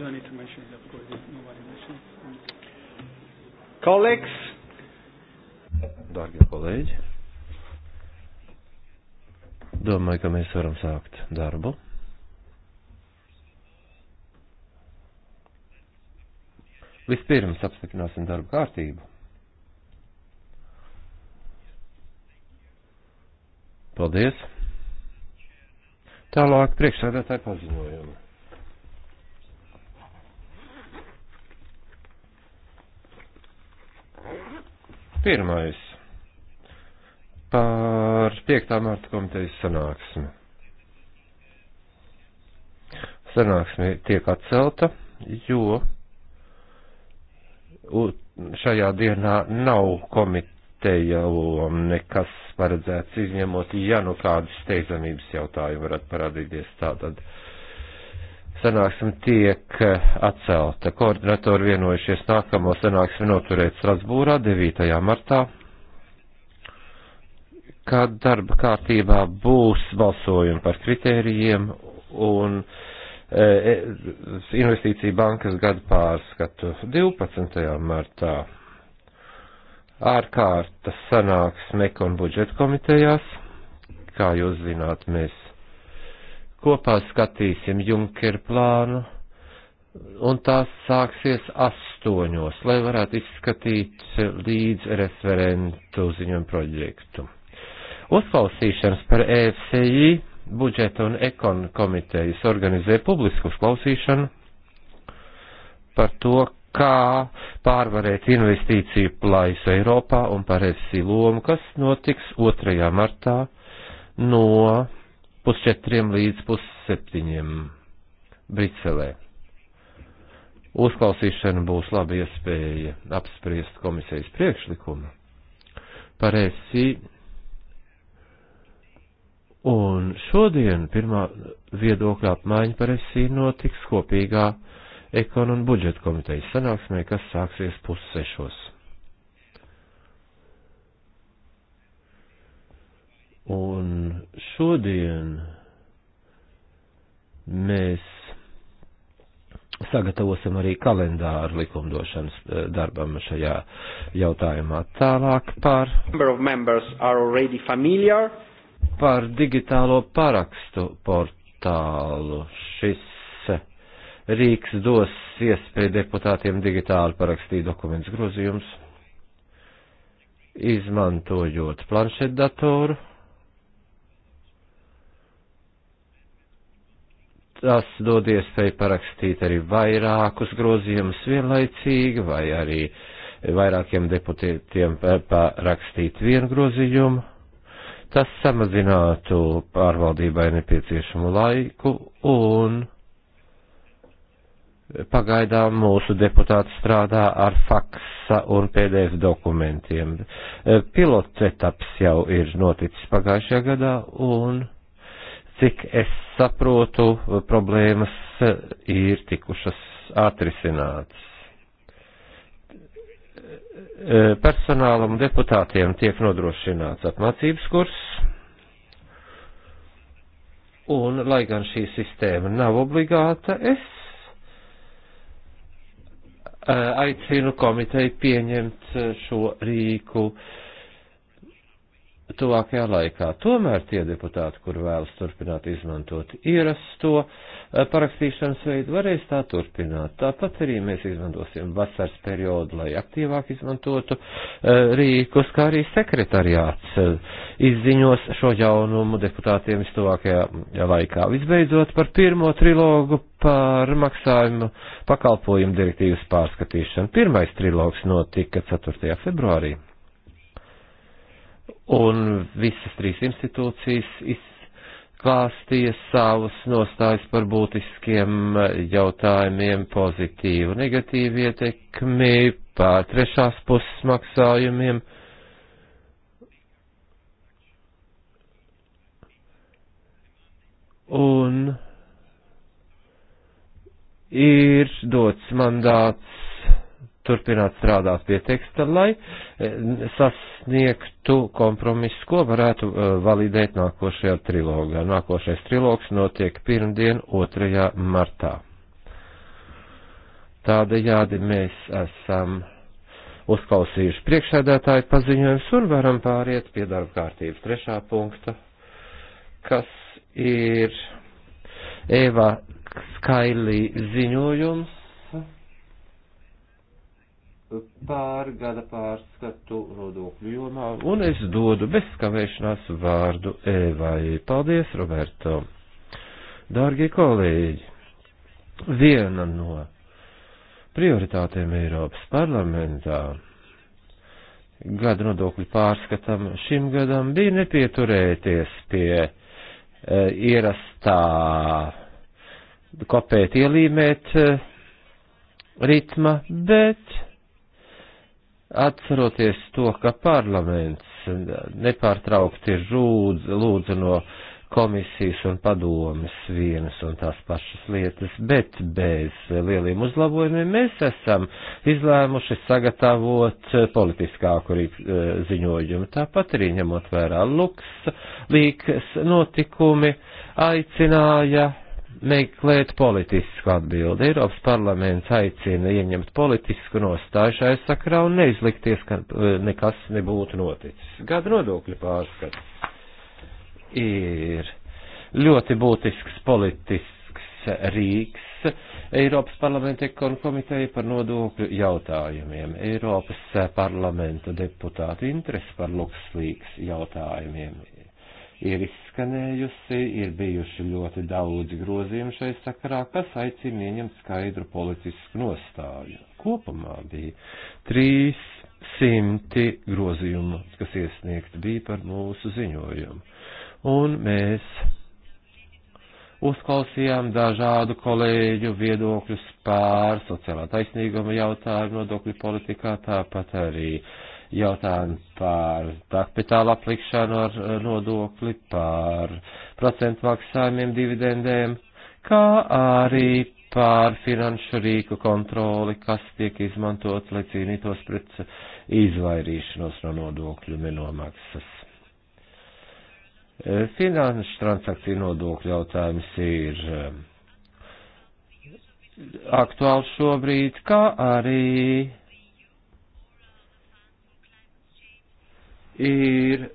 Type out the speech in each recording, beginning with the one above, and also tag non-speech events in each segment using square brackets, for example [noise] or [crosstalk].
You don't need to mention it, of course, if nobody mentions it. Colleagues. Dārgie kolēģi, domāju, ka mēs varam sākt darbu. Vispirms apstiprināsim darbu kārtību. Paldies. Tālāk priekšsēdētāji paziņojumi. Pirmais par 5. marta komitejas sanāksmi. Sanāksme tiek atcelta, jo šajā dienā nav komiteju nekas paredzēts, izņemot, ja nu kādas steidzamības jautājumi varētu parādīties tātad. Uh, sanāksme tiek eh, atcelta. Koordinatori vienojušies nākamo sanāksmi noturēt Strasbūrā 9. martā, kad darba kārtībā būs balsojumi par kritērijiem un eh, e, investīcija bankas gadu pārskatu 12. martā. Ārkārtas sanāksme un budžeta komitejās, kā jūs zināt, mēs kopā skatīsim Junker plānu, un tās sāksies astoņos, lai varētu izskatīt līdz referentu ziņojumu projektu. Uzklausīšanas par EFCI budžeta un ekon komitejas organizē publisku klausīšanu par to, kā pārvarēt investīciju plaisu Eiropā un par EFCI lomu, kas notiks 2. martā no pusčetriem līdz pusseptiņiem Briselē. Uzklausīšana būs laba iespēja apspriest komisijas priekšlikumu par esi. Un šodien pirmā viedokļa apmaiņa par esi notiks kopīgā ekonu un budžeta komitejas sanāksmē, kas sāksies pussešos. Un šodien mēs sagatavosim arī kalendāru likumdošanas eh, darbam šajā jautājumā. Tālāk par. Par digitālo parakstu portālu. Šis rīks dos iespēju deputātiem digitāli parakstīt dokumentus grozījums, izmantojot planšetdatoru tas dod iespēju parakstīt arī vairākus grozījumus vienlaicīgi, vai arī vairākiem deputētiem parakstīt vienu grozījumu. Tas samazinātu pārvaldībai nepieciešamu laiku un pagaidām mūsu deputāti strādā ar faksa un PDF dokumentiem. Pilots etaps jau ir noticis pagājušajā gadā un Cik es saprotu, problēmas ir tikušas atrisinātas. Personālam un deputātiem tiek nodrošināts apmācības kurs, un, lai gan šī sistēma nav obligāta, es eh, aicinu komiteju pieņemt eh, šo rīku uh, tuvākajā laikā. Tomēr tie deputāti, kur vēlas turpināt izmantot ierasto eh, parakstīšanas veidu, varēs tā turpināt. Tāpat arī mēs izmantosim vasaras periodu, lai aktīvāk izmantotu eh, rīkus, kā arī sekretariāts eh, izziņos šo jaunumu deputātiem vistuvākajā mm, laikā. Visbeidzot par pirmo trilogu par maksājumu pakalpojumu direktīvas pārskatīšanu. Pirmais trilogs notika 4. februārī un visas trīs institūcijas izklāstīja savus nostājus par būtiskiem jautājumiem pozitīvu, negatīvu ietekmi, pār trešās puses maksājumiem. Un ir dots mandāts turpināt strādāt pie teksta, lai e, sasniegtu kompromisu, ko varētu e, validēt nākošajā trilogā. Nākošais trilogs notiek pirmdien 2. martā. Tādējādi mēs esam uzklausījuši priekšsēdētāju paziņojums un varam pāriet pie darba kārtības trešā punkta, kas ir Eva Skailī ziņojums pār gada pārskatu nodokļu jomā. Un es dodu bez kavēšanās vārdu Ēvai. Paldies, Roberto! Dārgie kolēģi, viena no prioritātēm Eiropas parlamentā gada nodokļu pārskatam šim gadam bija nepieturēties pie e, ierastā kopēt ielīmēt e, ritma, bet Atceroties to, ka parlaments nepārtraukti ir rūdz, lūdzu no komisijas un padomes vienas un tās pašas lietas, bet bez lieliem uzlabojumiem mēs esam izlēmuši sagatavot politiskāku e, ziņojumu. Tāpat arī ņemot vērā Luks, Līks notikumi aicināja meklēt politisku atbildi. Eiropas parlaments aicina ieņemt politisku nostāju šai sakrā un neizlikties, ka e, nekas nebūtu noticis. Gada nodokļu pārskats ir ļoti būtisks politisks rīks Eiropas parlamenta ekonu komiteja par nodokļu jautājumiem, Eiropas parlamenta deputātu interesi par lukslīgs jautājumiem ir izskanējusi, ir bijuši ļoti daudz grozījumu šai sakarā, kas aicina ieņemt skaidru politisku nostāju. Kopumā bija 300 grozījumu, kas iesniegt bija par mūsu ziņojumu. Un mēs uzklausījām dažādu kolēģu viedokļus pār sociālā taisnīguma jautājumu nodokļu politikā, tāpat arī uh, jautājumu par kapitāla aplikšanu ar eh, nodokli, par procentu maksājumiem, dividendēm, kā arī par finanšu rīku kontroli, kas tiek izmantot, lai cīnītos pret izvairīšanos no nodokļu nenomaksas. Eh, finanšu transakciju nodokļu jautājums ir eh, aktuāls šobrīd, kā arī ir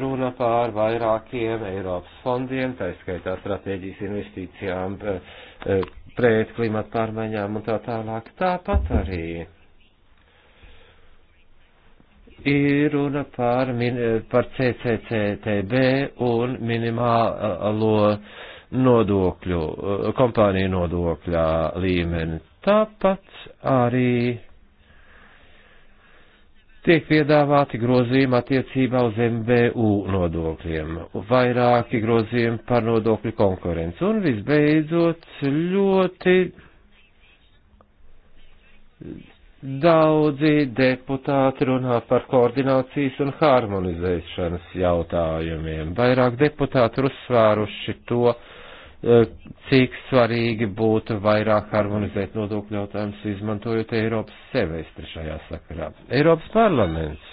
runa pār vairākiem Eiropas fondiem, tā skaitā stratēģijas investīcijām eh, eh, pret klimatu pārmaiņām un tā tālāk. Tāpat arī ir runa par, min, par CCCTB un minimālo nodokļu, eh, kompāniju nodokļā līmeni. Tāpat arī tiek piedāvāti grozījumi attiecībā uz MBU nodokļiem, vairāki grozījumi par nodokļu konkurenci un visbeidzot ļoti daudzi deputāti runā par koordinācijas un harmonizēšanas jautājumiem. Vairāk deputāti ir uzsvēruši to, Eh, cik svarīgi būtu vairāk harmonizēt nodokļu jautājumus, izmantojot Eiropas semestri šajā sakarā. Eiropas parlaments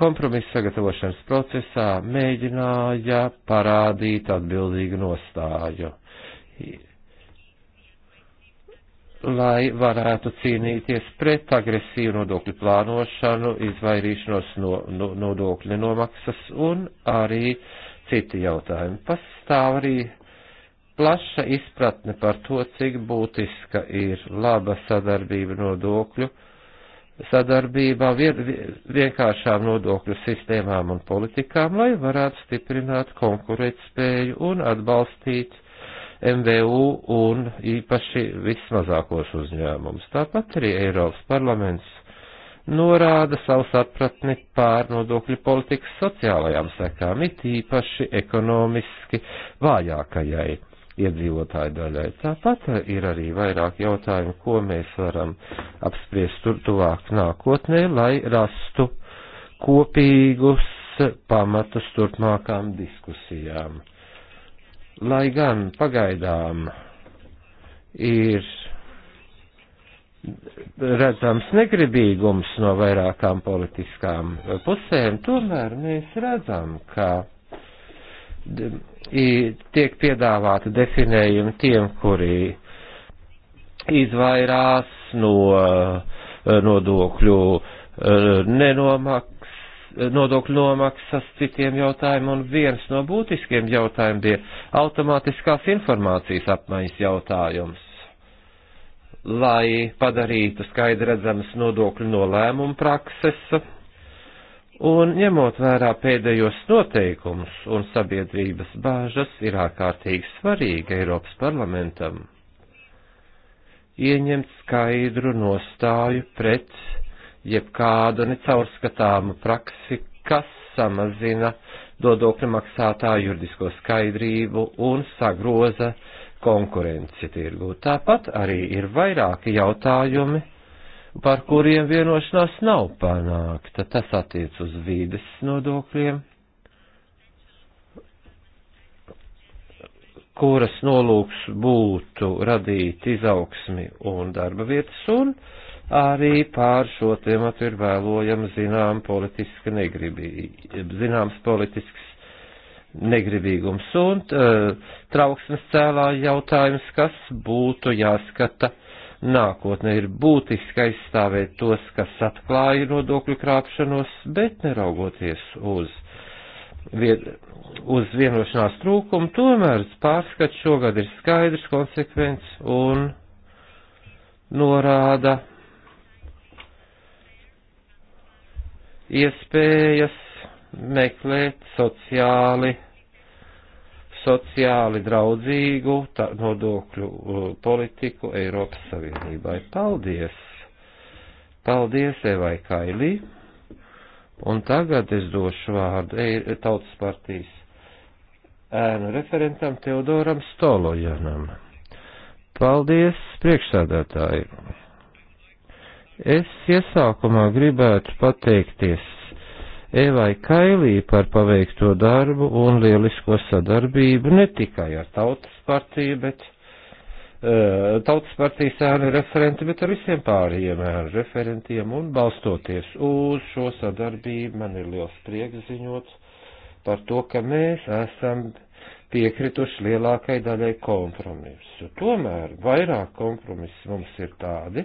kompromisa sagatavošanas procesā mēģināja parādīt atbildīgu nostāju, lai varētu cīnīties pret agresīvu nodokļu plānošanu, izvairīšanos no, no nodokļu nomaksas un arī uh, citi jautājumi. Pastāv arī plaša izpratne par to, cik būtiska ir laba sadarbība nodokļu sadarbībā, vienkāršām nodokļu sistēmām un politikām, lai varētu stiprināt konkurētspēju un atbalstīt MVU un īpaši vismazākos uzņēmumus. Tāpat arī Eiropas parlaments norāda savu sapratni pār nodokļu politikas sociālajām sekām, it īpaši ekonomiski vājākajai iedzīvotāju daļai. Tāpat ir arī vairāk jautājumu, ko mēs varam apspriest tuvāk nākotnē, lai rastu kopīgus pamatus turpmākām diskusijām. Lai gan pagaidām ir redzams negribīgums no vairākām politiskām pusēm, tomēr mēs redzam, ka tiek piedāvāti definējumi tiem, kuri izvairās no eh, nodokļu eh, nenomaks, nodokļu nomaksas citiem jautājumiem, un viens no būtiskiem jautājumiem bija automātiskās informācijas apmaiņas jautājums lai padarītu skaidredzamas nodokļu nolēmumu prakses, un ņemot vērā pēdējos noteikumus un sabiedrības bāžas, ir ārkārtīgi svarīgi Eiropas parlamentam ieņemt skaidru nostāju pret jebkādu necaurskatāmu praksi, kas samazina nodokļu maksātāju juridisko skaidrību un sagroza uh, konkurenci tirgu. Tāpat arī ir vairāki jautājumi, par kuriem vienošanās nav panākta. Tas attiec uz vīdes nodokļiem, kuras nolūks būtu radīt izaugsmi un darba vietas, un arī pār šo tēmatu ir vēlojama zinām politiska negribība, zināms politisks negribīgums un eh, trauksmes cēlāja jautājums, kas būtu jāskata nākotnē. Ir būtiski aizstāvēt tos, kas atklāja nodokļu krāpšanos, bet neraugoties uz, vien, uz vienošanās trūkumu, tomēr pārskats šogad ir skaidrs, konsekvents un norāda iespējas meklēt sociāli sociāli draudzīgu nodokļu uh, politiku Eiropas Savienībai. Paldies! Paldies Evai Kailī! Un tagad es došu vārdu Tautas partijas ēnu referentam Teodoram Stolojanam. Paldies, priekšsādātāji! Es iesākumā gribētu pateikties Evai Kailī par paveikto darbu un lielisko sadarbību ne tikai ar tautas partiju, bet uh, tautas partijas ēnu referenti, bet ar visiem pārējiem ēnu referentiem un balstoties uz šo sadarbību man ir liels prieks ziņot par to, ka mēs esam piekrituši lielākai daļai kompromisu. Tomēr vairāk kompromisu mums ir tādi,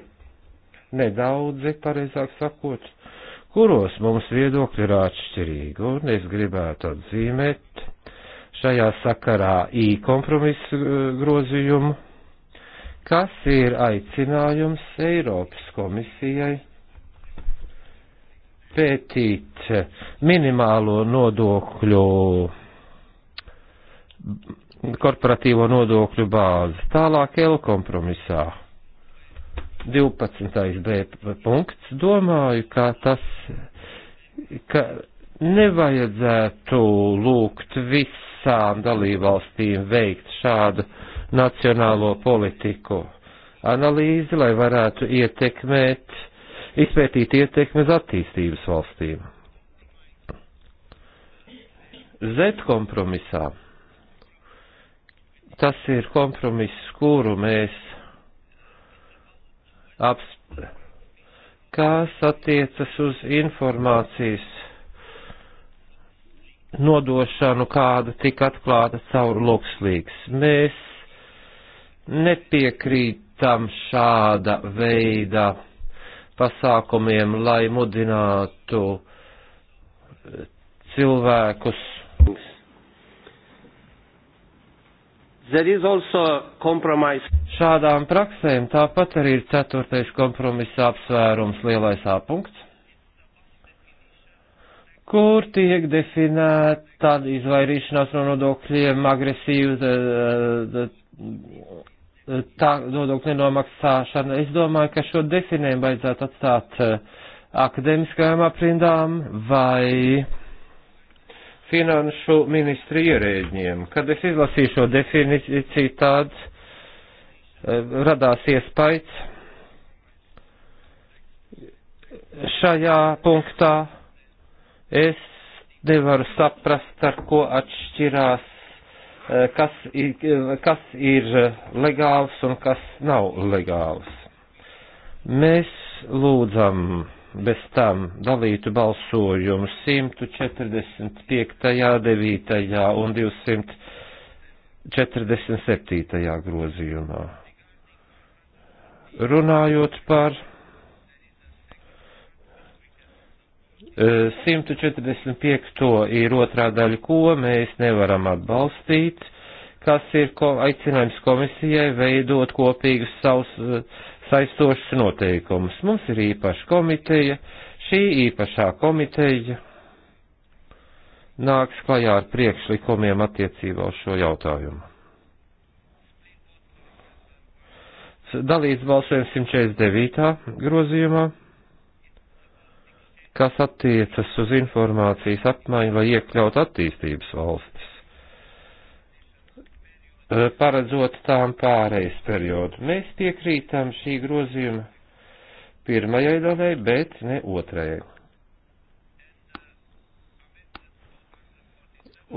nedaudzi, pareizāk sakot, uh, kuros mums viedokļi ir atšķirīgi, un es gribētu atzīmēt šajā sakarā īkompromisu e, grozījumu, kas ir aicinājums Eiropas komisijai pētīt minimālo nodokļu, korporatīvo nodokļu bāzi, tālāk L kompromisā 12. B punkts, domāju, ka tas, ka nevajadzētu lūgt visām dalībvalstīm veikt šādu nacionālo politiku analīzi, lai varētu ietekmēt, izpētīt ietekmi uz attīstības valstīm. Z kompromisā. Tas ir kompromiss, kuru mēs aps, kas attiecas uz informācijas nodošanu, kāda tika atklāta caur lokslīgs. Mēs nepiekrītam šāda veida pasākumiem, lai mudinātu cilvēkus Šādām praksēm tāpat arī ir ceturtais kompromisa apsvērums lielais apunkts, kur tiek definēta izvairīšanās no nodokļiem agresīvu eh, eh, eh, tā nodokļu nenomaksāšana. Es domāju, ka šo definējumu vajadzētu atstāt akadēmiskajām aprindām vai finanšu ministru ierēģiem. Kad es izlasīju šo definīciju tāds, e, radās iespējas šajā punktā es nevaru saprast, ar ko atšķirās, e, kas ir, e, kas ir legāls un kas nav legāls. Mēs lūdzam bez tam dalītu balsojumu 145., 9. un 247. grozījumā. Runājot par 145. E, ir otrā daļa, ko mēs nevaram atbalstīt, kas ir ko, aicinājums komisijai veidot kopīgus savus uh, saistošs noteikums. Mums ir īpaša komiteja, šī īpašā komiteja nāks klajā ar priekšlikumiem attiecībā uz šo jautājumu. Dalīts balsojums 149. grozījumā, kas attiecas uz informācijas apmaiņu, lai iekļaut attīstības valsts Eh, paredzot tām pārejas periodu. Mēs piekrītam šī grozījuma pirmajai daļai, bet ne otrajai.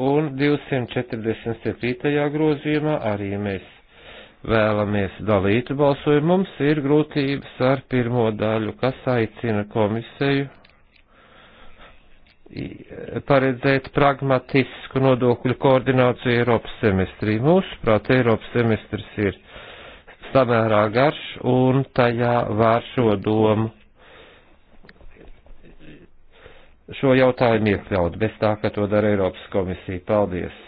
Un 247. grozījumā arī mēs vēlamies dalītu balsojumu. Mums ir grūtības ar pirmo daļu, kas aicina komisiju paredzēt pragmatisku nodokļu koordināciju Eiropas semestrī. Mūsuprāt, Eiropas semestris ir samērā garš un tajā var šo domu, šo jautājumu iekļaut, bez tā, ka to dara Eiropas komisija. Paldies!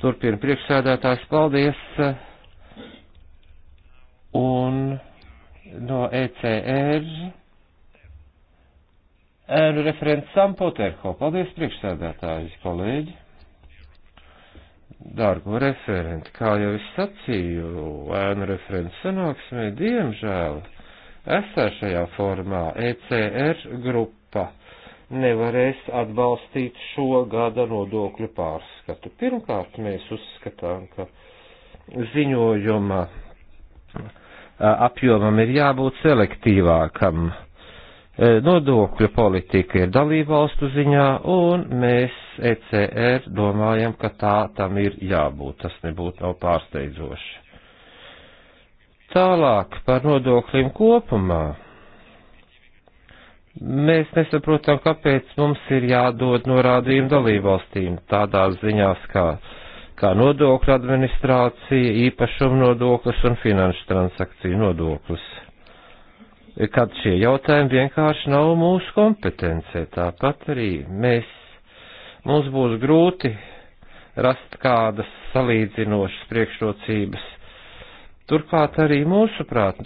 Turpina priekšsēdētājs, paldies! Un no ECR ēnu referents Sampo Terho. Paldies, priekšsēdētāji, kolēģi. Dārgo referenti, kā jau es sacīju, ēnu referents sanāksmē, diemžēl, esēšajā formā ECR grupa nevarēs atbalstīt šo gada nodokļu pārskatu. Pirmkārt, mēs uzskatām, ka ziņojuma apjomam ir jābūt selektīvākam Eh, nodokļu politika ir dalībvalstu ziņā, un mēs ECR domājam, ka tā tam ir jābūt. Tas nebūtu nav pārsteidzoši. Tālāk par nodokļiem kopumā. Mēs nesaprotam, kāpēc mums ir jādod norādījumi dalībvalstīm tādā ziņās kā, kā nodokļu administrācija, īpašuma nodoklis un finanšu transakciju nodoklis kad šie jautājumi vienkārši nav mūsu kompetencē. Tāpat arī mēs, mums būs grūti rast kādas salīdzinošas priekšrocības. Turklāt arī mūsuprāt,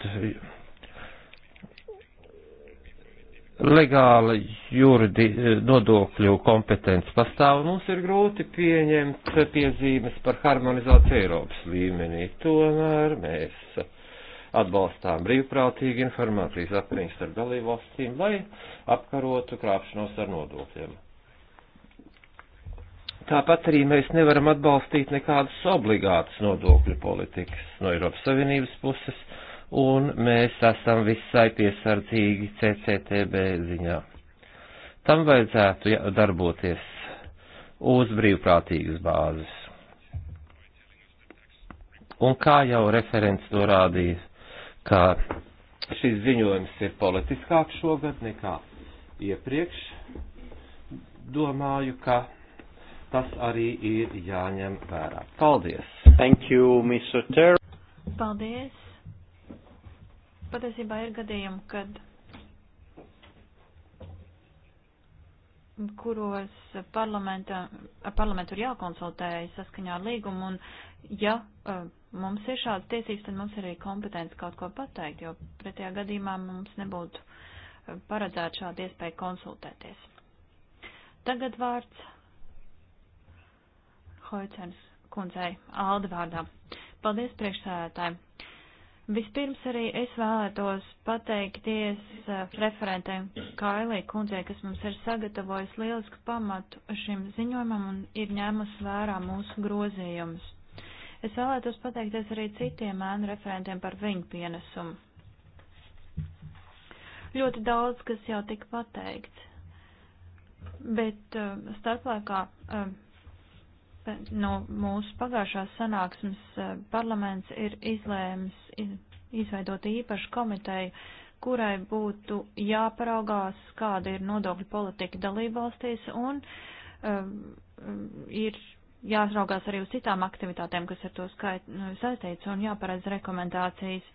legāla jurdi nodokļu kompetence pastāv, un mums ir grūti pieņemt piezīmes par harmonizāciju Eiropas līmenī. Tomēr mēs atbalstām brīvprātīgi informācijas apmaiņas starp dalībvalstīm, lai apkarotu krāpšanos ar nodokļiem. Tāpat arī mēs nevaram atbalstīt nekādas obligātas nodokļu politikas no Eiropas Savienības puses, un mēs esam visai piesardzīgi CCTB ziņā. Tam vajadzētu darboties uz brīvprātīgas bāzes. Un kā jau referents norādīja, ka šis ziņojums ir politiskāks šogad nekā iepriekš. Domāju, ka tas arī ir jāņem vērā. Paldies! Thank you, Mr. Ter. Paldies! Patiesībā ir gadījumi, kad kuros parlamentu ir jākonsultējas saskaņā ar līgumu, un ja uh, mums ir šādas tiesības, tad mums ir arī kompetence kaut ko pateikt, jo pretējā gadījumā mums nebūtu uh, paredzēta šāda iespēja konsultēties. Tagad vārds Hoicens kundzei Alda vārdā. Paldies priekšsēdētājiem! Vispirms arī es vēlētos pateikties uh, referentēm Kailī kundzei, kas mums ir sagatavojis lielisku pamatu šim ziņojumam un ir ņēmusi vērā mūsu grozījumus. Es vēlētos pateikties arī citiem ēnu referentiem par viņu pienesumu. Ļoti daudz, kas jau tika pateikts, bet uh, starplaikā uh, no mūsu pagājušās sanāksmes uh, parlaments ir izlēmis izveidot īpašu komiteju, kurai būtu jāparaugās, kāda ir nodokļu politika dalībvalstīs un uh, ir jāsraugās arī uz citām aktivitātēm, kas ar to skait, nu, saistīts un jāparedz rekomendācijas.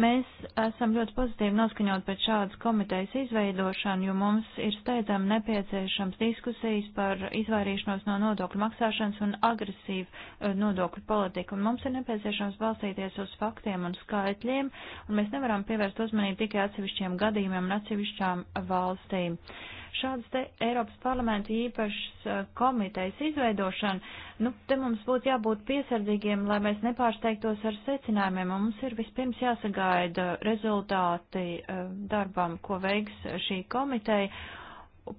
Mēs esam ļoti pozitīvi noskaņot pēc šādas komitejas izveidošanu, jo mums ir steidzami nepieciešams diskusijas par izvairīšanos no nodokļu maksāšanas un agresīvu eh, nodokļu politiku. Un mums ir nepieciešams balstīties uz faktiem un skaitļiem, un mēs nevaram pievērst uzmanību tikai atsevišķiem gadījumiem un atsevišķām valstīm. Uh, šādas te Eiropas parlamenta īpašas eh, komitejas izveidošana, nu, te mums būtu jābūt piesardzīgiem, lai mēs nepārsteigtos ar secinājumiem, un mums ir vispirms jāsagaida rezultāti eh, darbam, ko veiks eh, šī komiteja.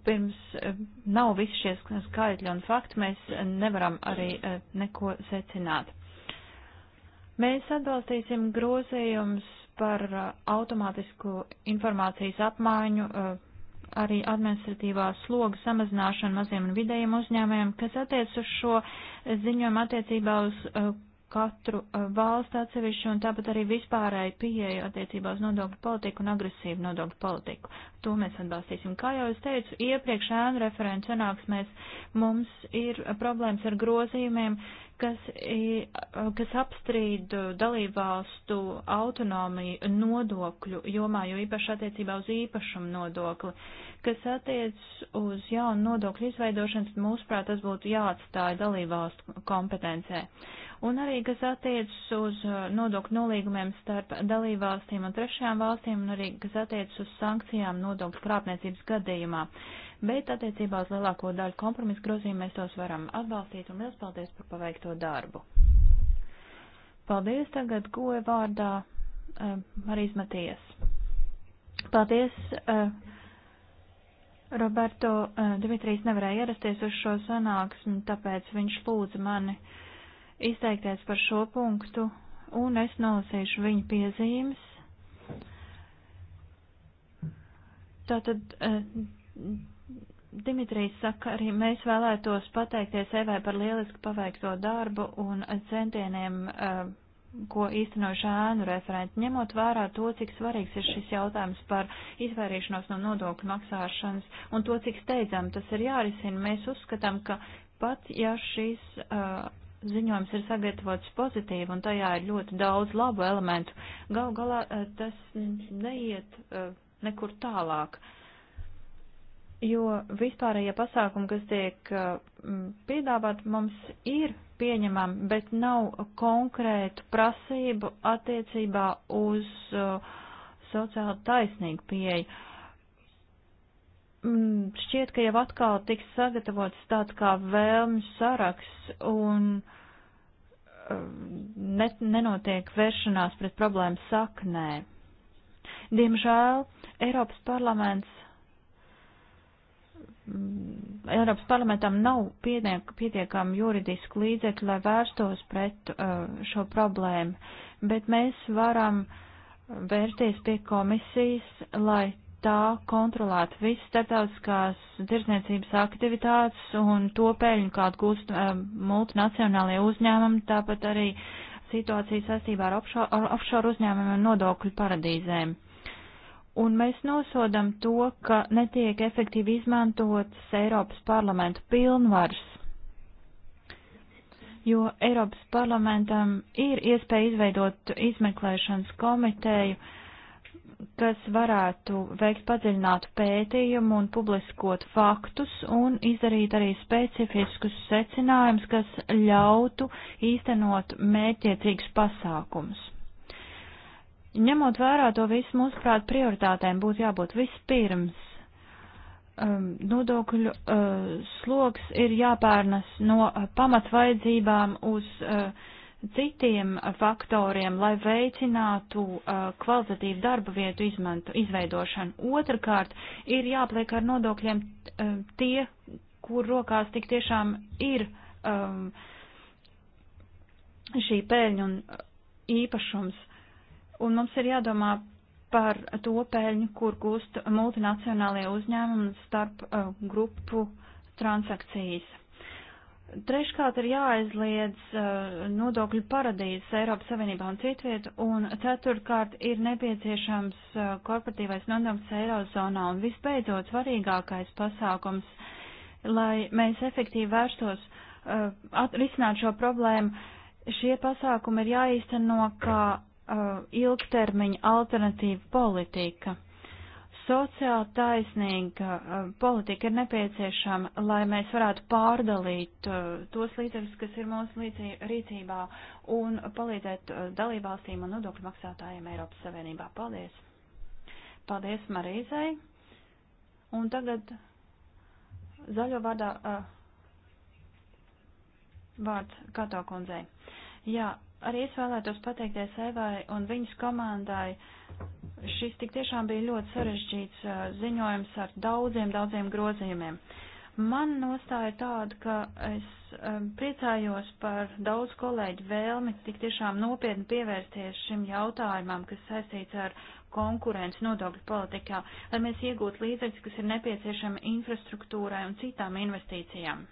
Pirms nav visi šie skaitļi un fakti, mēs nevaram arī neko secināt. Mēs atbalstīsim grozījumus par automātisku informācijas apmaiņu arī administratīvā sloga samazināšanu maziem un vidējiem uzņēmējiem, kas attiec uz šo ziņojumu attiecībā uz uh, katru uh, valstu atsevišķu un tāpat arī vispārēju pieeju attiecībā uz nodokļu politiku un agresīvu nodokļu politiku. To mēs atbalstīsim. Kā jau es teicu, iepriekš ēnu referents sanāksmēs mums ir problēmas ar grozījumiem, kas, kas apstrīd dalībvalstu autonomiju nodokļu jomā, jo īpaši attiecībā uz īpašumu nodokli. Kas attiec uz jaunu nodokļu izveidošanas, mūsuprāt, tas būtu jāatstāja dalībvalstu kompetencē. Un arī, kas attiec uz nodokļu nolīgumiem starp dalībvalstīm un trešajām valstīm, un arī, kas attiec uz sankcijām nodokļu krāpniecības gadījumā. Uh, bet attiecībā uz lielāko daļu kompromisu grozījumu mēs tos varam atbalstīt un liels paldies par paveikto darbu. Paldies tagad goja vārdā uh, Marijas Matijas. Paldies. Uh, Roberto uh, Dimitrijs nevarēja ierasties uz šo sanāksmi, tāpēc viņš lūdza mani izteikties par šo punktu, un es nolasīšu viņa piezīmes. Tātad uh, Dimitrijs saka, arī mēs vēlētos pateikties Evai par lieliski paveikto darbu un centieniem, eh, ko īstenojuši ēnu referenti, ņemot vērā to, cik svarīgs ir šis jautājums par izvairīšanos no nodokļu maksāšanas un to, cik steidzam tas ir jārisina. Mēs uzskatām, ka pat ja šis uh, ziņojums ir sagatavots pozitīvi un tajā ir ļoti daudz labu elementu, gal galā uh, tas neiet uh, nekur tālāk. Uh, jo vispārējie ja pasākumi, kas tiek uh, piedāvāt, mums ir pieņemami, bet nav konkrētu prasību attiecībā uz uh, sociāli taisnīgu pieeju. Šķiet, ka jau atkal tiks sagatavots tāds kā vēlmju saraksts un uh, net, nenotiek vēršanās pret problēmu saknē. Diemžēl Eiropas parlaments Mm, Eiropas parlamentam nav pietiek, pietiekami juridisku līdzekļu, lai vērstos pret uh, šo problēmu, bet mēs varam vērsties pie komisijas, lai tā kontrolētu visas starptautiskās tirsniecības aktivitātes un to peļņu, kādu gūst uh, multinacionālajie uzņēmumi, tāpat arī situāciju saistībā ar offshore, ar offshore uzņēmumiem un nodokļu paradīzēm un mēs nosodam to, ka netiek efektīvi izmantotas Eiropas parlamentu pilnvaras, jo Eiropas parlamentam ir iespēja izveidot izmeklēšanas komiteju, kas varētu veikt padziļinātu pētījumu un publiskot faktus un izdarīt arī specifiskus secinājumus, kas ļautu īstenot mērķiecīgus pasākumus. Ņemot vērā to visu, mūsuprāt, prioritātēm būtu jābūt vispirms. Um, nodokļu uh, sloks ir jāpērnas no uh, pamatvaidzībām uz uh, citiem faktoriem, lai veicinātu uh, kvalitatīvu darba vietu izmantu, izveidošanu. Otrakārt, ir jāpliek ar nodokļiem uh, tie, kur rokās tik tiešām ir um, šī pēļņa un uh, īpašums un mums ir jādomā par to peļņu, kur gūst multinacionālie uzņēmumi starp uh, grupu transakcijas. Treškārt ir jāaizliedz uh, nodokļu paradīzes Eiropas Savienībā un citvietu, un ceturtkārt ir nepieciešams uh, korporatīvais nodoklis Eirozonā, un visbeidzot svarīgākais pasākums, lai mēs efektīvi vērstos uh, risināt šo problēmu, šie pasākumi ir jāīsteno kā uh, ilgtermiņa alternatīva politika. Sociāli taisnīga uh, politika ir nepieciešama, lai mēs varētu pārdalīt uh, tos līdzekļus, kas ir mūsu līdzī, rīcībā, un palīdzēt uh, dalībvalstīm un nodokļu maksātājiem Eiropas Savienībā. Paldies! Paldies Marīzai! Un tagad zaļo vārdā uh, vārds Kato kundzei. Jā, Arī es vēlētos pateikties Evai un viņas komandai. Šis tik tiešām bija ļoti sarežģīts uh, ziņojums ar daudziem, daudziem grozījumiem. Man nostāja tāda, ka es um, priecājos par daudz kolēģu vēlmi tik tiešām nopietni pievērsties šim jautājumam, kas saistīts ar konkurences nodokļu politikā, lai mēs iegūtu līdzekļus, kas ir nepieciešami infrastruktūrai un citām investīcijām.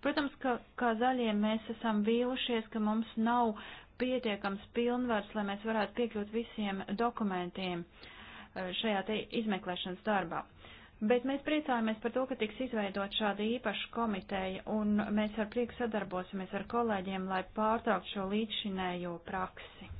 Protams, ka kā zaļie mēs esam vīlušies, ka mums nav pietiekams pilnvars, lai mēs varētu piekļūt visiem dokumentiem eh, šajā te izmeklēšanas darbā. Bet mēs priecājamies par to, ka tiks izveidot šāda īpaša komiteja, un mēs ar prieku sadarbosimies ar kolēģiem, lai pārtraukt šo līdzšinējo praksi.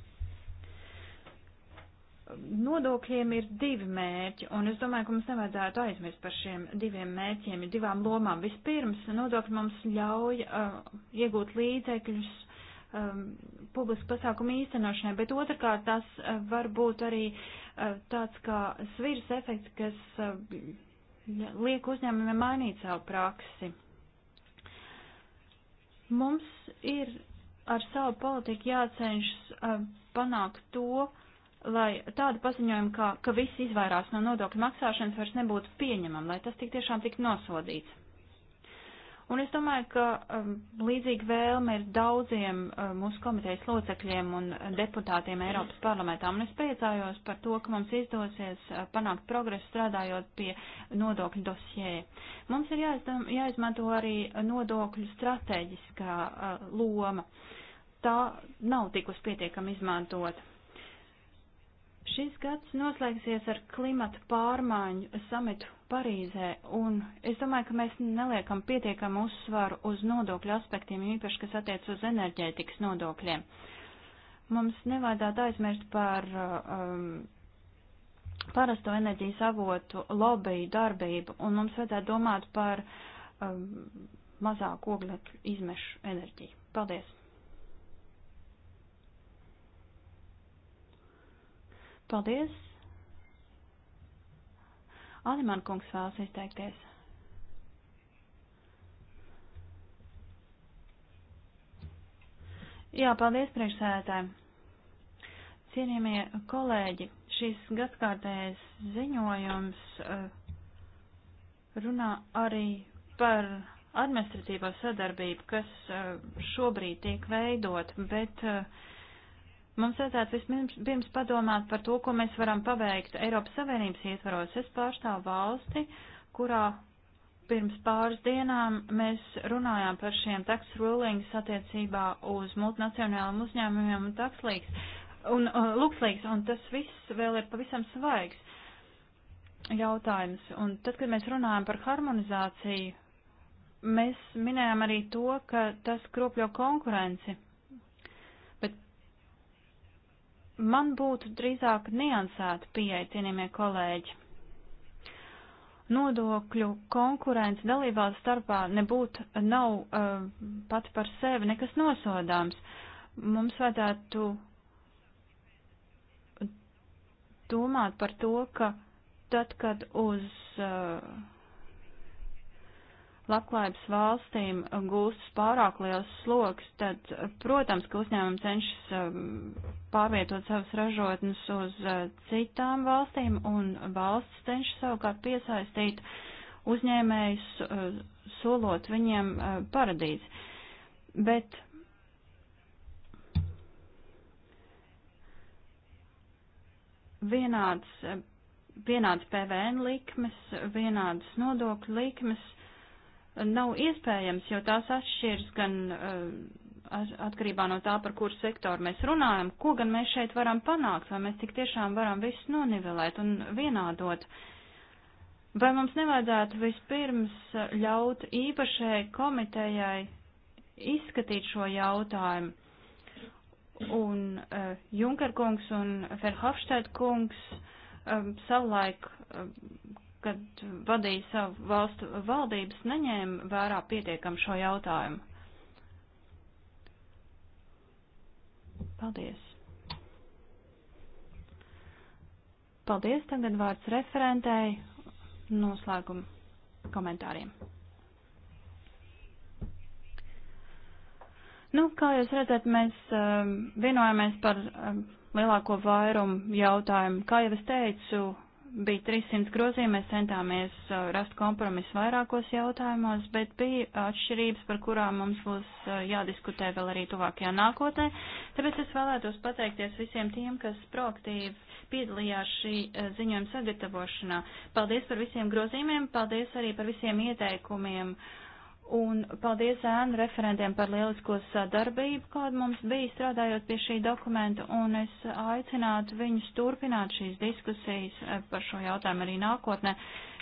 Nodokļiem ir divi mērķi, un es domāju, ka mums nevajadzētu aizmirst par šiem diviem mērķiem, divām lomām. Vispirms, nodokļi mums ļauj uh, iegūt līdzekļus um, publisku pasākumu īstenošanai, bet otrkārt tas uh, var būt arī uh, tāds kā svirs efekts, kas uh, liek uzņēmumiem mainīt savu praksi. Mums ir ar savu politiku jācenšas uh, panākt to, lai tāda paziņojuma, kā, ka viss izvairās no nodokļu maksāšanas, vairs nebūtu pieņemama, lai tas tik tiešām tik nosodīts. Un es domāju, ka um, līdzīga vēlme ir daudziem um, mūsu komitejas locekļiem un deputātiem Eiropas parlamentā. Un es priecājos par to, ka mums izdosies uh, panākt progresu strādājot pie nodokļu dosjē. Mums ir jāizdam, jāizmanto arī nodokļu strateģiskā uh, loma. Tā nav tikus pietiekami izmantota. Šis gads noslēgsies ar klimatu pārmaiņu samitu Parīzē, un es domāju, ka mēs neliekam pietiekamu uzsvaru uz nodokļu aspektiem, īpaši, kas attiec uz enerģētikas nodokļiem. Mums nevajadzētu aizmirst par um, parasto enerģijas avotu lobiju darbību, un mums vajadzētu domāt par um, mazāku oglekļu izmešu enerģiju. Paldies! Paldies! Alimāna kungs vēlas izteikties. Jā, paldies priekšsēdētājiem. Cienījamie kolēģi, šis gadskārtējais ziņojums eh, runā arī par administratīvo sadarbību, kas eh, šobrīd tiek veidot, bet uh, Mums vajadzētu vispirms padomāt par to, ko mēs varam paveikt Eiropas Savienības ietvaros. Es pārstāvu valsti, kurā pirms pāris dienām mēs runājām par šiem tax rulings attiecībā uz multinacionāliem uzņēmumiem un takslīgs un uh, lukslīgs, un tas viss vēl ir pavisam svaigs jautājums. Un tad, kad mēs runājam par harmonizāciju, mēs minējām arī to, ka tas kropļo konkurenci Man būtu drīzāk niansēta pieeja, cienījamie kolēģi. Nodokļu konkurence dalībās starpā nebūtu, nav uh, pat par sevi nekas nosodāms. Mums vajadzētu domāt par to, ka tad, kad uz uh, labklājības valstīm gūstas pārāk liels sloks, tad, protams, ka uzņēmumi cenšas um, pārvietot savas ražotnes uz uh, citām valstīm, un valsts cenšas savukārt piesaistīt uzņēmējus, uh, solot viņiem uh, paradīzi. Bet vienāds vienādas PVN likmes, vienādas nodokļu likmes nav iespējams, jo tās atšķiras gan eh, atkarībā no tā, par kuru sektoru mēs runājam, ko gan mēs šeit varam panākt, vai mēs tik tiešām varam visu nonivelēt un vienādot. Vai mums nevajadzētu vispirms ļaut īpašai komitejai izskatīt šo jautājumu? Un uh, Junker kungs un Ferhofstad kungs um, savulaik um, kad vadīja savu valstu valdības, neņēma vērā pietiekam šo jautājumu. Paldies! Paldies, tagad vārds referentēji noslēguma komentāriem. Nu, kā jūs redzat, mēs um, vienojamies par um, lielāko vairumu jautājumu. Kā jau es teicu, bija 300 grozījumi, mēs centāmies uh, rast kompromisu vairākos jautājumos, bet bija atšķirības, par kurām mums būs uh, jādiskutē vēl arī tuvākajā nākotnē. Tāpēc es vēlētos pateikties visiem tiem, kas proaktīvi piedalījās šī uh, ziņojuma sagatavošanā. Paldies par visiem grozījumiem, paldies arī par visiem ieteikumiem. Uh, Un paldies ēnu referentiem par lielisko sadarbību, kādu mums bija strādājot pie šī dokumenta, un es aicinātu viņus turpināt šīs diskusijas eh, par šo jautājumu arī nākotnē,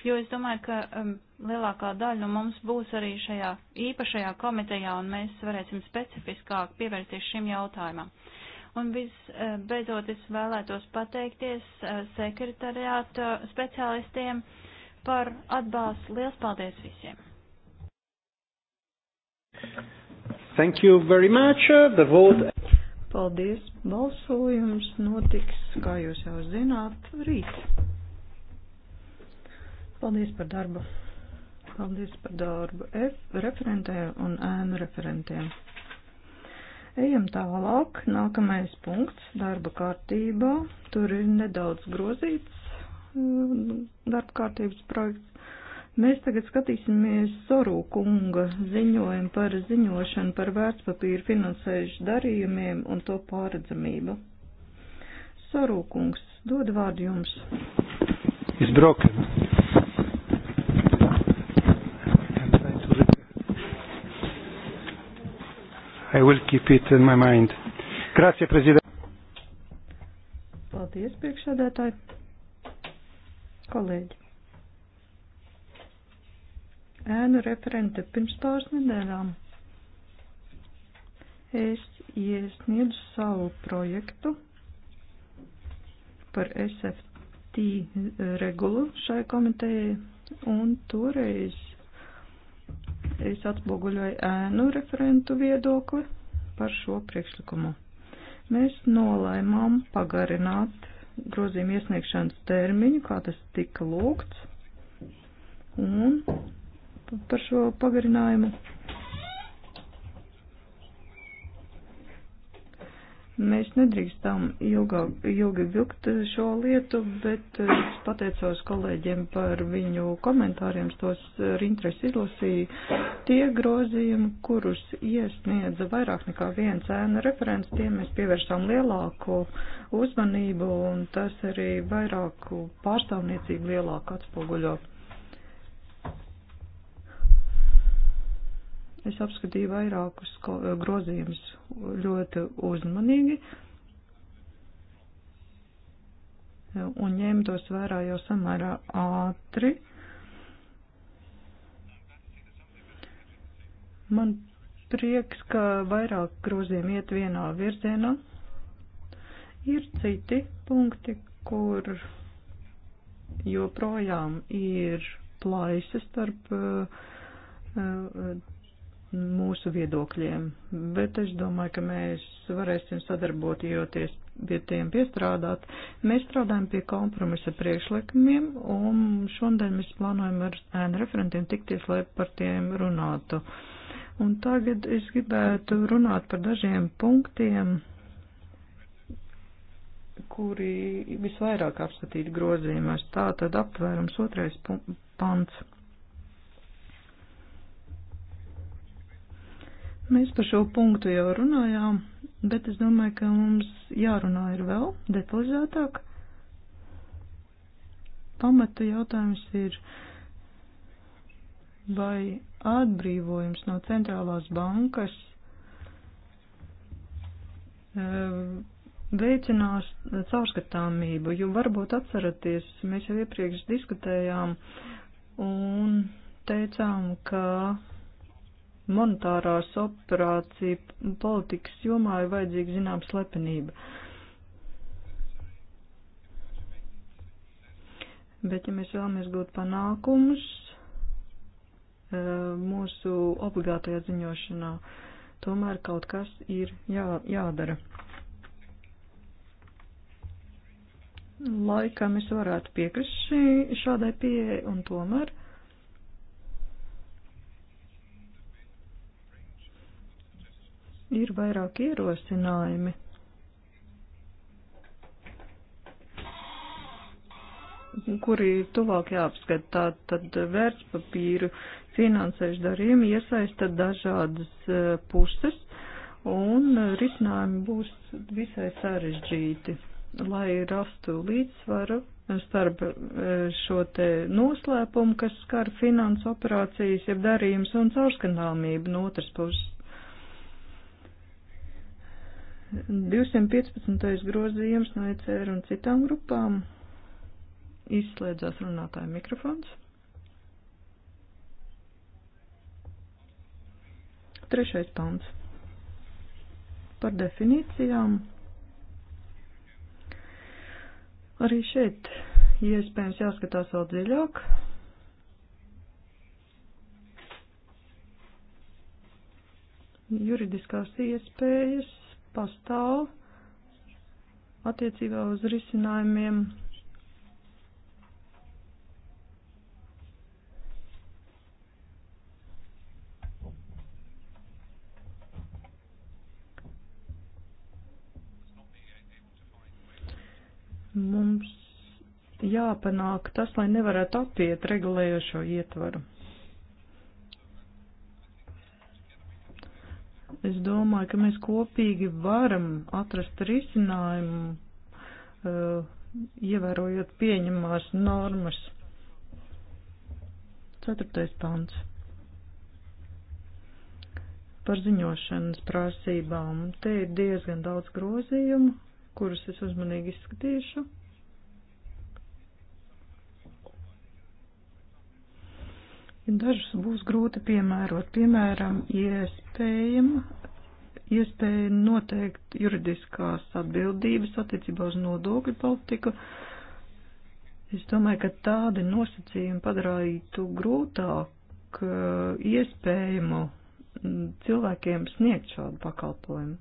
jo es domāju, ka um, lielākā daļa no mums būs arī šajā īpašajā komitejā, un mēs varēsim specifiskāk pievērsties šim jautājumam. Un visbeidzot, eh, es vēlētos pateikties eh, sekretariāta speciālistiem par atbalstu. Liels paldies visiem! Thank you very much. The vote. Paldies. Balsojums notiks, kā jūs jau zināt, rīt. Paldies par darbu. Paldies par darbu F referentēm un ēnu referentiem. Ejam tālāk. Nākamais punkts darba kārtībā. Tur ir nedaudz grozīts eh, darba kārtības projekts. Mēs tagad skatīsimies Soru kunga ziņojumu par ziņošanu par vērtspapīru finansējušu darījumiem un to pāredzamību. Soru kungs, dod vārdu jums. It's broken. I will keep it in my mind. Grazie, prezident. Paldies, priekšsēdētāji. Kolēģi ēnu referente pirms pāris nedēļām. Es iesniedzu savu projektu par SFT regulu šai komitejai, un toreiz es atspoguļoju ēnu referentu viedokli par šo priekšlikumu. Mēs nolēmām pagarināt grozījuma iesniegšanas termiņu, kā tas tika lūgts, un par šo pagarinājumu. Mēs nedrīkstam ilgāk, ilgi vilkt šo lietu, bet es eh, pateicos kolēģiem par viņu komentāriem, tos ar eh, interesi izlasīju. Tie grozījumi, kurus iesniedza vairāk nekā viens ēna referents, tiem mēs pievērsām lielāku uzmanību un tas arī vairāku pārstāvniecību lielāku atspoguļo. Es apskatīju vairākus eh, grozījumus ļoti uzmanīgi eh, un ņēmu tos vērā jau samērā ātri. Man prieks, ka vairāk grozījumi iet vienā virzienā. Ir citi punkti, kur joprojām ir plaisa starp uh, uh, mūsu viedokļiem, bet es domāju, ka mēs varēsim sadarboties pie tiem piestrādāt. Mēs strādājam pie kompromisa priekšlikumiem, un šodien mēs plānojam ar ēnu referentiem tikties, lai par tiem runātu. Un tagad es gribētu runāt par dažiem punktiem, kuri visvairāk apskatīti grozījumos. Tā tad aptvērums otrais pants Mēs par šo punktu jau runājām, bet es domāju, ka mums jārunā ir vēl detalizētāk. Pamata jautājums ir, vai atbrīvojums no centrālās bankas e, veicinās caurskatāmību, jo varbūt atceraties, mēs jau iepriekš diskutējām un teicām, ka monetārās operācija politikas jomā ir vajadzīga zinām slepenība. Bet, ja mēs vēlamies gūt panākumus eh, mūsu obligātajā ziņošanā, tomēr kaut kas ir jā, jādara. Laikam es varētu piekrist šādai pieeja un tomēr Ir vairāk ierosinājumi. kuri tuvāk jāapskat, tā tad vērtspapīru finansēšu darījumi iesaista dažādas e, puses un risinājumi būs visai sarežģīti, lai rastu līdzsvaru starp e, šo te noslēpumu, kas skar finansu operācijas, jeb darījums un caurskatāmību no otras puses. 215. grozījums no ECR un citām grupām izslēdzās runātāja mikrofons. Trešais pants par definīcijām. Arī šeit iespējams jāskatās vēl dziļāk. Juridiskās iespējas pastāv attiecībā uz risinājumiem. Mums jāpanāk tas, lai nevarētu apiet regulējošo ietvaru. Es domāju, ka mēs kopīgi varam atrast risinājumu, eh, ievērojot pieņemās normas. Ceturtais pants. Par ziņošanas prasībām. Te ir diezgan daudz grozījumu, kurus es uzmanīgi izskatīšu. ja dažus būs grūti piemērot. Piemēram, iespējama, iespēja noteikt juridiskās atbildības attiecībā uz nodokļu politiku. Es domāju, ka tādi nosacījumi padarītu grūtāk eh, iespējamu mm, cilvēkiem sniegt šādu pakalpojumu.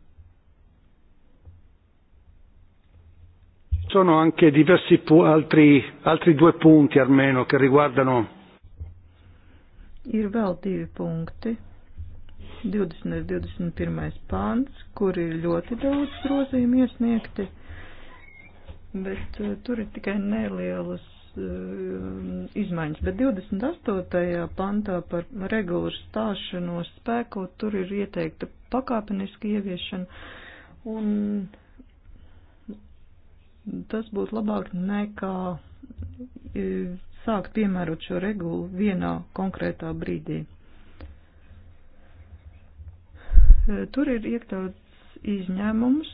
Sono anche diversi altri, altri due punti almeno che riguardano Ir vēl divi punkti. 20. un 21. pāns, kur ir ļoti daudz grozījumu iesniegti, bet uh, tur ir tikai nelielas uh, izmaiņas, bet 28. pantā par regulu stāšanos spēko tur ir ieteikta pakāpeniski ieviešana, un tas būtu labāk nekā uh, sākt piemērot šo regulu vienā konkrētā brīdī. E, tur ir iekļauts izņēmums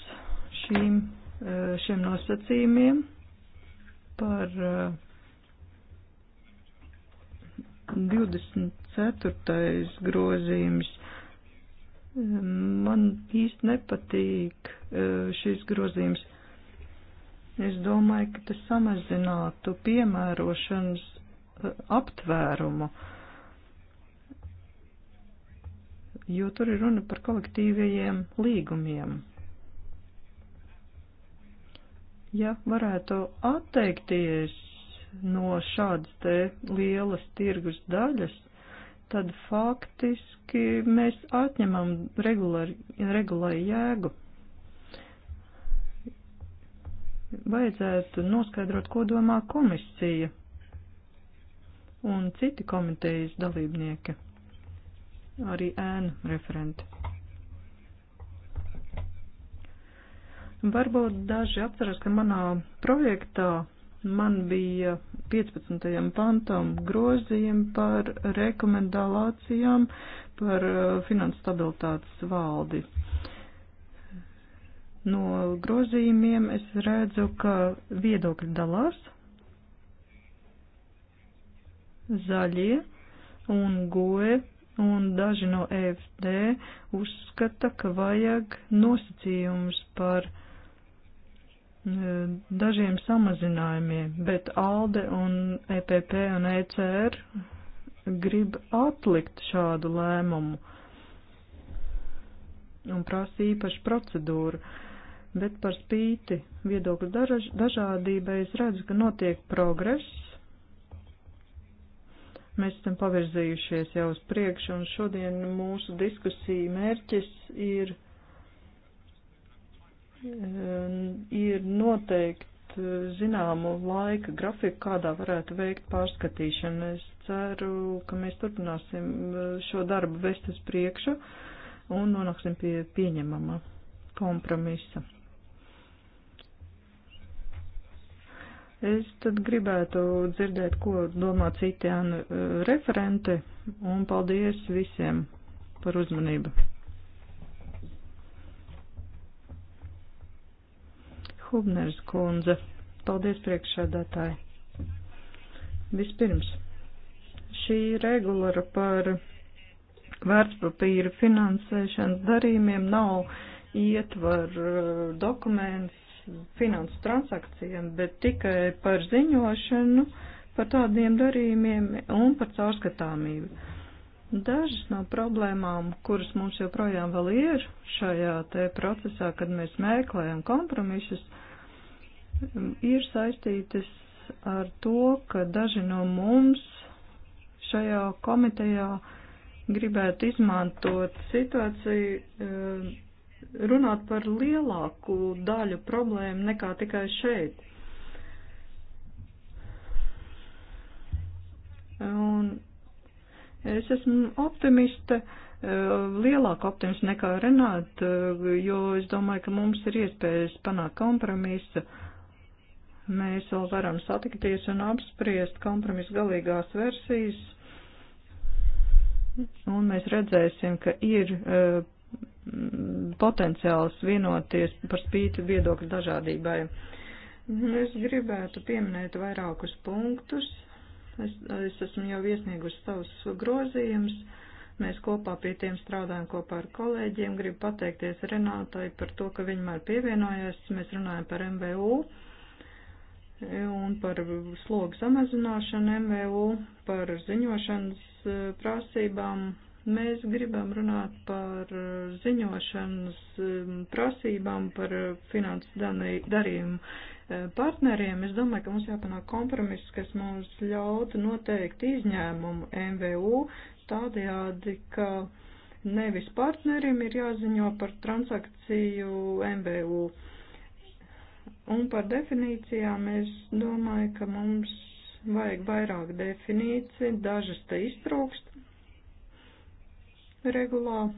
šīm, e, šiem nosacījumiem par 24. E, grozījums. Man īsti nepatīk šis grozījums Es domāju, ka tas samazinātu piemērošanas eh, aptvērumu, jo tur ir runa par kolektīvajiem līgumiem. Ja varētu atteikties no šādas te lielas tirgus daļas, tad faktiski mēs atņemam regulāri, regulāri jēgu. vajadzētu noskaidrot, ko domā komisija un citi komitejas dalībnieki, arī ēnu referenti. Varbūt daži atceras, ka manā projektā man bija 15. pantam grozījumi par rekomendālācijām par eh, finansu stabilitātes valdi No grozījumiem es redzu, ka viedokļi dalās zaļie un goe un daži no EFD uzskata, ka vajag nosacījums par e, dažiem samazinājumiem, bet ALDE un EPP un ECR grib atlikt šādu lēmumu un prasa īpašu procedūru. Uh, bet par spīti viedokļu daž dažādībai es redzu, ka notiek progress. Mēs esam pavirzījušies jau uz priekšu, un šodien mūsu diskusija mērķis ir, um, ir noteikt uh, zināmu laika grafiku, kādā varētu veikt pārskatīšanu. Es ceru, ka mēs turpināsim uh, šo darbu vest uz priekšu un nonāksim pie pieņemama kompromisa. Es tad gribētu dzirdēt, ko domā citi e, referenti, un paldies visiem par uzmanību. Hubners kundze, paldies priekšsēdētāji. Vispirms, šī regulara par vērtspapīra finansēšanas darījumiem nav ietvar e, dokuments, finansu transakcijām, bet tikai par ziņošanu, par tādiem darījumiem un par caurskatāmību. Dažas no problēmām, kuras mums joprojām vēl ir šajā te procesā, kad mēs meklējam kompromisus, ir saistītas ar to, ka daži no mums šajā komitejā gribētu izmantot situāciju eh, runāt par lielāku daļu problēmu nekā tikai šeit. Un es esmu optimiste, eh, lielāka optimista nekā Renāta, eh, jo es domāju, ka mums ir iespējas panākt kompromisu. Mēs vēl varam satikties un apspriest kompromisu galīgās versijas. Un mēs redzēsim, ka ir eh, Mm, potenciāls vienoties par spīti viedokļu dažādībai. Es gribētu pieminēt vairākus punktus. Es, es esmu jau iesniegusi savus grozījumus. Mēs kopā pie tiem strādājam kopā ar kolēģiem. Gribu pateikties Renātai par to, ka viņa man pievienojās. Mēs runājam par MVU un par slogu samazināšanu MVU, par ziņošanas eh, prasībām Mēs gribam runāt par eh, ziņošanas eh, prasībām, par eh, finanses darījumu partneriem. Es domāju, ka mums jāpanāk kompromiss, kas mums ļautu noteikt izņēmumu MVU tādējādi, ka nevis partnerim ir jāziņo par transakciju MVU. Un par definīcijām es domāju, ka mums vajag vairāk definīciju, dažas te iztrūkst regulā.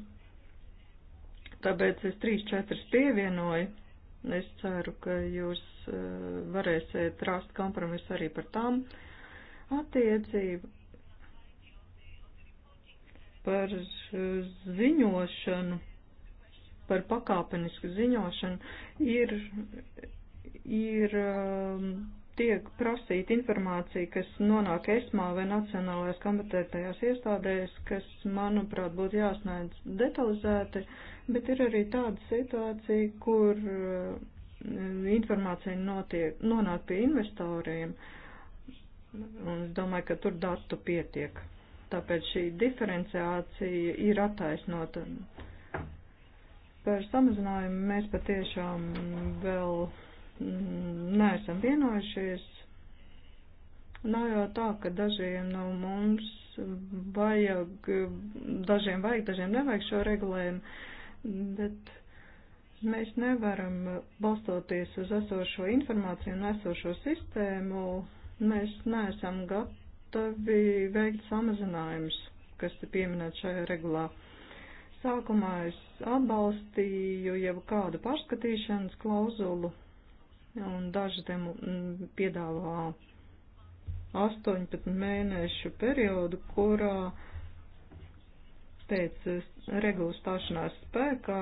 Tāpēc es 3-4 pievienoju. Es ceru, ka jūs eh, varēsiet rast kompromisu arī par tām attiecību par ziņošanu, par pakāpenisku ziņošanu ir, ir um, tiek prasīta informācija, kas nonāk ESMā vai nacionālajās kompetētajās iestādēs, kas, manuprāt, būtu jāsniedz detalizēti, bet ir arī tāda situācija, kur eh, informācija notiek, nonāk pie investoriem, un es domāju, ka tur datu pietiek. Tāpēc šī diferenciācija ir attaisnota. Par samazinājumu mēs patiešām vēl Mm, neesam vienojušies. Nav jau tā, ka dažiem no mums vajag, dažiem vajag, dažiem nevajag šo regulējumu, bet mēs nevaram balstoties uz esošo informāciju un esošo sistēmu, mēs neesam gatavi veikt samazinājumus, kas ir pieminēts šajā regulā. Sākumā es atbalstīju jau kādu pārskatīšanas klauzulu un daži te mm, piedāvā 18 mēnešu periodu, kurā pēc eh, regulas stāšanās spēkā,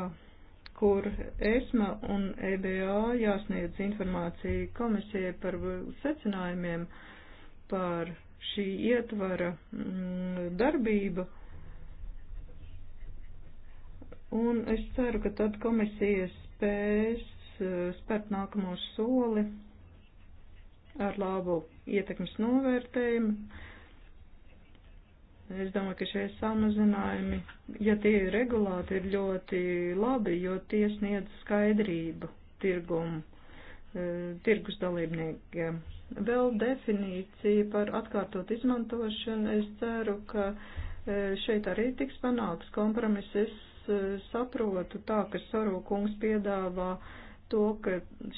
kur ESMA un EBA jāsniedz informācija komisijai par secinājumiem par šī ietvara mm, darbību. Un es ceru, ka tad komisija spēs Eh, spērt nākamo soli ar labu ietekmes novērtējumu. Es domāju, ka šie samazinājumi, ja tie ir regulāti, ir ļoti labi, jo tie sniedz skaidrību tirgumu, eh, tirgus dalībniekiem. Vēl definīcija par atkārtot izmantošanu. Es ceru, ka eh, šeit arī tiks panāks kompromiss. Es saprotu tā, ka Soru kungs piedāvā uh, to, ka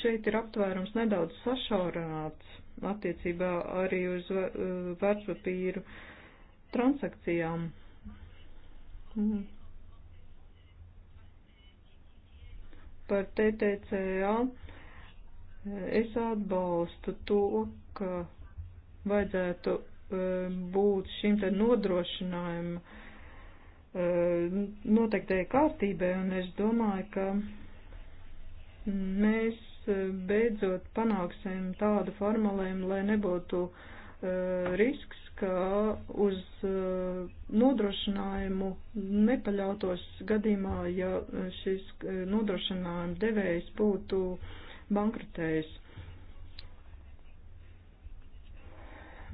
šeit ir aptvērums nedaudz sašaurināts attiecībā arī uz uh, vērtspapīru transakcijām. Mm. Par TTCA es atbalstu to, ka vajadzētu uh, būt šim te nodrošinājumam uh, noteiktai kārtībai, un es domāju, ka mēs eh, beidzot panāksim tādu formulējumu, lai nebūtu eh, risks, ka uz eh, nodrošinājumu nepaļautos gadījumā, ja šis nodrošinājuma devējs būtu bankrotējis.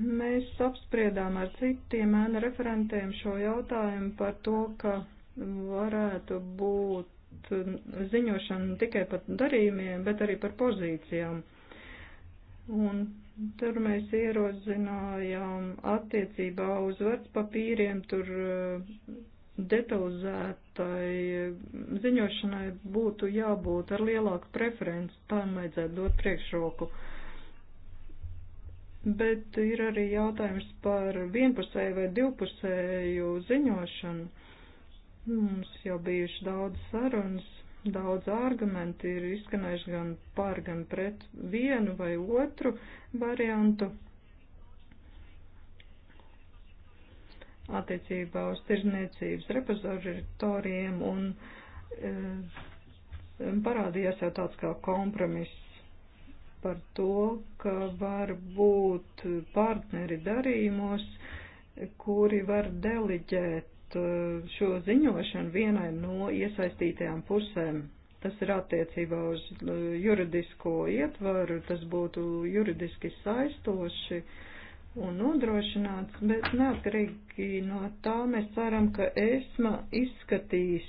Mēs apspriedām ar citiem ēna referentiem šo jautājumu par to, ka varētu būt Mm, ziņošanu ne tikai par darījumiem, bet arī par pozīcijām. Un tur mēs ierozinājām attiecībā uz vērtspapīriem, tur mm, detalizētai ziņošanai būtu jābūt ar lielāku preferenci, tam vajadzētu dot priekšroku. Bet ir arī jautājums par vienpusēju vai divpusēju ziņošanu Mums jau bijuši daudz sarunas, daudz argumenti ir izskanējuši gan par, gan pret vienu vai otru variantu. Attiecībā uz tirzniecības repozoritoriem un e, parādījās jau tāds kā kompromiss par to, ka var būt partneri darījumos, kuri var deliģēt Eh, šo ziņošanu vienai no iesaistītajām pusēm. Tas ir attiecībā uz eh, juridisko ietvaru, tas būtu juridiski saistoši un nodrošināts, bet neatkarīgi no tā mēs ceram, ka ESMA izskatīs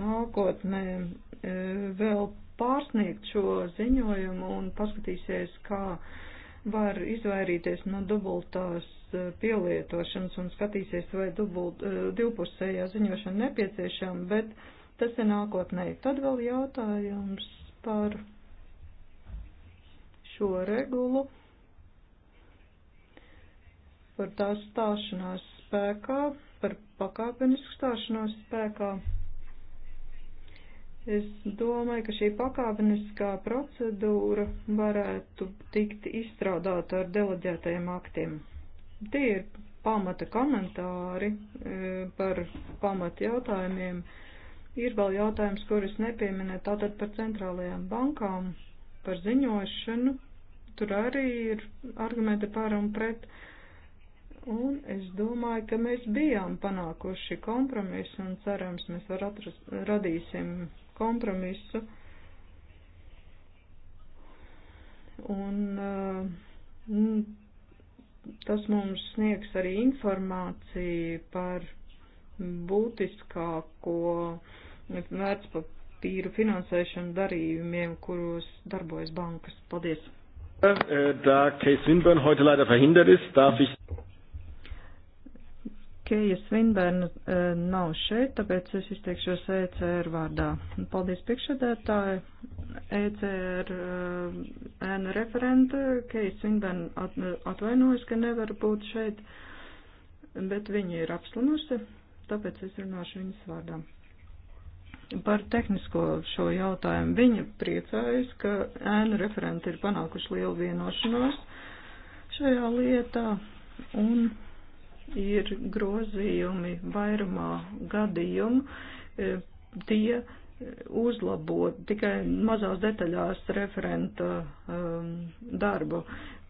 nākotnē eh, vēl pārsniegt šo ziņojumu un paskatīsies, kā uh, var izvairīties no dubultās eh, pielietošanas un skatīsies, vai dubult, eh, divpusējā ziņošana nepieciešama, bet tas ir nākotnē. Tad vēl jautājums par šo regulu, par tās stāšanās spēkā, par pakāpenisku stāšanos spēkā. Es domāju, ka šī pakāpeniskā procedūra varētu tikt izstrādāta ar deleģētajiem aktiem. Tie ir pamata komentāri e, par pamata jautājumiem. Ir vēl jautājums, kurus nepieminē, tātad par centrālajām bankām, par ziņošanu. Tur arī ir argumenti par un pret. Un es domāju, ka mēs bijām panākuši kompromisu un cerams, mēs var atrast, radīsim kompromisu. Un uh, tas mums sniegs arī informāciju par būtiskāko vērtspapīru finansēšanu darījumiem, kuros darbojas bankas. Paldies! Da Case Winburn heute leider verhindert ist, darf ich Keija Svinbērna eh, nav šeit, tāpēc es izteikšos ECR vārdā. Paldies priekšsēdētāji. ECR eh, ēna referenta Keija Svinbērna eh, atvainojas, ka nevar būt šeit, bet viņa ir apslimusi, tāpēc es runāšu viņas vārdā. Par tehnisko šo jautājumu viņa priecājas, ka ēna referenti ir panākuši lielu vienošanos šajā lietā un ir grozījumi vairumā gadījumu. E, tie e, uzlabot tikai mazās detaļās referenta um, darbu.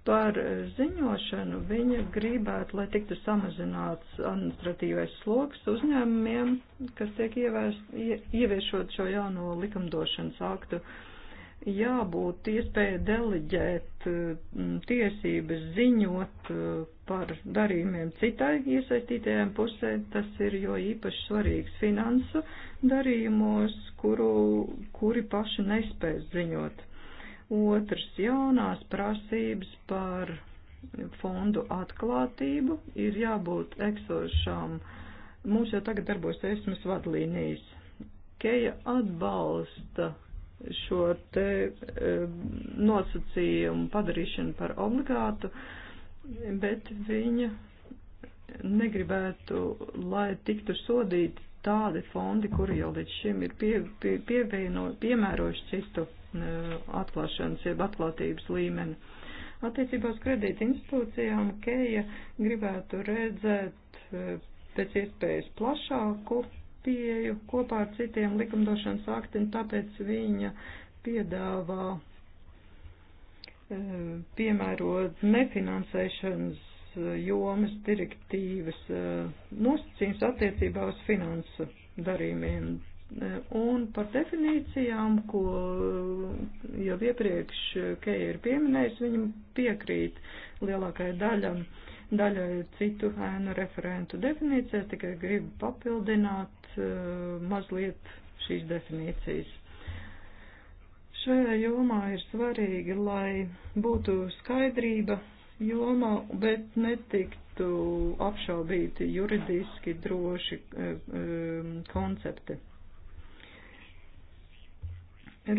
Par e, ziņošanu viņa gribētu, lai tiktu samazināts administratīvais sloks uzņēmumiem, kas tiek ieviešot šo jauno likumdošanas aktu. Uh, jābūt iespēja deleģēt eh, tiesības ziņot eh, par darījumiem citai iesaistītajām pusē. Tas ir jo īpaši svarīgs finansu darījumos, kuru, kuri paši nespēj ziņot. Otrs jaunās prasības par fondu atklātību ir jābūt eksošām. Mums jau tagad darbojas esmas vadlīnijas. Keja atbalsta šo te nosacījumu padarīšanu par obligātu, bet viņa negribētu, lai tiktu sodīti tādi fondi, kuri jau līdz šim ir pie, pie, pievieno, piemēroši citu atklāšanas, jeb atklātības līmeni. Attiecībās kredīta institūcijām Keija gribētu redzēt pēc iespējas plašāku pieju kopā ar citiem likumdošanas aktiem, tāpēc viņa piedāvā eh, piemērot nefinansēšanas eh, jomas direktīvas eh, nosacījums attiecībā uz finansu darījumiem. Un par definīcijām, ko jau iepriekš Keija ir pieminējis, viņam piekrīt lielākai daļam, daļai citu ēnu referentu definīcijas, tikai gribu papildināt, Uh, mazliet šīs definīcijas. Šajā jomā ir svarīgi, lai būtu skaidrība jomā, bet netiktu apšaubīti juridiski droši uh, um, koncepti.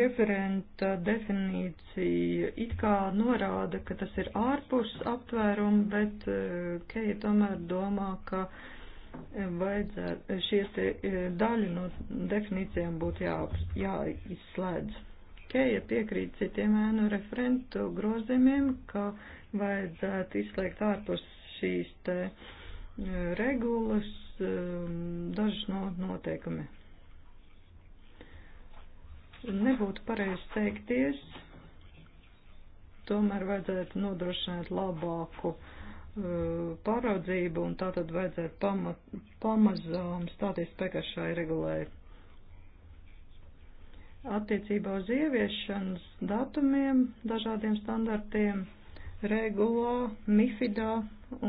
Referenta definīcija it kā norāda, ka tas ir ārpus aptvērumu, bet uh, Keija tomēr domā, ka uh, vajadzētu šīs e, daļu no definīcijām būtu jā, jāizslēdz. Keja piekrīt citiem ēnu referentu grozījumiem, ka vajadzētu izslēgt ārpus šīs te e, regulas e, dažas no noteikumi. Nebūtu pareizi steigties, tomēr vajadzētu nodrošināt labāku uh, Eh, pāraudzību, un tā tad vajadzētu pama, pamazām stāties spēkā šai regulē. Attiecībā uz ieviešanas datumiem, dažādiem standartiem, regulā, MIFIDā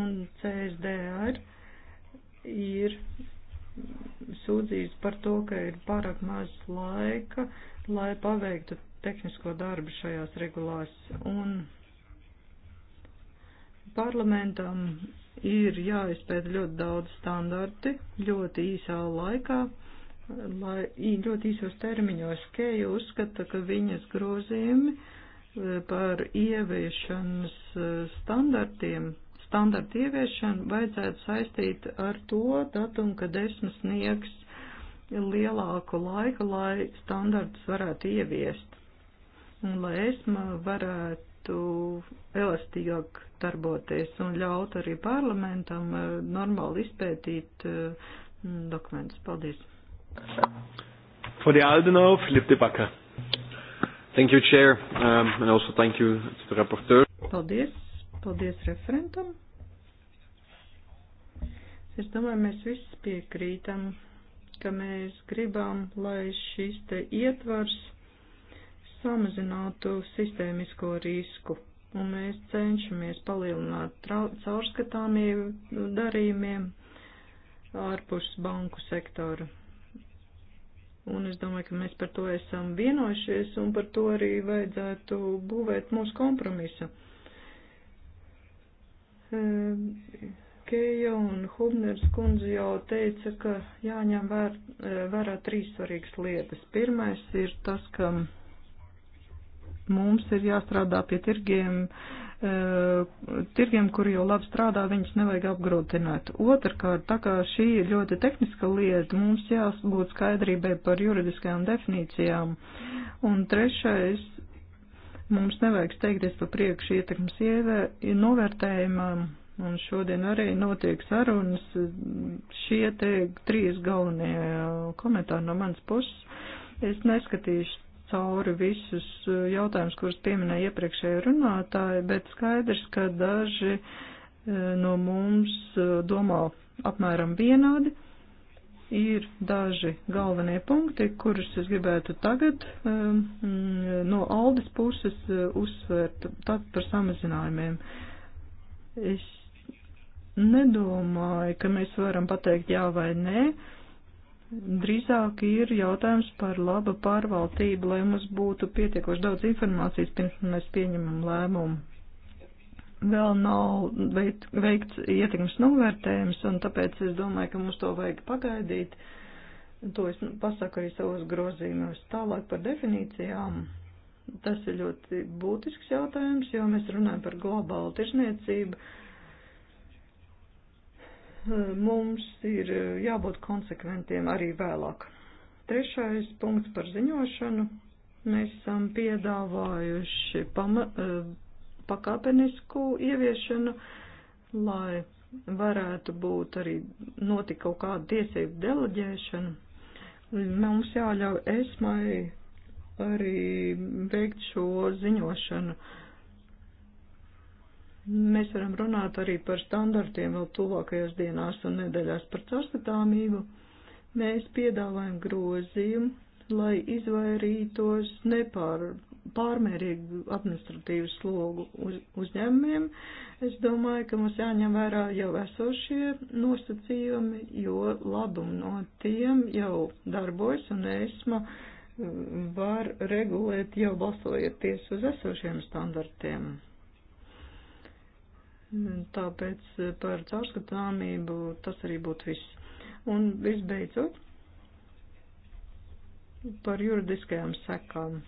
un CSDR ir sūdzības par to, ka ir pārāk maz laika, lai paveiktu tehnisko darbu šajās regulās, un Parlamentam ir jāizpēta ļoti daudz standarti ļoti īsā laikā, lai, ļoti īsos termiņos. Keja uzskata, ka viņas grozījumi e, par ieviešanas e, standartiem, standartu ieviešanu vajadzētu saistīt ar to datumu, kad esmu sniegs lielāku laiku, lai standartus varētu ieviest. Un lai esma varētu varētu elastīgāk darboties un ļaut arī parlamentam eh, normāli izpētīt eh, dokumentus. Paldies. For the Alde now, Philippe de Bakker. Thank you, Chair, um, and also thank you to the rapporteur. Paldies. Paldies referentam. Es domāju, mēs visi piekrītam, ka mēs gribam, lai šis te ietvars samazinātu sistēmisko risku. Un mēs cenšamies palielināt caurskatāmību darījumiem ārpus banku sektoru. Un es domāju, ka mēs par to esam vienojušies un par to arī vajadzētu būvēt mūsu kompromisa. Ehm, Keja un Hubners kundze jau teica, ka jāņem vērā vēr, trīs svarīgas lietas. Pirmais ir tas, ka Mums ir jāstrādā pie tirgiem, eh, tirgiem, kuri jau labi strādā, viņus nevajag apgrūtināt. Otrkārt, tā kā šī ir ļoti tehniska lieta, mums jābūt skaidrībai par juridiskajām definīcijām. Un trešais, mums nevajag steigties pa priekšu ietekmes ievē, novērtējumam. Un šodien arī notiek sarunas. Šie te trīs galvenie komentāri no manas puses. Es neskatīšu cauri visus eh, jautājumus, kurus pieminēja iepriekšēja runātāja, bet skaidrs, ka daži eh, no mums eh, domā apmēram vienādi. Ir daži galvenie punkti, kurus es gribētu tagad mm, no Aldes puses uzsvērt tad par samazinājumiem. Es nedomāju, ka mēs varam pateikt jā vai nē. Ne drīzāk ir jautājums par laba pārvaldību, lai mums būtu pietiekoši daudz informācijas pirms mēs pieņemam lēmumu. Vēl nav veikt, veikts ietekmes novērtējums, un tāpēc es domāju, ka mums to vajag pagaidīt. To es pasaku arī savos grozījumos. Tālāk par definīcijām. Tas ir ļoti būtisks jautājums, jo mēs runājam par globālu tirzniecību. Uh, mums ir eh, jābūt konsekventiem arī vēlāk. Trešais punkts par ziņošanu. Mēs esam piedāvājuši pama, eh, pakāpenisku ieviešanu, lai varētu būt arī notika kaut kāda tiesību deleģēšana. Mums jāļauj esmai arī veikt šo ziņošanu. Uh, Mēs varam runāt arī par standartiem vēl tuvākajās dienās un nedēļās par caurskatāmību. Mēs piedāvājam grozījumu, lai izvairītos nepār, pārmērīgu administratīvu slogu uz, uzņēmumiem. Es domāju, ka mums jāņem vērā jau esošie nosacījumi, jo labumu no tiem jau darbojas un esma mm, var regulēt jau balsojoties uz esošiem standartiem. Tāpēc eh, par caurskatāmību tas arī būtu viss. Un visbeidzot, par juridiskajām sekām.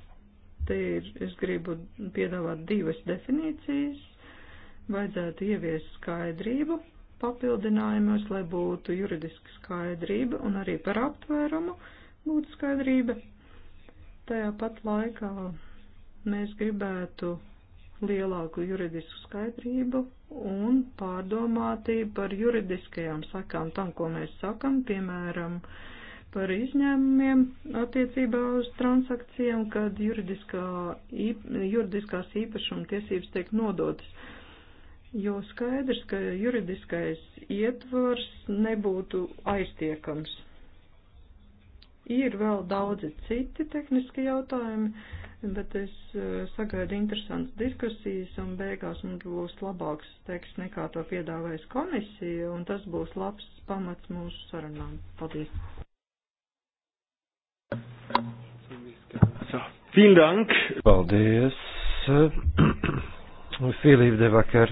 Te ir, es gribu piedāvāt divas definīcijas. Vajadzētu ieviest skaidrību papildinājumos, lai būtu juridiska skaidrība un arī par aptvērumu būtu skaidrība. Tajā pat laikā mēs gribētu lielāku juridisku skaidrību un pārdomātību par juridiskajām sakām tam, ko mēs sakam, piemēram, par izņēmumiem attiecībā uz transakcijām, kad juridiskā, juridiskās īpašuma tiesības tiek nodotas. Jo skaidrs, ka juridiskais ietvars nebūtu aiztiekams. Ir vēl daudzi citi tehniski jautājumi bet es eh, sagaidu interesantas diskusijas un beigās mums būs labāks teksts nekā to piedāvājas komisija, un tas būs labs pamats mūsu sarunām. Paldies! Vielen Dank! Paldies! [clears throat] Filip de Vakar.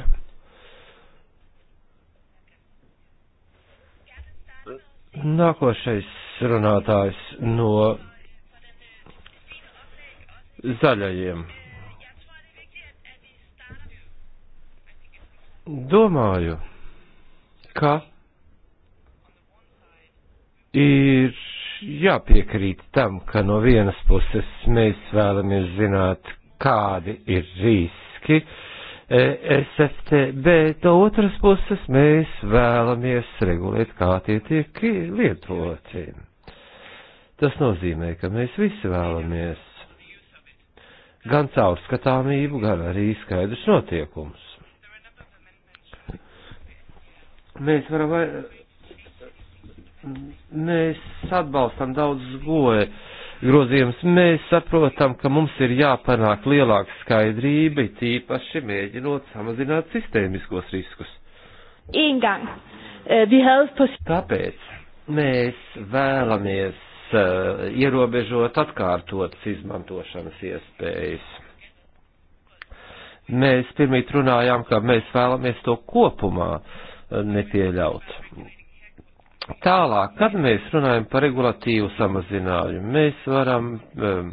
Nākošais runātājs no zaļajiem. Domāju, ka ir jāpiekrīt tam, ka no vienas puses mēs vēlamies zināt, kādi ir riski e, SFT, bet no otras puses mēs vēlamies regulēt, kā tie tiek lietoti. Tas nozīmē, ka mēs visi vēlamies gan caurskatāmību, gan arī skaidrs notiekums. Mēs varam vai... Mēs atbalstam daudz goja grozījums. Mēs saprotam, ka mums ir jāpanāk lielāka skaidrība, tīpaši mēģinot samazināt sistēmiskos riskus. Ingang, vi havde på... Tāpēc mēs vēlamies Uh, ierobežot atkārtotas izmantošanas iespējas. Mēs pirmīt runājām, ka mēs vēlamies to kopumā uh, nepieļaut. Tālāk, kad mēs runājam par regulatīvu samazinājumu, mēs varam um,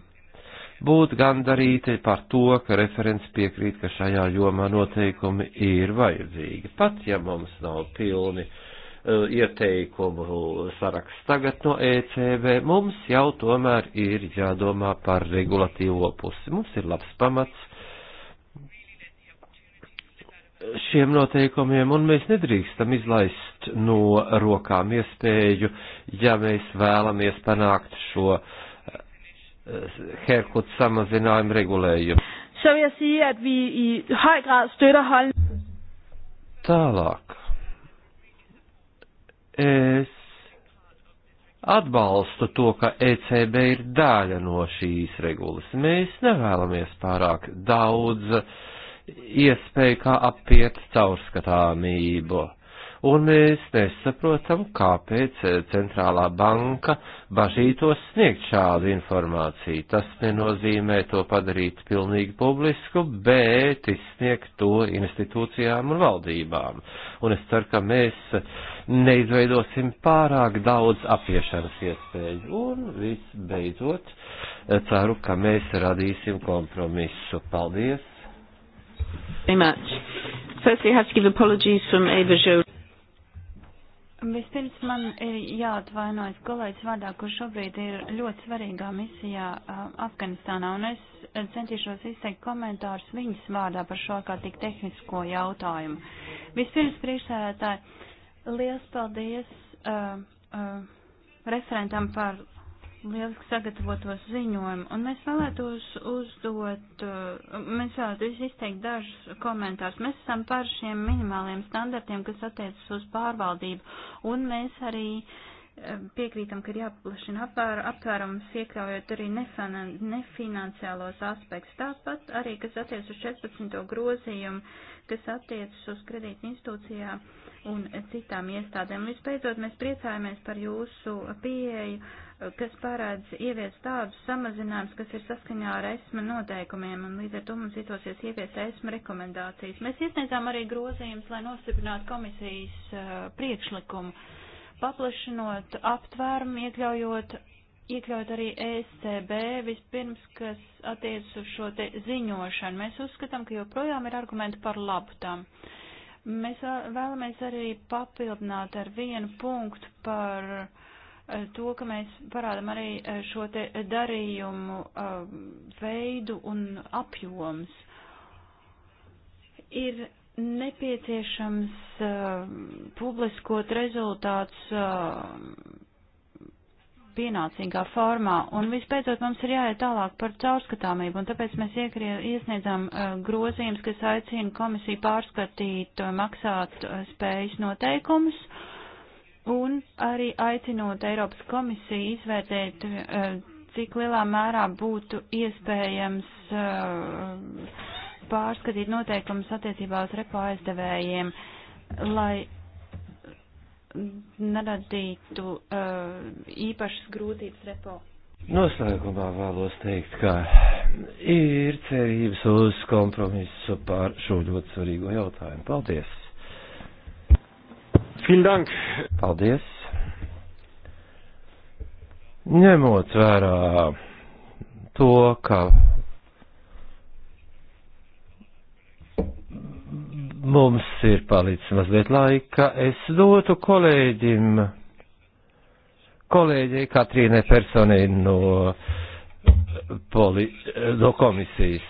būt gandarīti par to, ka referents piekrīt, ka šajā jomā noteikumi ir vajadzīgi, pat ja mums nav pilni uh, Eh, ieteikumu saraksts tagad no ECB. Mums jau tomēr ir jādomā par regulatīvo pusi. Mums ir labs pamats šiem noteikumiem, un mēs nedrīkstam izlaist no rokām iespēju, ja mēs vēlamies panākt šo eh, herkutu samazinājumu regulējumu. Så vil jeg sige, at vi i høj grad støtter hold. Tālāk Es atbalstu to, ka ECB ir daļa no šīs regulas. Mēs nevēlamies pārāk daudz iespēju kā apiet caurskatāmību. Un mēs nesaprotam, kāpēc centrālā banka bažītos sniegt šādu informāciju. Tas nenozīmē to padarīt pilnīgi publisku, bet izsniegt to institūcijām un valdībām. Un es ceru, ka mēs uh, neizveidosim pārāk daudz apiešanas iespēju. Un visbeidzot, ceru, ka mēs radīsim kompromisu. Paldies! Firstly, I have to give apologies from Eva Jolie. Vispirms man ir jāatvainojas kolēģis vārdā, kurš šobrīd ir ļoti svarīgā misijā uh, Afganistānā, un es centīšos izteikt komentārus viņas vārdā par šo kā tik tehnisko jautājumu. Vispirms priekšsēdētāji, Lielas paldies uh, uh, referentam par lieliski sagatavotos ziņojumu, un mēs vēlētos uzdot, uh, mēs vēlētos izteikt dažus komentārus. Mēs esam par šiem minimāliem standartiem, kas attiecas uz pārvaldību, un mēs arī uh, piekrītam, ka ir jāpaplašina apvēr, aptvērums, iekļaujot arī nefana, nefinanciālos aspektus. Tāpat arī, kas attiecas uz 14. grozījumu, kas attiecas uz kredīt institūcijām un citām iestādēm. Vispēcot, mēs priecājamies par jūsu pieeju, kas parādz ievies tādus samazinājumus, kas ir saskaņā ar ESMA noteikumiem, un līdz ar to mums izdosies ievies ESMA rekomendācijas. Mēs iesniedzām arī grozījumus, lai nostiprinātu komisijas eh, priekšlikumu, paplašinot aptvērumu, iekļaujot iekļaut arī ECB vispirms, kas attiec uz šo te ziņošanu. Mēs uzskatām, ka joprojām ir argumenti par labu tam. Mēs vēlamies arī papildināt ar vienu punktu par eh, to, ka mēs parādam arī eh, šo te darījumu eh, veidu un apjoms. Ir nepieciešams publiskot rezultāts pienācīgā formā. Un visbeidzot, mums ir jāiet tālāk par caurskatāmību, un tāpēc mēs iekrie, iesniedzām uh, grozījums, kas aicina komisiju pārskatīt uh, maksāt uh, spējas noteikumus. Un arī aicinot Eiropas komisiju izvērtēt, cik lielā mērā būtu iespējams pārskatīt noteikumus attiecībā uz repo aizdevējiem, lai neradītu uh, īpašas grūtības repo. Noslēgumā vēlos teikt, ka ir cerības uz kompromisu par šo ļoti svarīgo jautājumu. Paldies! Fildank! Paldies! Ņemot vērā to, ka Mums ir palicis mazliet laika. Es dotu kolēģim, kolēģei Katrīnai Personai no, poli, no komisijas.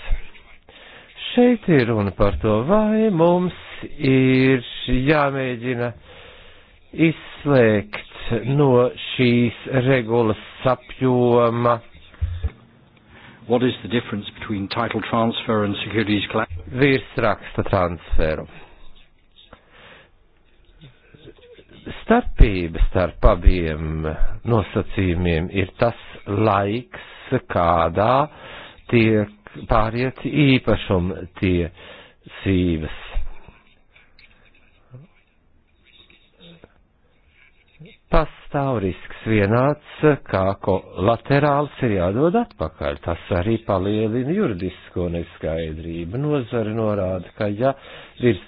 Šeit ir runa par to, vai mums ir jāmēģina izslēgt no šīs regulas apjoma What is the difference between title transfer and securities collateral? Virsraksta transferu. Starpība starp abiem nosacījumiem ir tas laiks, kādā tiek pāriet īpašuma tiesības. Pas pastāv risks vienāds, kā kolaterāls ir jādod atpakaļ. Tas arī palielina juridisko neskaidrību. Nozara norāda, ka ja virs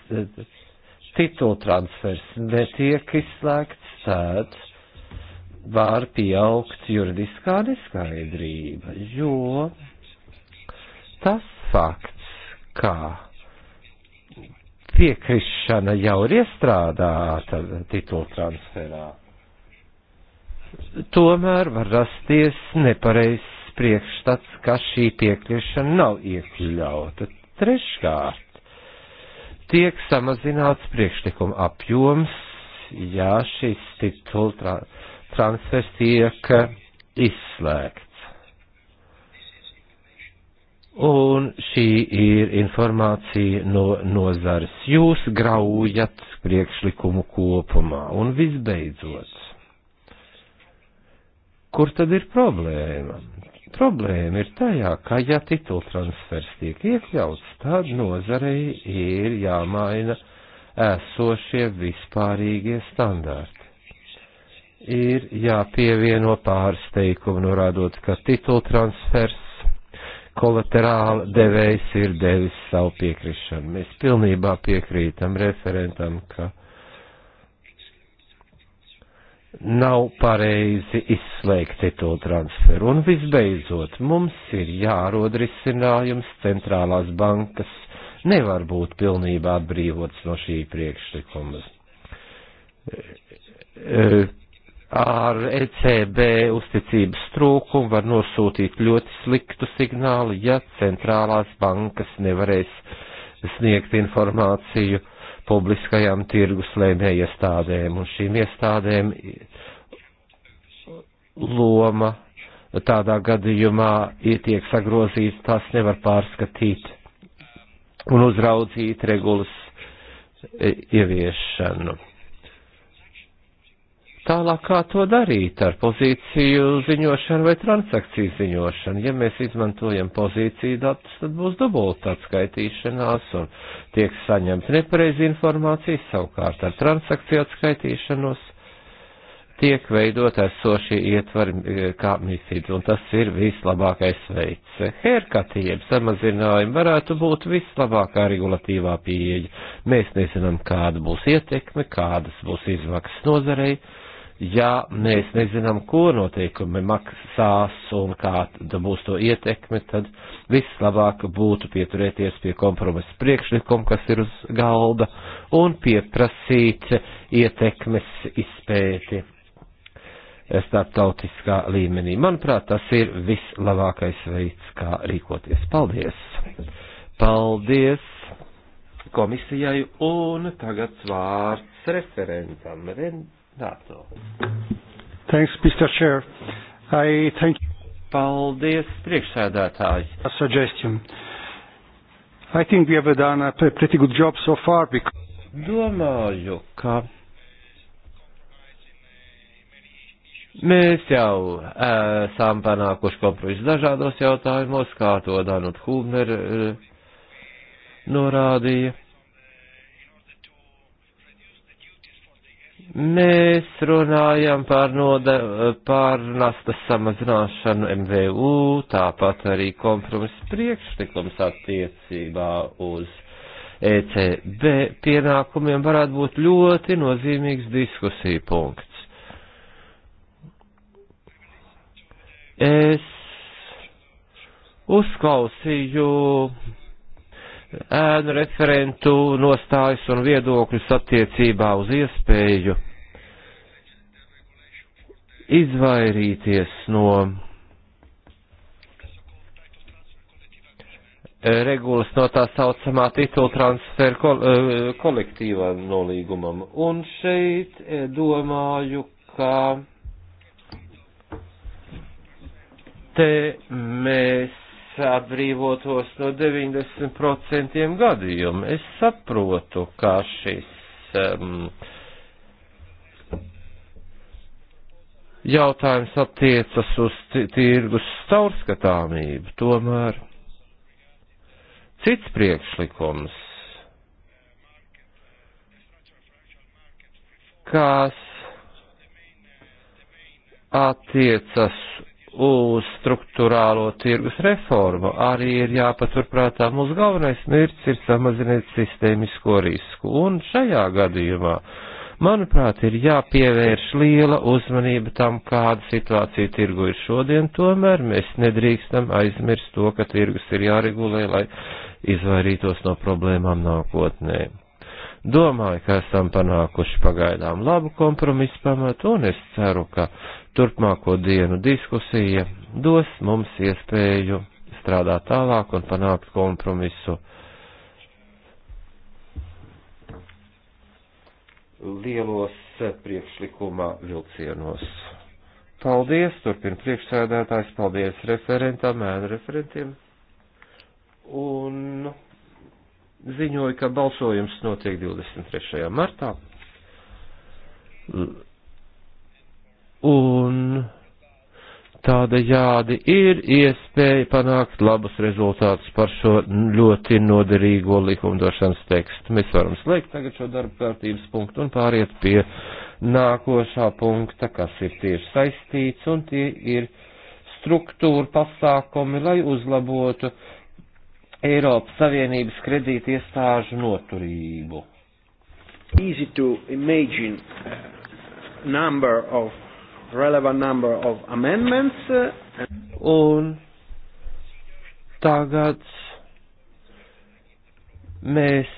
titula transfers netiek izslēgts, tad var pieaugt juridiskā neskaidrība, jo tas fakts, kā piekrišana jau ir iestrādāta titula transferā tomēr var rasties nepareizs priekšstats, ka šī piekļiešana nav iekļauta. Treškārt, tiek samazināts priekšlikuma apjoms, ja šis titula tra transfers tiek izslēgts. Un šī ir informācija no nozares. Jūs graujat priekšlikumu kopumā. Un visbeidzot, Kur tad ir problēma? Problēma ir tajā, ka ja titultransfers tiek iekļauts, tad nozarei ir jāmaina esošie vispārīgie standarti. Ir jāpievieno pārsteigumu, norādot, ka titultransfers kolaterāla devējs ir devis savu piekrišanu. Mēs pilnībā piekrītam referentam, ka nav pareizi izslēgt to transferu. Un visbeidzot, mums ir jārod risinājums centrālās bankas nevar būt pilnībā atbrīvots no šī priekšlikuma. Ar ECB uzticības trūkumu var nosūtīt ļoti sliktu signālu, ja centrālās bankas nevarēs sniegt informāciju publiskajām tirgus lēmēja iestādēm, un šīm iestādēm loma tādā gadījumā tiek sagrozīts, tas nevar pārskatīt un uzraudzīt regulas e, ieviešanu. Tālāk, kā to darīt ar pozīciju ziņošanu vai transakciju ziņošanu? Ja mēs izmantojam pozīciju datus, tad būs dubulta atskaitīšanās un tiek saņemta nepareizi informācija. Savukārt ar transakciju atskaitīšanos tiek veidot esošie ietveri e, kā misīds, un tas ir vislabākais veids. Herkatījiem samazinājumi varētu būt vislabākā regulatīvā pieeja. Mēs nezinām, kāda būs ietekme, kādas būs izmaksas nozarei ja mēs nezinām, ko noteikumi maksās un kāda būs to ietekme, tad vislabāk būtu pieturēties pie kompromisa priekšlikuma, kas ir uz galda, un pieprasīt ietekmes izpēti starptautiskā līmenī. Manuprāt, tas ir vislabākais veids, kā rīkoties. Paldies! Paldies komisijai, un tagad vārds referentam. Rend That's all. Thanks, Mr. Chair. I thank you. Paldies, priekšsēdētāji. A suggestion. I think we have done a pretty good job so far because. Domāju, ka Mēs jau e, esam panākuši kompromisu dažādos jautājumos, kā to Danut Hūbner e, norādīja. Mēs runājam par, noda, par nastas samazināšanu MVU, tāpat arī kompromiss priekšlikums attiecībā uz ECB pienākumiem varētu būt ļoti nozīmīgs diskusija punkts. Es uzklausīju ēnu referentu nostājas un viedokļus attiecībā uz iespēju izvairīties no regulas no tā saucamā titula transfera kol e, kolektīvam nolīgumam. Un šeit e, domāju, ka te mēs atbrīvotos no 90% gadījumu. Es saprotu, kā šis um, jautājums attiecas uz tirgus caurskatāmību, tomēr cits priekšlikums, kas attiecas uz struktūrālo tirgus reformu. Arī ir jāpaturprātā mūsu galvenais mērķis ir samazināt sistēmisko risku. Un šajā gadījumā, manuprāt, ir jāpievērš liela uzmanība tam, kāda situācija tirgu ir šodien. Tomēr mēs nedrīkstam aizmirst to, ka tirgus ir jāregulē, lai izvairītos no problēmām nākotnē. Domāju, ka esam panākuši pagaidām labu kompromisu pamatu, un es ceru, ka turpmāko dienu diskusija dos mums iespēju strādāt tālāk un panākt kompromisu. Lielos priekšlikumā vilcienos. Paldies, turpina priekšsēdētājs, paldies referentam, ēnu referentiem. Un ziņoja, ka balsojums notiek 23. martā. L un tādējādi ir iespēja panākt labus rezultātus par šo ļoti noderīgo likumdošanas tekstu. Mēs varam slēgt tagad šo darba kārtības punktu un pāriet pie nākošā punkta, kas ir tieši saistīts, un tie ir struktūra pasākumi, lai uzlabotu Eiropas Savienības kredīti iestāžu noturību. Easy to imagine uh, number of relevant number of amendments. Uh, un tagad mēs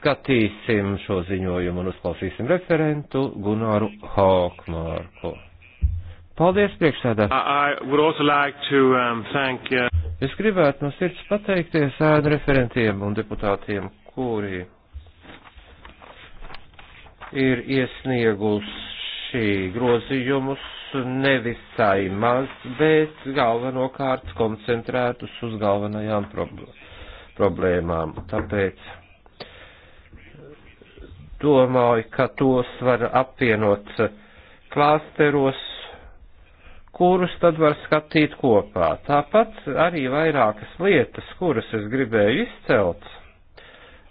skatīsim šo ziņojumu un uzklausīsim referentu Gunāru Hokmārku. Paldies, priekšsēdā. Like to, um, thank, uh... Es gribētu no sirds pateikties ēnu referentiem un deputātiem, kuri ir iesniegusi seši grozījumus, nevisai maz, bet galvenokārt koncentrētus uz galvenajām problēmām. Tāpēc domāju, ka tos var apvienot klāsteros, kurus tad var skatīt kopā. Tāpat arī vairākas lietas, kuras es gribēju izcelt,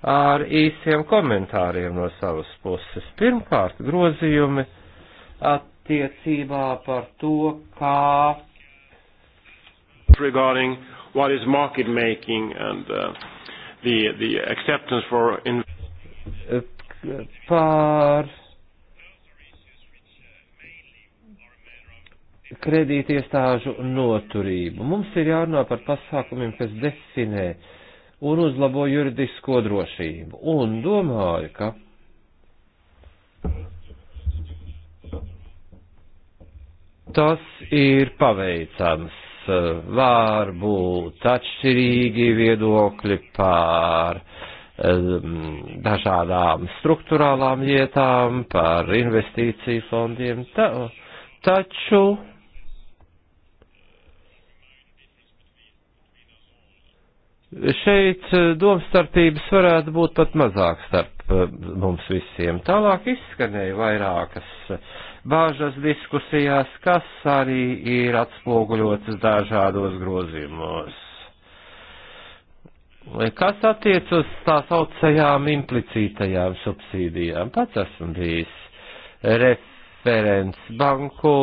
ar īsiem komentāriem no savas puses. Pirmkārt, grozījumi attiecībā par to, kā. Regarding what is market making and uh, the, the acceptance for. Par kredītiestāžu noturību. Mums ir jārunā par pasākumiem, kas definē un uzlabo juridisko drošību. Un domāju, ka Tas ir paveicams. Eh, Var būt atšķirīgi viedokļi pār um, ehm, dažādām struktūrālām lietām, par investīciju fondiem, ta, taču šeit eh, domstarpības varētu būt pat mazāk starp eh, mums visiem. Tālāk izskanēja vairākas uh, bāžas diskusijās, kas arī ir atspoguļotas dažādos grozījumos. Kas attiec uz tā saucajām implicītajām subsīdijām? Pats esmu bijis referents banku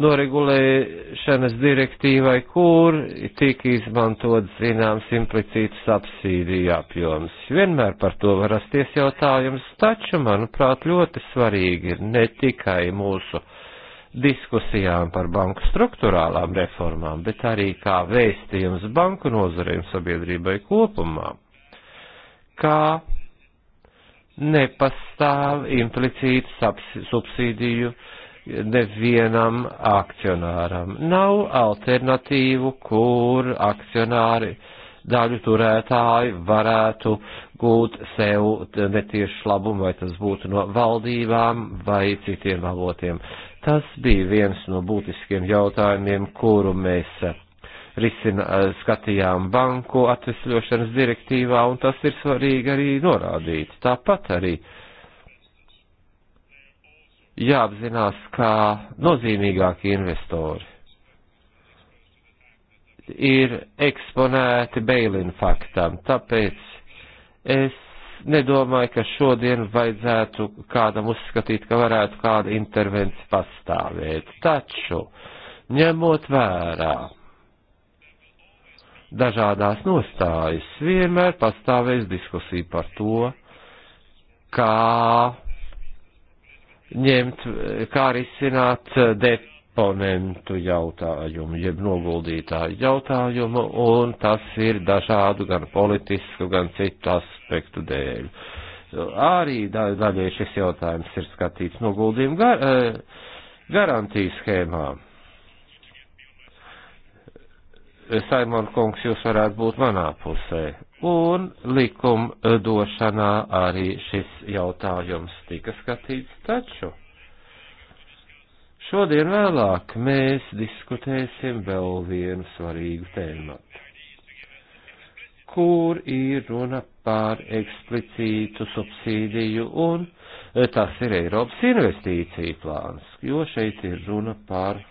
noregulēšanas direktīvai, kur tika izmantot zināms implicīts subsīdiju apjoms. Vienmēr par to var rasties jautājums, taču, manuprāt, ļoti svarīgi ir ne tikai mūsu diskusijām par banku struktūrālām reformām, bet arī kā vēstījums banku nozarēm sabiedrībai kopumā, kā nepastāv implicīti subsīdiju apjoms nevienam akcionāram. Nav alternatīvu, kur akcionāri daļu turētāji varētu gūt sev netiešu labumu, vai tas būtu no valdībām vai citiem avotiem. Tas bija viens no būtiskiem jautājumiem, kuru mēs eh, risina, eh, skatījām banku atvesļošanas direktīvā, un tas ir svarīgi arī norādīt. Tāpat arī uh, jāapzinās kā nozīmīgākie investori ir eksponēti beilinu faktam, tāpēc es nedomāju, ka šodien vajadzētu kādam uzskatīt, ka varētu kāda intervence pastāvēt. Taču, ņemot vērā dažādās nostājas, vienmēr pastāvēs diskusija par to, kā ņemt, kā risināt deponentu jautājumu, jeb noguldītāju jautājumu, un tas ir dažādu gan politisku, gan citu aspektu dēļ. Arī da daļai šis jautājums ir skatīts noguldījumu gar eh, garantiju schēmā. Saimon Kungs, jūs varētu būt manā pusē. Un likuma došanā arī šis jautājums tika skatīts, taču šodien vēlāk mēs diskutēsim vēl vienu svarīgu tēmu, kur ir runa par eksplicītu subsīdiju un tas ir Eiropas investīcija plāns, jo šeit ir runa par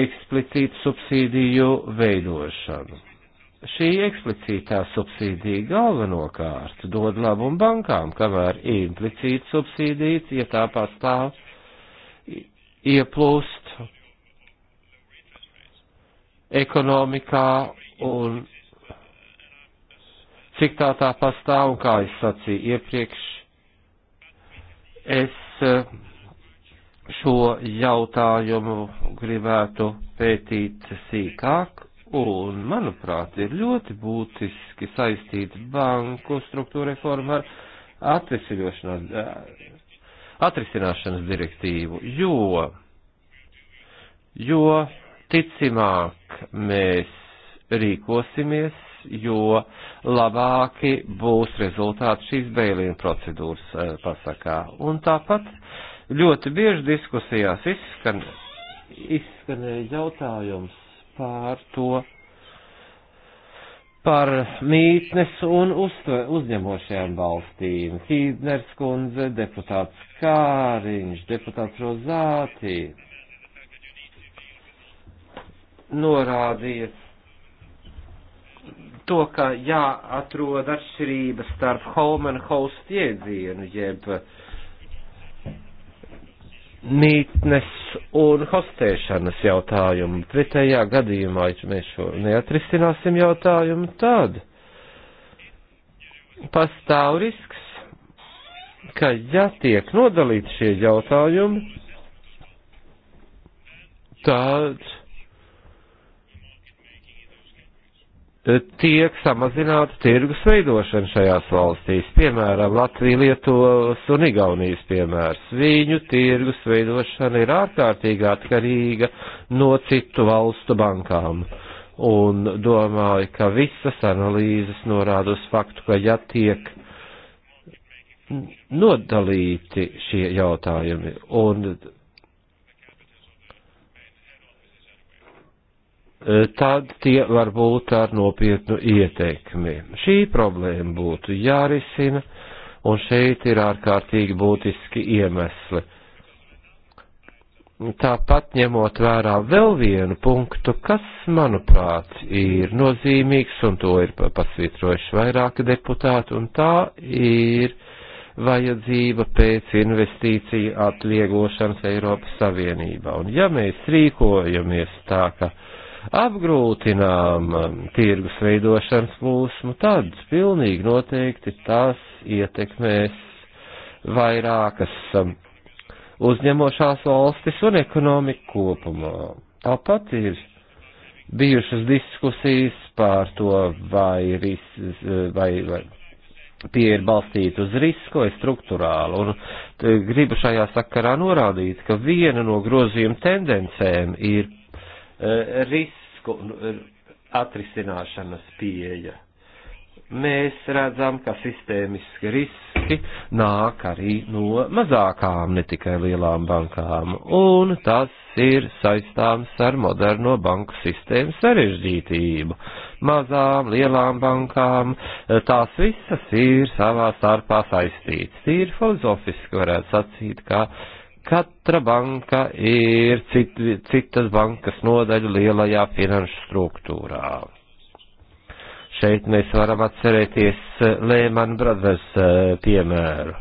eksplicītu subsīdiju veidošanu šī eksplicītā subsīdija galvenokārt dod labumu bankām, kamēr implicīta subsīdija, ja tā pastāv, ieplūst ekonomikā un cik tā tā pastāv, un kā es sacīju iepriekš, es eh, šo jautājumu gribētu pētīt sīkāk Un, manuprāt, ir ļoti būtiski saistīt banku struktūra reformu ar eh, atrisināšanas direktīvu, jo, jo ticamāk mēs rīkosimies, jo labāki būs rezultāti šīs bēlīna procedūras eh, pasakā. Un tāpat ļoti bieži diskusijās izskan, izskanēja jautājums pār to par mītnes un uzņemošajām valstīm. Hīdners kundze, deputāts Kāriņš, deputāts Rozātī norādīja to, ka jāatrod atšķirība starp home and host iedzienu, jeb uh, mītnes un hostēšanas jautājumu. Pretējā gadījumā, ja mēs šo neatrisināsim jautājumu, tad pastāv risks, ka ja tiek nodalīti šie jautājumi, tad tiek samazināta tirgus veidošana šajās valstīs, piemēram, Latvija, Lietuvas un Igaunijas piemērs. Viņu tirgus veidošana ir ārkārtīgi atkarīga no citu valstu bankām. Un domāju, ka visas analīzes norāda uz faktu, ka ja tiek nodalīti šie jautājumi un tad tie var būt ar nopietnu ieteikmi. Šī problēma būtu jārisina, un šeit ir ārkārtīgi būtiski iemesli. Tāpat ņemot vērā vēl vienu punktu, kas, manuprāt, ir nozīmīgs, un to ir pasvītrojuši vairāki deputāti, un tā ir vajadzība pēc investīciju atvieglošanas Eiropas Savienībā. Un ja mēs rīkojamies tā, ka apgrūtinām um, tirgus veidošanas plūsmu, tad pilnīgi noteikti tas ietekmēs vairākas um, uzņemošās valstis un ekonomiku kopumā. Tāpat ir bijušas diskusijas pār to, vai, ris, vai, vai tie ir balstīti uz risku vai struktūrāli. Un gribu šajā sakarā norādīt, ka viena no grozījuma tendencēm ir Eh, risku nu, eh, atrisināšanas pieeja. Mēs redzam, ka sistēmiski riski nāk arī no mazākām, ne tikai lielām bankām, un tas ir saistāms ar moderno banku sistēmu sarežģītību. Mazām, lielām bankām eh, tās visas ir savā starpā saistītas. Tīri filozofiski varētu sacīt, ka uh, Katra banka ir cit, citas bankas nodaļa lielajā finanšu struktūrā. Šeit mēs varam atcerēties eh, Lehman Brothers eh, piemēru,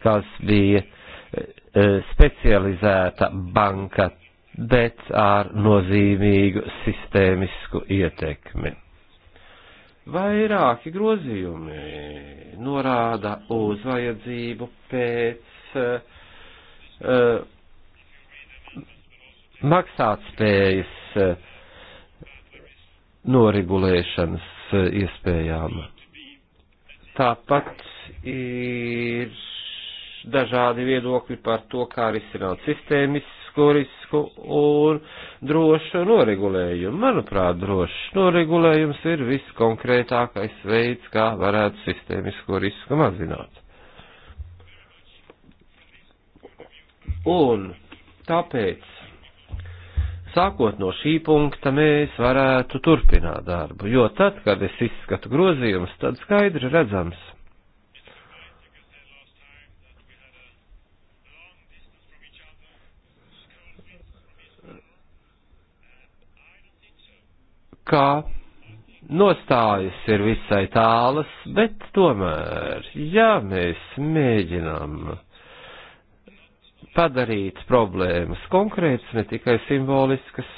kas bija eh, specializēta banka, bet ar nozīmīgu sistēmisku ietekmi. Vairāki grozījumi norāda uz vajadzību pēc uh, uh, maksātspējas uh, noregulēšanas uh, iespējām. Tāpat ir dažādi viedokļi par to, kā risināt sistēmisku risku un drošu noregulējumu. Manuprāt, drošs noregulējums ir viskonkrētākais veids, kā varētu sistēmisko risku mazināt. Un tāpēc, sākot no šī punkta, mēs varētu turpināt darbu, jo tad, kad es izskatu grozījumus, tad skaidri redzams. Kā nostājas ir visai tālas, bet tomēr, ja mēs mēģinām padarīt problēmas konkrētas, ne tikai simboliskas.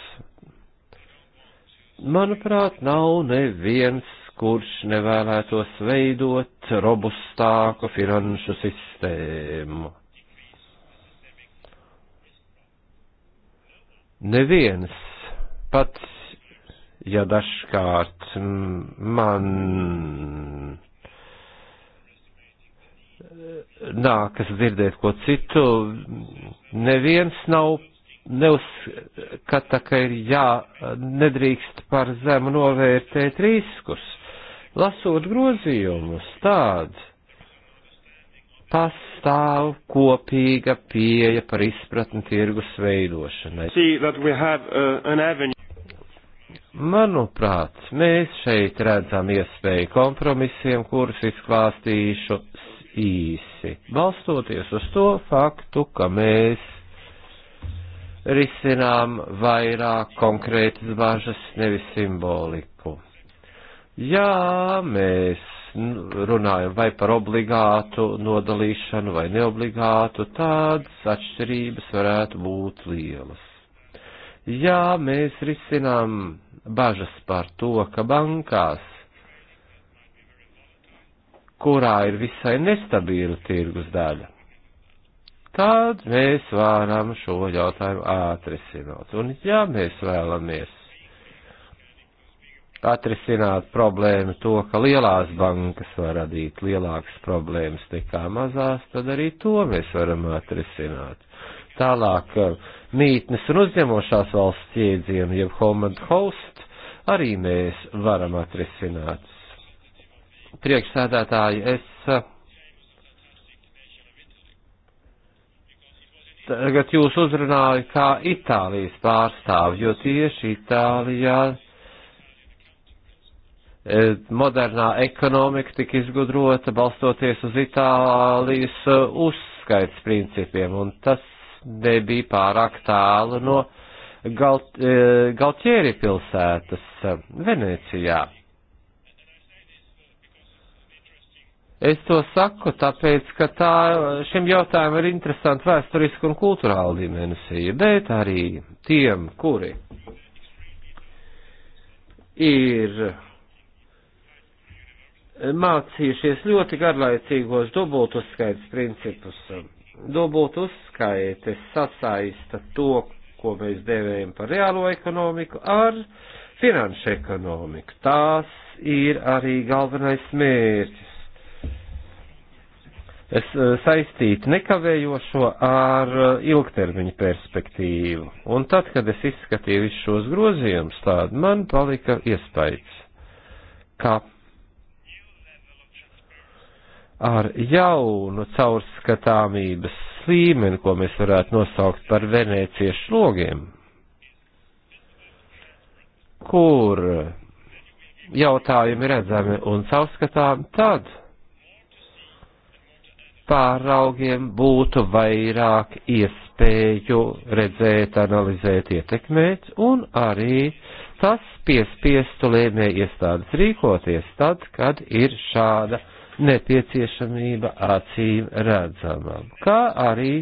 Manuprāt, nav neviens, kurš nevēlētos veidot robustāku finanšu sistēmu. Neviens, pat ja dažkārt man nākas dzirdēt ko citu, neviens nav neuzskata, ka ir jā, nedrīkst par zemu novērtēt riskus. Lasot grozījumus tādu, pastāv kopīga pieeja par izpratni tirgus veidošanai. Uh, Manuprāt, mēs šeit redzam iespēju kompromisiem, kurus izklāstīšu īsi, balstoties uz to faktu, ka mēs risinām vairāk konkrētas bažas, nevis simboliku. Jā, mēs runājam vai par obligātu nodalīšanu vai neobligātu, tādas atšķirības varētu būt lielas. Jā, mēs risinām bažas par to, ka bankās kurā ir visai nestabila tirgus daļa, tad mēs varam šo jautājumu atrisināt. Un ja mēs vēlamies atrisināt problēmu to, ka lielās bankas var radīt lielākas problēmas nekā mazās, tad arī to mēs varam atrisināt. Tālāk mītnes un uzņemošās valsts iedzienu, jeb home and host, arī mēs varam atrisināt priekšsēdētāji, es eh, tagad jūs uzrunāju kā Itālijas pārstāvi, jo tieši Itālijā eh, modernā ekonomika tika izgudrota balstoties uz Itālijas eh, uzskaits principiem, un tas nebija pārāk tālu no Galtieri pilsētas Venecijā. Es to saku tāpēc, ka tā, šim jautājumam ir interesanti vēsturiski un kulturāli dimensija, bet arī tiem, kuri ir mācījušies ļoti garlaicīgos dubultu skaits principus. Dubultu skaites sasaista to, ko mēs dēvējam par reālo ekonomiku, ar finanšu ekonomiku. Tās ir arī galvenais mērķis es eh, saistītu nekavējošo ar eh, ilgtermiņu perspektīvu. Un tad, kad es izskatīju visus šos grozījumus, tad man palika iespējas, ka ar jaunu caurskatāmības līmeni, ko mēs varētu nosaukt par venēciešu logiem, kur jautājumi redzami un caurskatāmi, tad pāraugiem būtu vairāk iespēju redzēt, analizēt, ietekmēt, un arī tas piespiestu lēmē iestādes rīkoties tad, kad ir šāda nepieciešamība acīm redzamam, kā arī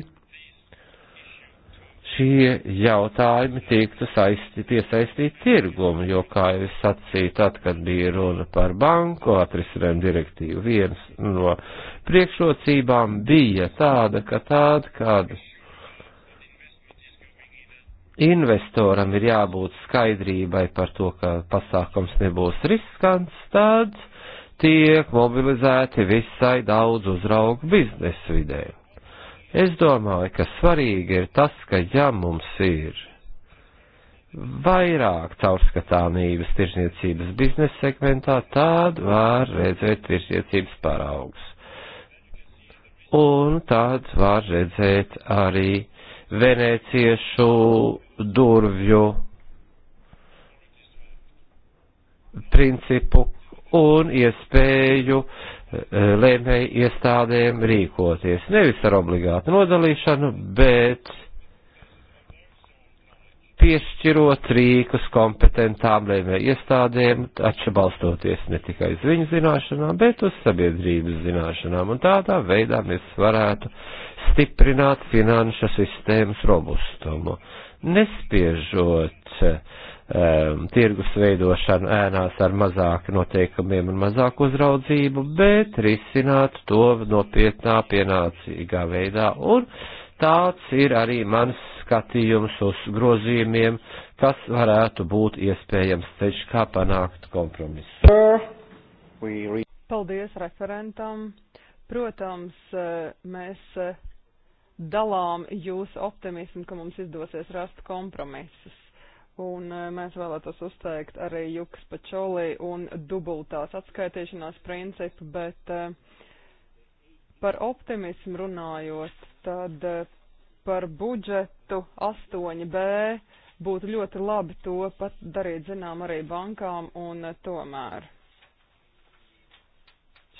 šie jautājumi tiktu saisti, piesaistīti tirgumu, jo, kā jau es sacīju, tad, kad bija runa par banku atrisinājumu direktīvu, viens no priekšrocībām bija tāda, ka tāda, kad investoram ir jābūt skaidrībai par to, ka pasākums nebūs riskants, tad tiek mobilizēti visai daudz uzraugu biznesa vidēm Es domāju, ka svarīgi ir tas, ka ja mums ir vairāk caurskatāmības tirzniecības biznesa segmentā, tad var redzēt tirzniecības paraugus. Un tad var redzēt arī venēciešu durvju principu un iespēju lēmēji iestādēm rīkoties. Nevis ar obligātu nodalīšanu, bet piešķirot rīkus kompetentām lēmēji iestādēm, taču balstoties ne tikai uz viņu zināšanām, bet uz sabiedrības zināšanām. Un tādā veidā mēs varētu stiprināt finanšu sistēmas robustumu, nespiežot uh, um, tirgus veidošanu ēnās ar mazāk noteikumiem un mazāk uzraudzību, bet risināt to nopietnā, pienācīgā veidā. Un tāds ir arī mans skatījums uz grozījumiem, kas varētu būt iespējams ceļš, kā panākt kompromisu. Paldies referentam. Protams, eh, mēs eh, dalām jūsu optimismu, ka mums izdosies rast kompromisus. Un eh, mēs vēlētos uzteikt arī Jukas Pačolī un dubultās atskaitīšanās principu, bet eh, par optimismu runājot, tad eh, par budžetu 8B būtu ļoti labi to pat darīt zinām arī bankām un tomēr.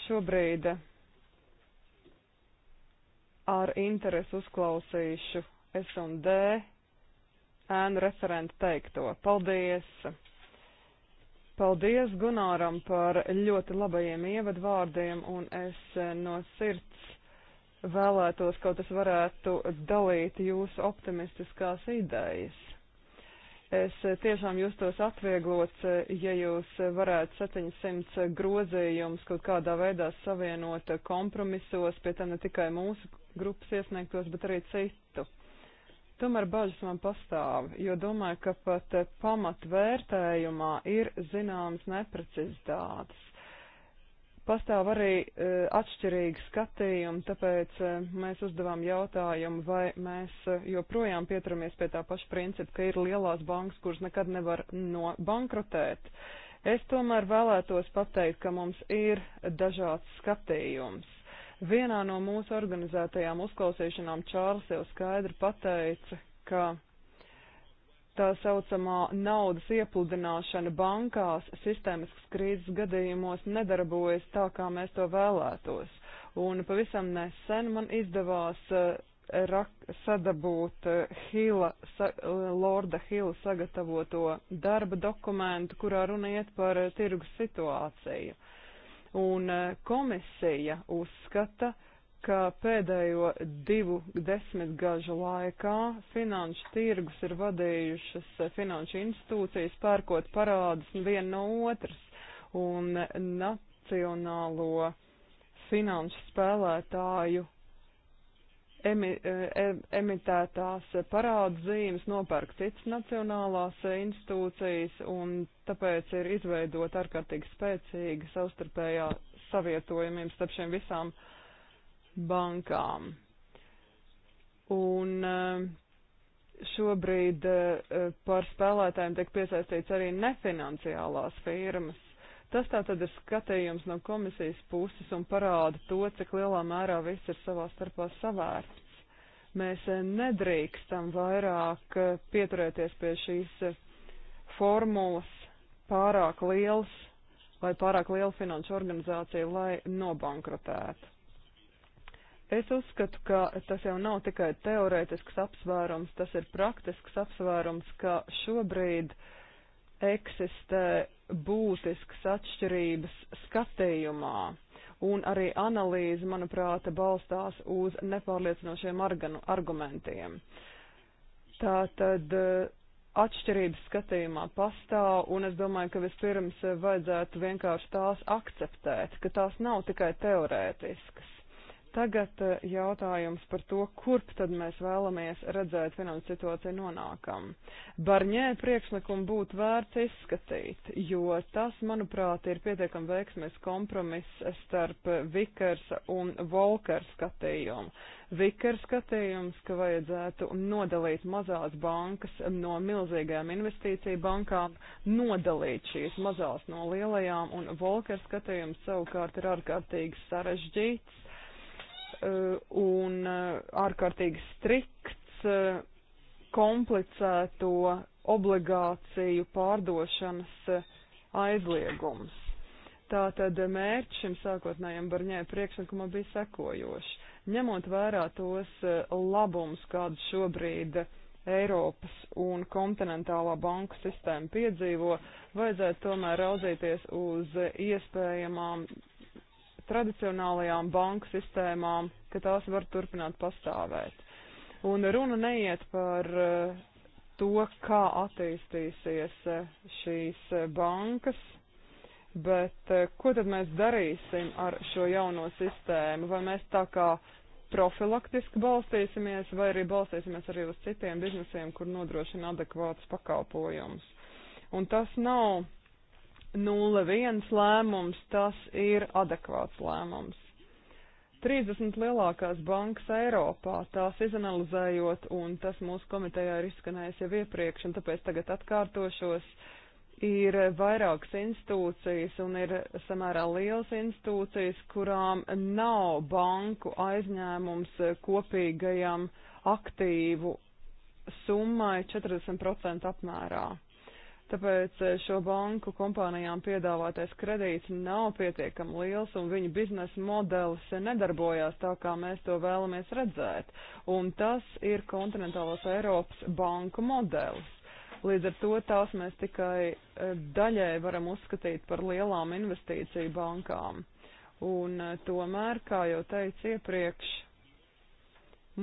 Šobrīd ar interesi uzklausīšu S&D ēnu referentu teikto. Paldies! Paldies Gunāram par ļoti labajiem ievadvārdiem, un es no sirds vēlētos, kaut es varētu dalīt jūsu optimistiskās idejas. Es tiešām justos atvieglots, ja jūs varētu 700 grozījumus kaut kādā veidā savienot kompromisos, pie tā ne tikai mūsu grupas iesniegtos, bet arī citu. Tomēr bažas man pastāv, jo domāju, ka pat pamatvērtējumā ir zināmas neprecizitātes. Pastāv arī e, atšķirīgi skatījumi, tāpēc e, mēs uzdevām jautājumu, vai mēs e, joprojām pieturamies pie tā paša principa, ka ir lielās bankas, kuras nekad nevar nobankrotēt. Es tomēr vēlētos pateikt, ka mums ir dažāds skatījums Vienā no mūsu organizētajām uzklausīšanām Čārls jau skaidri pateica, ka tā saucamā naudas iepludināšana bankās sistēmiskas krīzes gadījumos nedarbojas tā, kā mēs to vēlētos. Un pavisam nesen man izdevās uh, sadabūt uh, Hila, sa, Lorda Hila sagatavoto darba dokumentu, kurā runa iet par uh, tirgus situāciju. Uh, un eh, komisija uzskata, ka pēdējo divu desmitgažu laikā finanšu tirgus ir vadījušas eh, finanšu institūcijas pērkot parādus viena no otras un eh, nacionālo finanšu spēlētāju emi, e, emitētās parādu zīmes nopērk citas nacionālās institūcijas, un tāpēc ir izveidota ārkārtīgi spēcīga savstarpējā savietojumiem starp šiem visām bankām. Un e, šobrīd e, par spēlētājiem tiek piesaistīts arī nefinanciālās firmas Tas tā tad ir skatījums no komisijas puses un parāda to, cik lielā mērā viss ir savā starpā savērts. Mēs eh, nedrīkstam vairāk eh, pieturēties pie šīs eh, formulas pārāk liels vai pārāk liela finanšu organizācija, lai nobankrotētu. Es uzskatu, ka tas jau nav tikai teorētisks apsvērums, tas ir praktisks apsvērums, ka šobrīd uh, eksistē būtiskas atšķirības skatījumā, un arī analīze, manuprāt, balstās uz nepārliecinošiem arganu, argumentiem. Tātad eh, atšķirības skatījumā pastāv, un es domāju, ka vispirms vajadzētu vienkārši tās akceptēt, ka tās nav tikai teorētiskas. Tagad eh, jautājums par to, kurp tad mēs vēlamies redzēt finansu situāciju nonākam. Barņē priekšlikumu būtu vērts izskatīt, jo tas, manuprāt, ir pietiekami veiksmēs kompromiss starp Vikers un Volker skatījumu. Vikers skatījums, ka vajadzētu nodalīt mazās bankas no milzīgajām investīciju bankām, nodalīt šīs mazās no lielajām, un Volker skatījums savukārt ir ārkārtīgi sarežģīts Eh, un eh, ārkārtīgi strikts eh, komplicēto obligāciju pārdošanas aizliegums. Tātad mērķis šim sākotnējam barņē priekšlikumam bija sekojoši. Ņemot vērā tos labums, kādu šobrīd Eiropas un kontinentālā banku sistēma piedzīvo, vajadzētu tomēr raudzīties uz iespējamām tradicionālajām banku sistēmām, ka tās var turpināt pastāvēt. Un runa neiet par eh, to, kā attīstīsies eh, šīs eh, bankas, bet ko tad mēs darīsim ar šo jauno sistēmu? Vai mēs tā kā profilaktiski balstīsimies, vai arī balstīsimies arī uz citiem biznesiem, kur nodrošina adekvātus pakalpojumus? Un tas nav 01 lēmums, tas ir adekvāts lēmums. 30 lielākās bankas Eiropā tās izanalizējot, un tas mūsu komitejā ir izskanējis jau iepriekš, un tāpēc tagad atkārtošos, ir vairākas institūcijas un ir samērā liels institūcijas, kurām nav banku aizņēmums kopīgajam aktīvu summai 40% apmērā. Tāpēc eh, šo banku kompānijām piedāvātais kredīts nav pietiekami liels un viņu biznesa modelis nedarbojās tā, kā mēs to vēlamies redzēt. Un tas ir kontinentālās Eiropas banku modelis. Līdz ar to tās mēs tikai eh, daļai varam uzskatīt par lielām investīciju bankām. Un eh, tomēr, kā jau teicu iepriekš,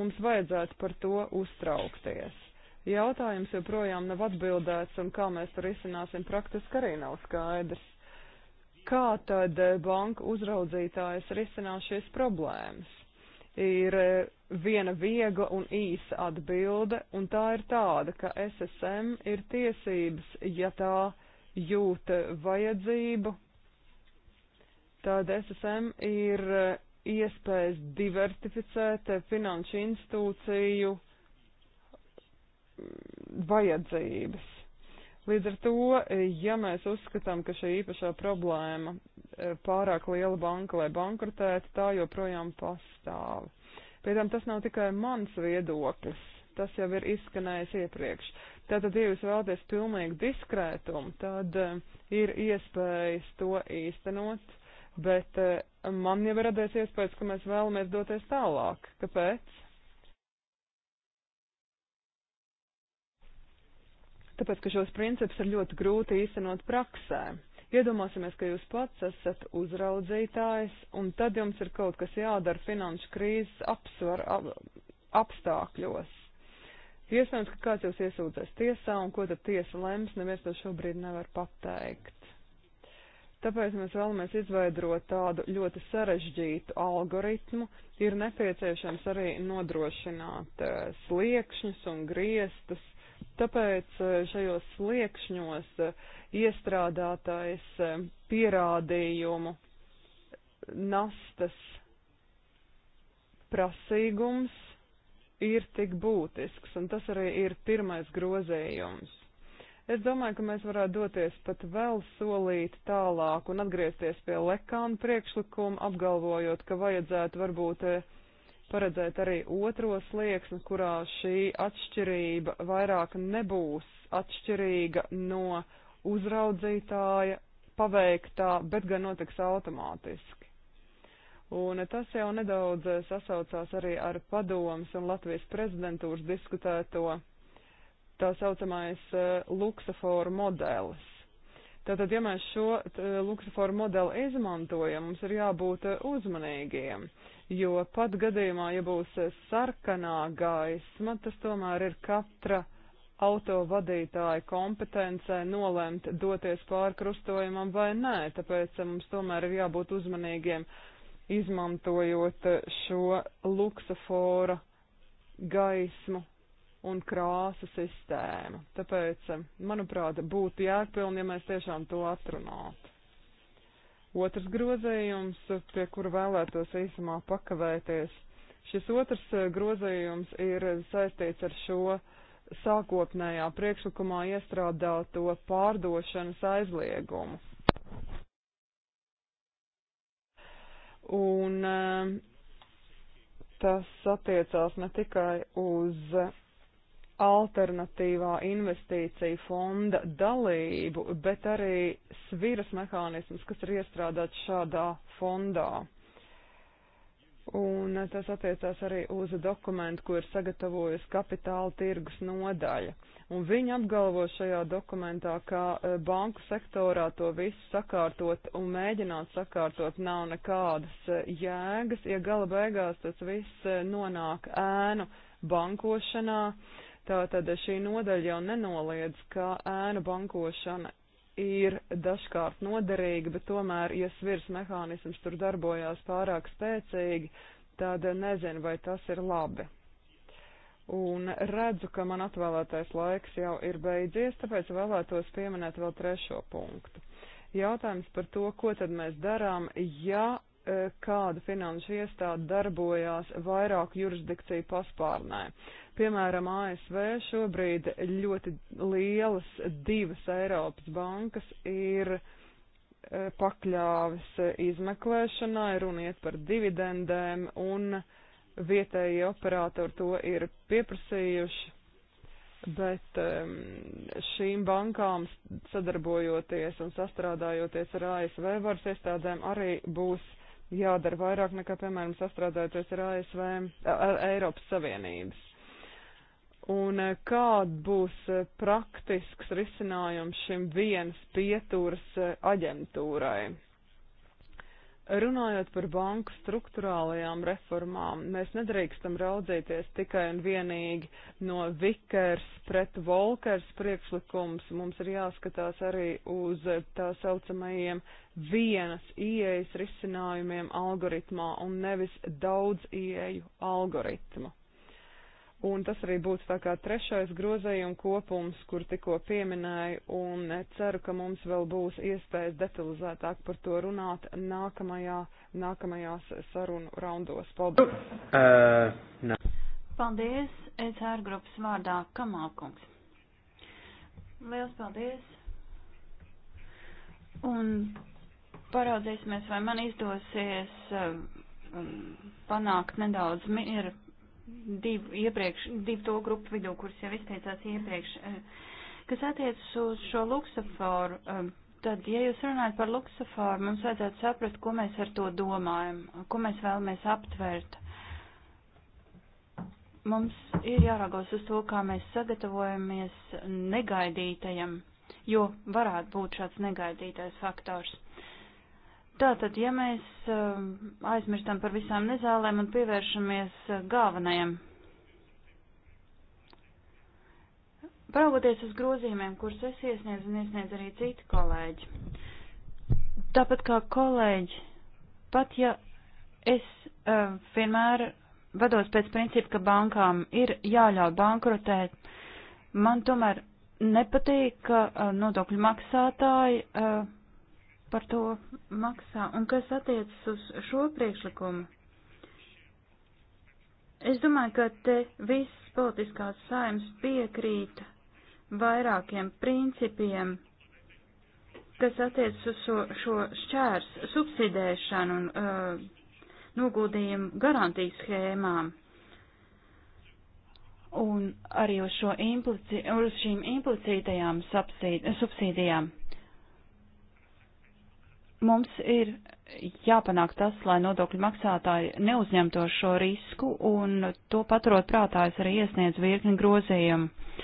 mums vajadzētu par to uztraukties Jautājums joprojām nav atbildēts, un kā mēs to risināsim, praktiski arī nav skaidrs. Kā tad banka uzraudzītājs risinās šīs problēmas? Ir viena viegla un īsa atbilde, un tā ir tāda, ka SSM ir tiesības, ja tā jūt vajadzību, tad SSM ir iespējas diversificēt finanšu institūciju vajadzības. Līdz ar to, ja mēs uzskatām, ka šī īpašā problēma e, pārāk liela banka, lai bankrotētu, tā joprojām pastāv. Pēc tam tas nav tikai mans viedoklis, tas jau ir izskanējis iepriekš. Tātad, ja jūs vēlaties pilnīgu diskrētumu, tad e, ir iespējas to īstenot, bet e, man jau ir radies iespējas, ka mēs vēlamies doties tālāk. Kāpēc? tāpēc, ka šos principus ir ļoti grūti īstenot praksē. Iedomāsimies, ka jūs pats esat uzraudzītājs, un tad jums ir kaut kas jādara finanšu krīzes apsvar, ap, apstākļos. Iespējams, ka kāds jūs iesūdzēs tiesā, un ko tad tiesa lems, neviens to šobrīd nevar pateikt. Tāpēc mēs vēlamies izveidot tādu ļoti sarežģītu algoritmu. Ir nepieciešams arī nodrošināt eh, sliekšņus un griestus, Tāpēc e, šajos sliekšņos e, iestrādātais e, pierādījumu nastas prasīgums ir tik būtisks, un tas arī ir pirmais grozējums. Es domāju, ka mēs varētu doties pat vēl solīt tālāk un atgriezties pie lekāna priekšlikuma, apgalvojot, ka vajadzētu varbūt paredzēt arī otro slieksni, kurā šī atšķirība vairāk nebūs atšķirīga no uzraudzītāja paveiktā, bet gan notiks automātiski. Un tas jau nedaudz sasaucās arī ar padomus un Latvijas prezidentūras diskutēto tā saucamais e, luksaforu modelis. Tātad, ja mēs šo e, luksaforu modeli izmantojam, mums ir jābūt e, uzmanīgiem. Uh, jo pat gadījumā, ja būs sarkanā gaisma, tas tomēr ir katra autovadītāja kompetencē nolemt doties pāri krustojumam vai nē, tāpēc eh, mums tomēr ir jābūt uzmanīgiem izmantojot eh, šo luksafora gaismu un krāsu sistēmu. Tāpēc, eh, manuprāt, būtu jēgpilni, ja mēs tiešām to atrunātu. Otrs grozējums, pie kura vēlētos īsumā pakavēties. Šis otrs eh, grozējums ir saistīts ar šo sākotnējā priekšlikumā iestrādāto pārdošanas aizliegumu. Un eh, tas attiecās ne tikai uz alternatīvā investīcija fonda dalību, bet arī sviras mehānismus, kas ir iestrādāts šādā fondā. Un tas attiecās arī uz dokumentu, ko ir sagatavojusi kapitāla tirgus nodaļa. Un viņi apgalvo šajā dokumentā, ka e, banku sektorā to visu sakārtot un mēģināt sakārtot nav nekādas e, jēgas, ja gala beigās tas viss e, nonāk ēnu bankošanā. Uh, Tātad šī nodaļa jau nenoliedz, ka ēnu bankošana ir dažkārt noderīga, bet tomēr, ja svirs mehānisms tur darbojās pārāk spēcīgi, tad nezinu, vai tas ir labi. Un redzu, ka man atvēlētais laiks jau ir beidzies, tāpēc vēlētos pieminēt vēl trešo punktu. Jautājums par to, ko tad mēs darām, ja E, kāda finanšu iestāde darbojās vairāku jurisdikciju paspārnē. Piemēram, ASV šobrīd ļoti lielas divas Eiropas bankas ir e, pakļāvis izmeklēšanai, runiet par dividendēm, un vietējie operatori to ir pieprasījuši bet um, šīm bankām sadarbojoties un sastrādājoties ar ASV varas iestādēm arī būs jādara vairāk nekā, piemēram, sastrādājoties ar ASV, ar Eiropas Savienības. Un e, kāda būs e, praktisks risinājums šim vienas pieturas e, aģentūrai? Runājot par banku struktūrālajām reformām, mēs nedrīkstam raudzīties tikai un vienīgi no Vikers pret Volkers priekšlikums. Mums ir jāskatās arī uz tā saucamajiem vienas ieejas risinājumiem algoritmā un nevis daudz ieeju algoritmu. Un tas arī būtu tā kā trešais grozējuma kopums, kur tikko pieminēju, un ceru, ka mums vēl būs iespējas detalizētāk par to runāt nākamajā, nākamajās sarunu raundos. Paldies! Uh, no. paldies, ECR grupas vārdā Kamalkungs. Liels paldies! Un paraudzīsimies, vai man izdosies um, panākt nedaudz mieru divu iepriekš, divu to grupu vidū, kuras jau izteicās iepriekš. Eh, kas attiecas uz šo luksaforu, eh, tad, ja jūs runājat par luksaforu, mums vajadzētu saprast, ko mēs ar to domājam, ko mēs vēlamies aptvert. Mums ir jāraugās uz to, kā mēs sagatavojamies negaidītajam, jo varētu būt šāds negaidītais faktors. Tātad, ja mēs um, aizmirstam par visām nezālēm un pievēršamies uh, galvenajam, paraugoties uz grozījumiem, kurus es iesniedzu un iesniedzu arī citi kolēģi, tāpat kā kolēģi, pat ja es uh, vienmēr vados pēc principa, ka bankām ir jāļauj bankrotēt, man tomēr nepatīk, ka uh, nodokļu maksātāji. Uh, par to maksā. Un kas attiecas uz šo priekšlikumu? Es domāju, ka te visas politiskās saimas piekrīt vairākiem principiem, kas attiecas uz šo, šo šķērs subsidēšanu un uh, noguldījumu garantijas schēmām. Un arī uz, implici, uz šīm implicītajām subsīdijām. Mums ir jāpanāk tas, lai nodokļu maksātāji neuzņemto šo risku, un to paturot prātā es arī iesniedzu virkni grozījumu.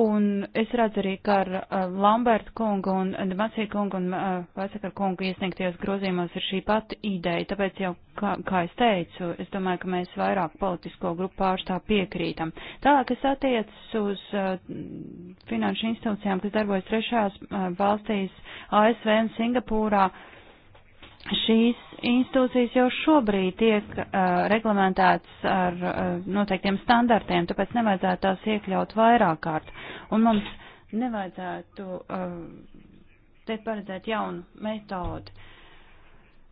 Un es redzu arī, ka ar uh, Lamberta kungu un Demasija kungu un uh, Vaisakar kungu iesniegtajos grozījumos ir šī pati ideja, tāpēc jau, kā, kā es teicu, es domāju, ka mēs vairāk politisko grupu pārstāv piekrītam. Tālāk, kas attiecas uz uh, finanšu institūcijām, kas darbojas trešās uh, valstīs, ASV un Singapūrā, uh, šīs institūcijas jau šobrīd tiek uh, reglamentētas ar uh, noteiktiem standartiem, tāpēc nevajadzētu tās iekļaut vairāk kārt. Un mums nevajadzētu uh, te paredzēt jaunu metodi.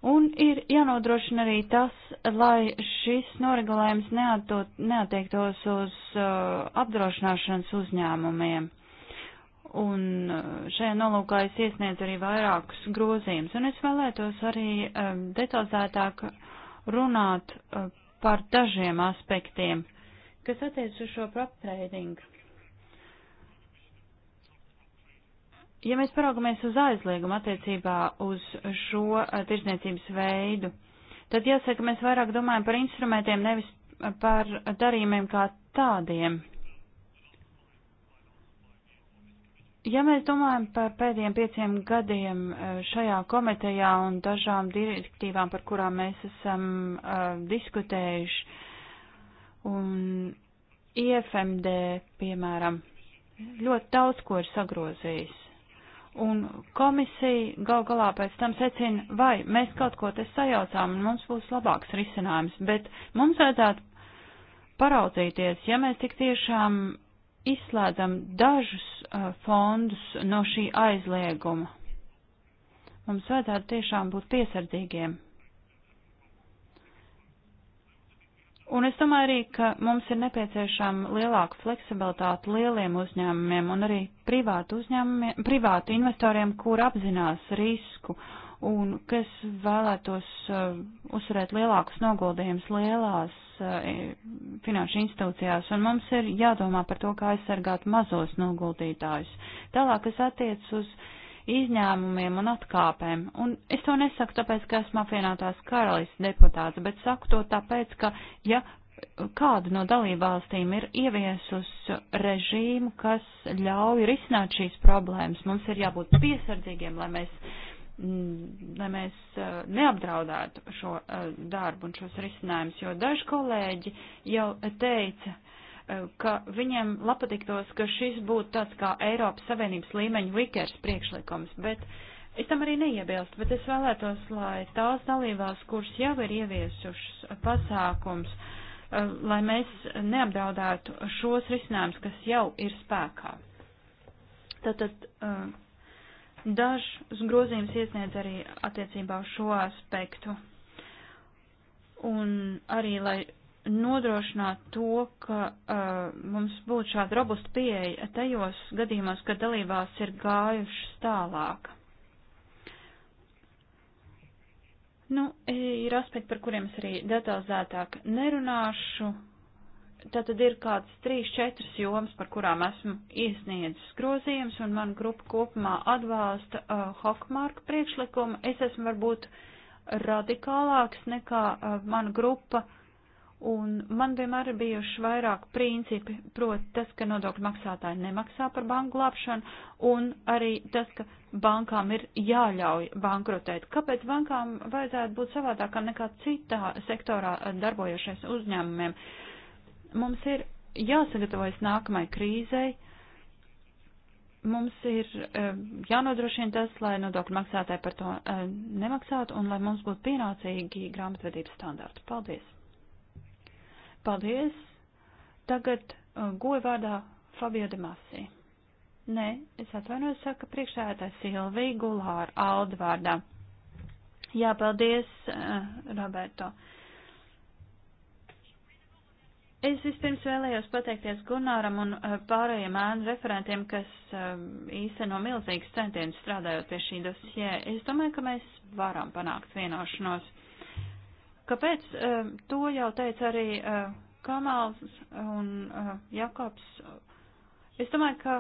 Un ir jānodrošina arī tas, lai šis noregulējums neatiektos uz uh, apdrošināšanas uzņēmumiem. Un eh, šajā nolūkā es iesniedzu arī vairākus grozījumus, un es vēlētos arī um, detalizētāk runāt uh, par dažiem aspektiem, kas attiec uz šo proptradingu. Ja mēs paraugamies uz aizliegumu attiecībā uz šo uh, tirdzniecības veidu, tad jāsaka, mēs vairāk domājam par instrumentiem, nevis par darījumiem kā tādiem. Ja mēs domājam par pēdējiem pieciem gadiem eh, šajā komitejā un dažām direktīvām, par kurām mēs esam uh, diskutējuši, un IFMD, piemēram, ļoti daudz ko ir sagrozījis. Un komisija gal galā pēc tam secina, vai mēs kaut ko te sajaucām un mums būs labāks risinājums, bet mums vajadzētu paraudzīties, ja mēs tik tiešām izslēdzam dažus uh, fondus no šī aizlieguma. Mums vajadzētu tiešām būt piesardzīgiem. Un es domāju arī, ka mums ir nepieciešama lielāka fleksibilitāte lieliem uzņēmumiem un arī privātu, uzņēmumiem, privātu investoriem, kur apzinās risku un kas vēlētos uh, uzsvērt lielākus noguldījumus lielās uh, finanšu institūcijās, un mums ir jādomā par to, kā aizsargāt mazos noguldītājus. Tālāk, kas attiec uz izņēmumiem un atkāpēm, un es to nesaku tāpēc, ka esmu apvienotās karalists deputāts, bet saku to tāpēc, ka, ja kāda no dalībvalstīm ir ieviesus režīmu, kas ļauj risināt šīs problēmas, mums ir jābūt piesardzīgiem, lai mēs Mm, lai mēs eh, neapdraudētu šo eh, darbu un šos risinājumus, jo daži kolēģi jau teica, eh, ka viņiem patiktos, ka šis būtu tāds kā Eiropas Savienības līmeņa vikers priekšlikums, bet es tam arī neiebilstu, bet es vēlētos, lai tās dalībās, kuras jau ir ieviesušas pasākums, lai mēs neapdraudētu šos risinājumus, kas jau ir spēkā. Tātad, uh, Dažs grozījums iesniedz arī attiecībā uz šo aspektu. Un arī, lai nodrošinātu to, ka uh, mums būtu šāda robusta pieeja tajos gadījumos, kad dalībās ir gājušas tālāk. Nu, ir aspekti, par kuriem es arī detalizētāk nerunāšu, Tātad ir kādas trīs, četras jomas, par kurām esmu iesniedzis grozījums, un man grupa kopumā atbalsta uh, Hokmārka priekšlikumu. Es esmu varbūt radikālāks nekā uh, mana grupa, un man vienmēr ir bijuši vairāk principi, proti tas, ka nodokļu maksātāji nemaksā par banku glābšanu, un arī tas, ka bankām ir jāļauj bankrotēt. Kāpēc bankām vajadzētu būt savādākam nekā citā sektorā uh, darbojošais uzņēmumiem? Uh, Mums ir jāsagatavojas nākamai krīzei. Mums ir eh, jānodrošina tas, lai nodokļu maksātāji par to eh, nemaksātu un lai mums būtu pienācīgi grāmatvedības standārti. Paldies! Paldies! Tagad eh, goja vārdā Fabio de Masi. Nē, es atvainojos, saka priekšsēdētājs Silvija Gulāra Alda vārdā. Jā, paldies, Roberto. Uh, Es vispirms vēlējos pateikties Gunāram un eh, pārējiem ēnu referentiem, kas eh, īsteno milzīgas centienus strādājot pie šī dosjē. Es domāju, ka mēs varam panākt vienošanos. Kāpēc? Eh, to jau teica arī Kamāls un Jakobs. Es domāju, ka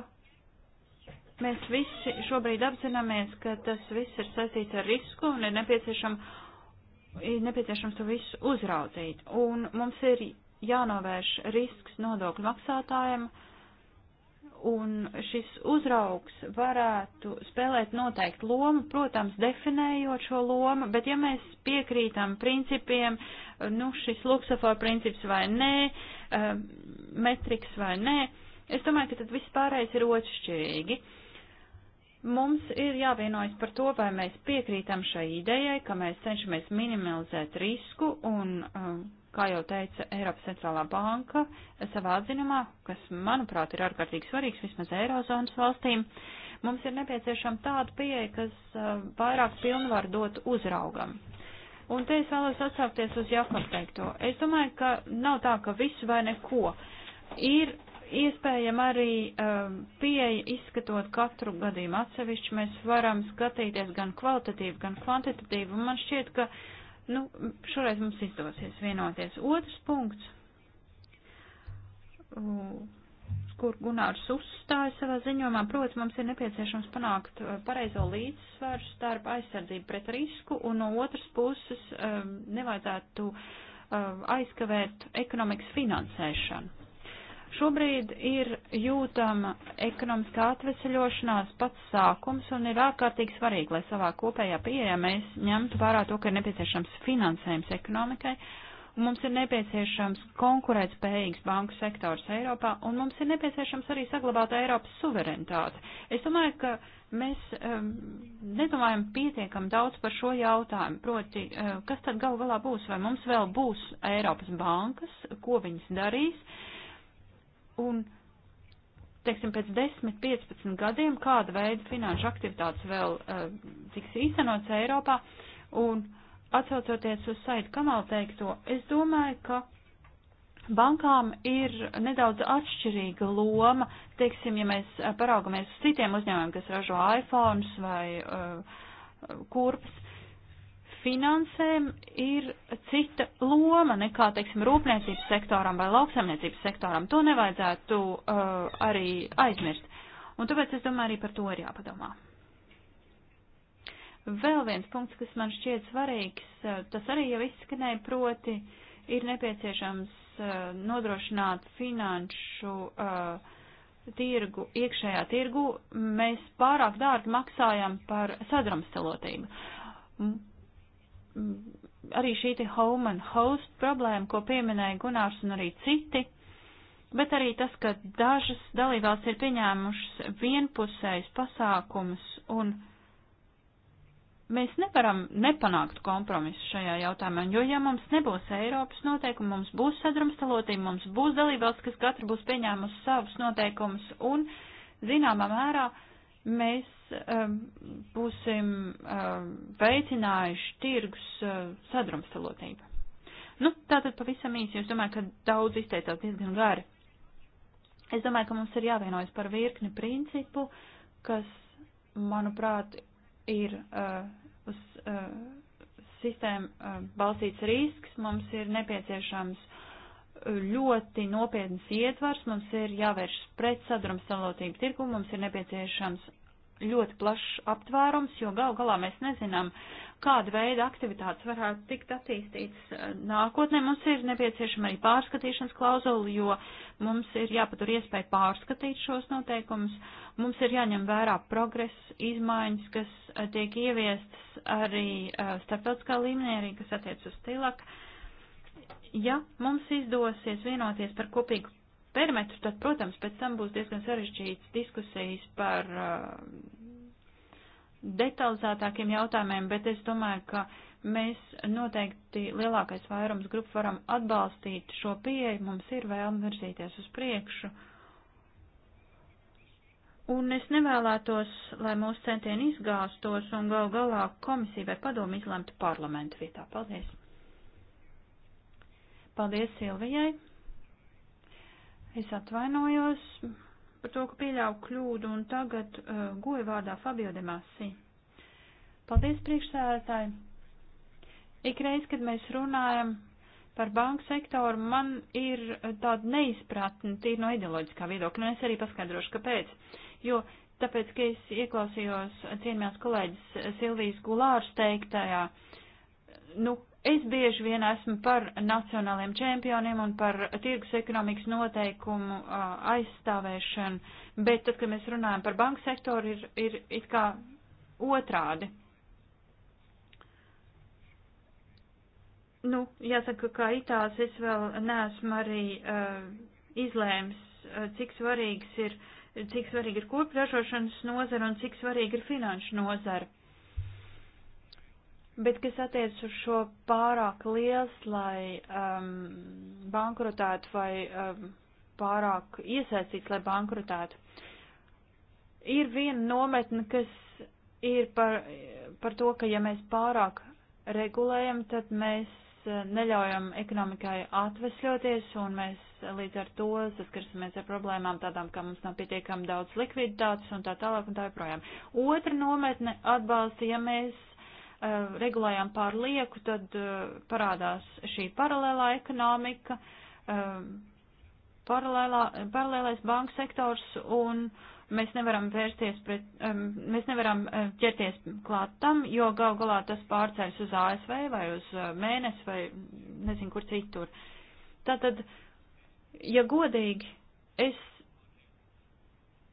mēs visi šobrīd apzināmies, ka tas viss ir saistīts ar risku un ir nepieciešams, ir nepieciešams to visu uzraudzīt. Un mums ir jānovērš risks nodokļu maksātājiem, un šis uzraugs varētu spēlēt noteiktu lomu, protams, definējot šo lomu, bet ja mēs piekrītam principiem, nu, šis luksafor princips vai nē, eh, metriks vai nē, es domāju, ka tad viss pārējais ir otršķirīgi. Uh, Mums ir jāvienojas par to, vai mēs piekrītam šai idejai, ka mēs cenšamies minimalizēt risku un, uh, kā jau teica Eiropas centrālā banka savā atzinumā, kas, manuprāt, ir ārkārtīgi svarīgs vismaz Eirozonas valstīm, mums ir nepieciešama tāda pieeja, kas uh, vairāk pilnvaru dot uzraugam. Un te es vēlos atsaukties uz Jakob teikto. Es domāju, ka nav tā, ka visu vai neko. Ir iespējama arī um, pieeja izskatot katru gadījumu atsevišķi. Mēs varam skatīties gan kvalitatīvi, gan kvantitatīvi, un man šķiet, ka nu, šoreiz mums izdosies vienoties. Otrs punkts, kur Gunārs uzstāja savā ziņojumā, proti mums ir nepieciešams panākt uh, pareizo līdzsvaru starp aizsardzību pret risku, un no otras puses um, nevajadzētu um, aizkavēt ekonomikas finansēšanu Šobrīd ir jūtama ekonomiskā atveseļošanās pats sākums un ir ārkārtīgi svarīgi, lai savā kopējā pieejā mēs ņemtu vērā to, ka ir nepieciešams finansējums ekonomikai, un mums ir nepieciešams konkurētspējīgs banku sektors Eiropā, un mums ir nepieciešams arī saglabāt Eiropas suverenitāti. Es domāju, ka mēs um, nedomājam pietiekam daudz par šo jautājumu, proti, uh, kas tad galu galā būs, vai mums vēl būs Eiropas bankas, ko viņas darīs Un, teiksim, pēc 10-15 gadiem, kāda veida finanšu aktivitātes vēl uh, tiks īstenots Eiropā. Un, atsaucoties uz Saidu Kamalu teikto, es domāju, ka bankām ir nedaudz atšķirīga loma. Teiksim, ja mēs eh, paraugamies uz citiem uzņēmumiem, kas ražo iPhones vai uh, kurpes, finansēm ir cita loma nekā, teiksim, rūpniecības sektoram vai lauksaimniecības sektoram. To nevajadzētu uh, arī aizmirst. Un tāpēc es domāju, arī par to ir jāpadomā. Vēl viens punkts, kas man šķiet svarīgs, uh, tas arī jau izskanēja, proti ir nepieciešams uh, nodrošināt finanšu uh, tirgu, iekšējā tirgu, mēs pārāk dārgi maksājam par sadrumstalotību Mm, arī šī te home and host problēma, ko pieminēja Gunārs un arī citi, bet arī tas, ka dažas dalībvalsts ir pieņēmušas vienpusējas pasākumus un mēs nevaram nepanākt kompromisu šajā jautājumā, jo ja mums nebūs Eiropas noteikumi, mums būs sadrumstalotība, mums būs dalībvalsts, kas katra būs pieņēmusi savus noteikumus un zināmā mērā mēs Um, būsim um, veicinājuši tirgus uh, sadrumstalotību. Nu, tātad pavisam īsi, es domāju, ka daudz izteicās diezgan gari. Es domāju, ka mums ir jāvienojas par virkni principu, kas, manuprāt, ir uh, uz uh, sistēmu uh, balstīts risks. Mums ir nepieciešams uh, ļoti nopietnas ietvars, mums ir jāvēršas pret sadrumstalotību tirgu, mums ir nepieciešams ļoti plašs aptvērums, jo gal galā mēs nezinām, kāda veida aktivitātes varētu tikt attīstītas eh, nākotnē. Mums ir nepieciešama arī pārskatīšanas klauzula, jo mums ir jāpatur iespēja pārskatīt šos noteikumus. Mums ir jāņem vērā progress, izmaiņas, kas eh, tiek ieviestas arī eh, starptautiskā līmenī, arī kas attiec uz tilak. Ja mums izdosies vienoties par kopīgu perimetru, tad, protams, pēc tam būs diezgan sarežģīts diskusijas par uh, detalizētākiem jautājumiem, bet es domāju, ka mēs noteikti lielākais vairums grupu varam atbalstīt šo pieeju, mums ir vēlme virzīties uz priekšu. Un es nevēlētos, lai mūsu centieni izgāstos un gal galā komisija vai padomu izlemtu parlamentu vietā. Paldies! Paldies Silvijai! Es atvainojos par to, ka pieļāvu kļūdu un tagad uh, goju vārdā Fabio de Masi. Paldies priekšsēdētāji. Ikreiz, kad mēs runājam par banku sektoru, man ir tāda neizpratne, tīri no ideoloģiskā viedokļa, un es arī paskaidrošu, kāpēc. Jo tāpēc, ka es ieklausījos cienījās kolēģis Silvijas Gulārs teiktajā, nu, Es bieži vien esmu par nacionāliem čempioniem un par tirgus ekonomikas noteikumu aizstāvēšanu, bet tad, kad mēs runājam par banku sektoru, ir, ir it kā otrādi. Nu, jāsaka, kā itāls es vēl neesmu arī uh, izlēms, uh, cik svarīgs ir, cik svarīgi ir kopražošanas nozara un cik svarīgi ir finanšu nozara. Bet kas attiecas uz šo pārāk liels, lai um, bankrotētu vai um, pārāk iesaistīts, lai bankrotētu, ir viena nometne, kas ir par, par to, ka ja mēs pārāk regulējam, tad mēs uh, neļaujam ekonomikai atvesļoties un mēs līdz ar to saskarsimies ar problēmām tādām, ka mums nav pietiekami daudz likviditātes un tā tālāk un tā joprojām. Otra nometne atbalsta, ja mēs Eh, regulējam pārlieku, tad eh, parādās šī paralēlā ekonomika, eh, paralēlā, paralēlais banku sektors un mēs nevaram vērsties pret, mēs nevaram ķerties klāt tam, jo gal galā tas pārceļas uz ASV vai uz mēnesi vai nezinu kur citur. Tātad, ja godīgi, es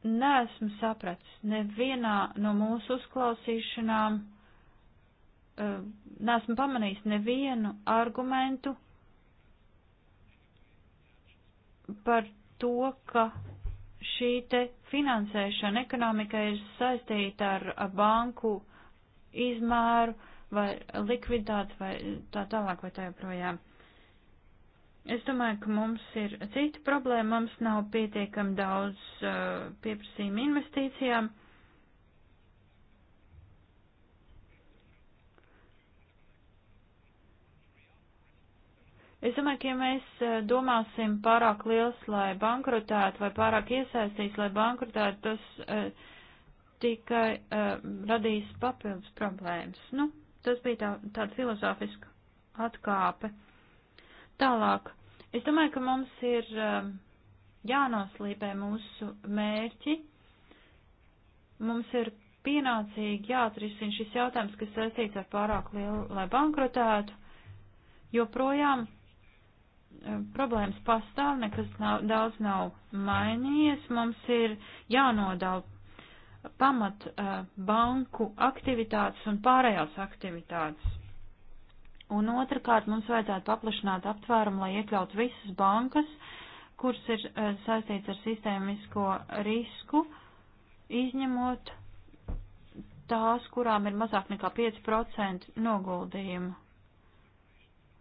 neesmu sapratis nevienā no mūsu uzklausīšanām Eh, nesmu pamanījis nevienu argumentu par to, ka šī te finansēšana ekonomikai ir saistīta ar banku izmēru vai likviditāti vai tā tālāk vai tā joprojām. Es domāju, ka mums ir cita problēma, mums nav pietiekami daudz uh, pieprasījuma investīcijām. Uh, Es domāju, ka ja mēs e, domāsim pārāk liels, lai bankrotētu, vai pārāk iesaistīs, lai bankrotētu, tas eh, tikai eh, radīs papildus problēmas. Nu, tas bija tā, tāda filozofiska atkāpe. Tālāk, es domāju, ka mums ir eh, jānoslīpē mūsu mērķi, mums ir pienācīgi jāatrisina šis jautājums, kas saistīts ar pārāk lielu, lai bankrotētu, joprojām Eh, problēmas pastāv, nekas nav, daudz nav mainījies. Mums ir jānodala pamat uh, banku aktivitātes un pārējās aktivitātes. Un otrkārt, mums vajadzētu paplašināt aptvērumu, lai iekļaut visas bankas, kuras ir uh, saistīts ar sistēmisko risku, izņemot tās, kurām ir mazāk nekā 5% noguldījumu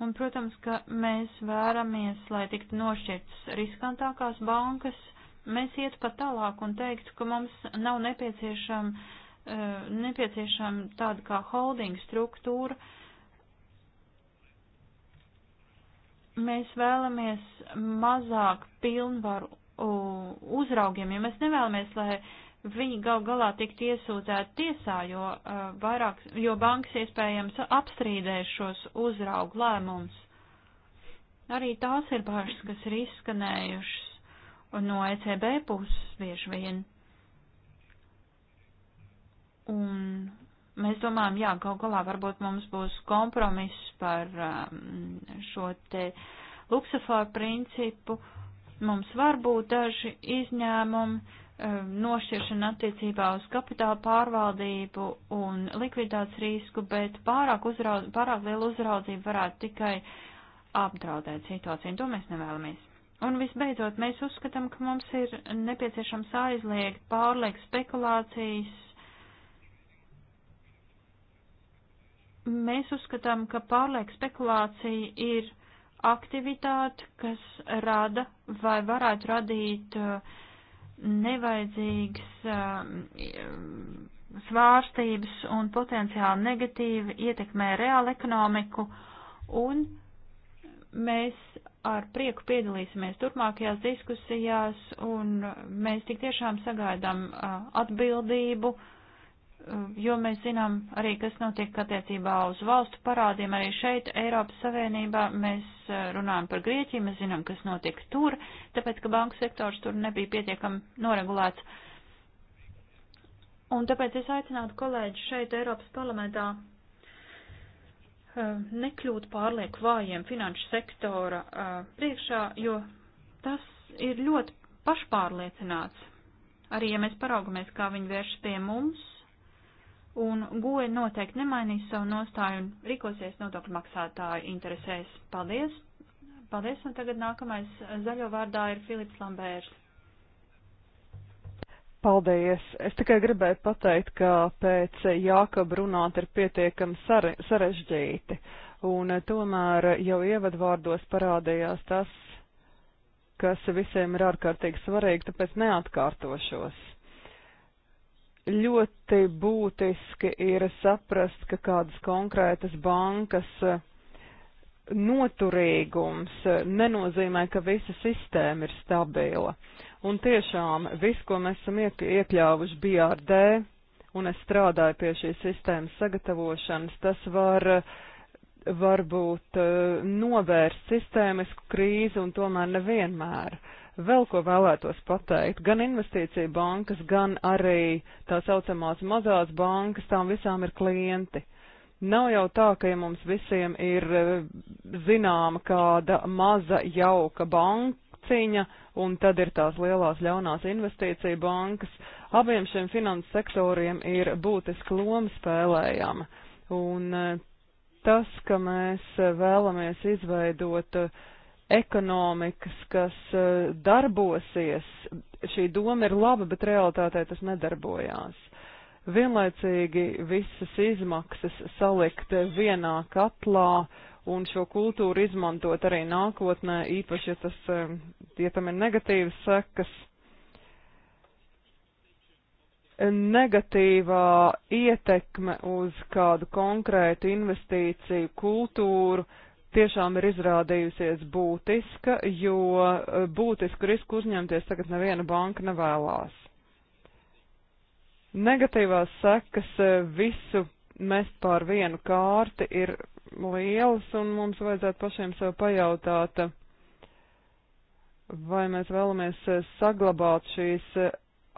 Un, protams, ka mēs vēramies, lai tiktu nošķirtas riskantākās bankas, mēs iet pat tālāk un teiktu, ka mums nav nepieciešama, eh, nepieciešama tāda kā holding struktūra. Mēs vēlamies mazāk pilnvaru uzraugiem, ja mēs nevēlamies, lai viņi gal galā tiktu iesūdzēti tiesā, jo, uh, vairāk, jo bankas iespējams apstrīdēs šos uzraugu lēmumus. Arī tās ir bažas, kas ir izskanējušas no ECB puses bieži vien. Un mēs domājam, jā, gal galā varbūt mums būs kompromiss par um, šo te luksaforu principu. Mums var būt daži izņēmumi Um, nošķiršana attiecībā uz kapitāla pārvaldību un likviditātes risku, bet pārāk, uzraud, pārāk liela uzraudzība varētu tikai apdraudēt situāciju, un to mēs nevēlamies. Un visbeidzot, mēs uzskatām, ka mums ir nepieciešams aizliegt pārliek spekulācijas. Mēs uzskatām, ka pārliek spekulācija ir aktivitāte, kas rada vai varētu radīt uh, nevajadzīgas um, svārstības un potenciāli negatīvi ietekmē reālu ekonomiku, un mēs ar prieku piedalīsimies turpmākajās diskusijās, un mēs tik tiešām sagaidām uh, atbildību uh, jo mēs zinām arī, kas notiek attiecībā uz valstu parādiem. Arī šeit Eiropas Savienībā mēs runājam par Grieķiju, mēs zinām, kas notiek tur, tāpēc, ka banku sektors tur nebija pietiekami noregulēts. Un tāpēc es aicinātu kolēģi šeit Eiropas parlamentā nekļūt pārlieku vājiem finanšu sektora priekšā, jo tas ir ļoti pašpārliecināts. Arī, ja mēs paraugamies, kā viņi vērš pie mums, un goja noteikti nemainīs savu nostāju un rīkosies nodokļu maksātāju interesēs. Paldies! Paldies, un tagad nākamais zaļo vārdā ir Filips Lambērs. Paldies! Es tikai gribēju pateikt, ka pēc Jākaba runāt ir pietiekami sare, sarežģīti, un eh, tomēr jau ievadvārdos parādījās tas, kas visiem ir ārkārtīgi svarīgi, tāpēc neatkārtošos. Ļoti būtiski ir saprast, ka kādas konkrētas bankas eh, noturīgums eh, nenozīmē, ka visa sistēma ir stabila. Un tiešām viss, ko mēs esam iek iekļāvuši BRD, un es strādāju pie šīs sistēmas sagatavošanas, tas var uh, varbūt eh, novērst sistēmisku krīzi un tomēr nevienmēr. Vēl ko vēlētos pateikt, gan investīcija bankas, gan arī tā saucamās mazās bankas, tām visām ir klienti. Nav jau tā, ka ja mums visiem ir e, zināma kāda maza jauka bankciņa, un tad ir tās lielās ļaunās investīcija bankas. Abiem šiem finanses sektoriem ir būtiski loma spēlējama. Un e, tas, ka mēs e, vēlamies izveidot uh, ekonomikas, kas eh, darbosies, šī doma ir laba, bet realitātē tas nedarbojās. Vienlaicīgi visas izmaksas salikt vienā katlā un šo kultūru izmantot arī nākotnē, īpaši, ja tas, eh, ja tam ir negatīvas sekas. Negatīvā ietekme uz kādu konkrētu investīciju kultūru uh, tiešām ir izrādījusies būtiska, jo e, būtisku risku uzņemties tagad neviena banka nevēlās. Negatīvās sekas e, visu mest pār vienu kārti ir lielas, un mums vajadzētu pašiem sev pajautāt, e, vai mēs vēlamies saglabāt šīs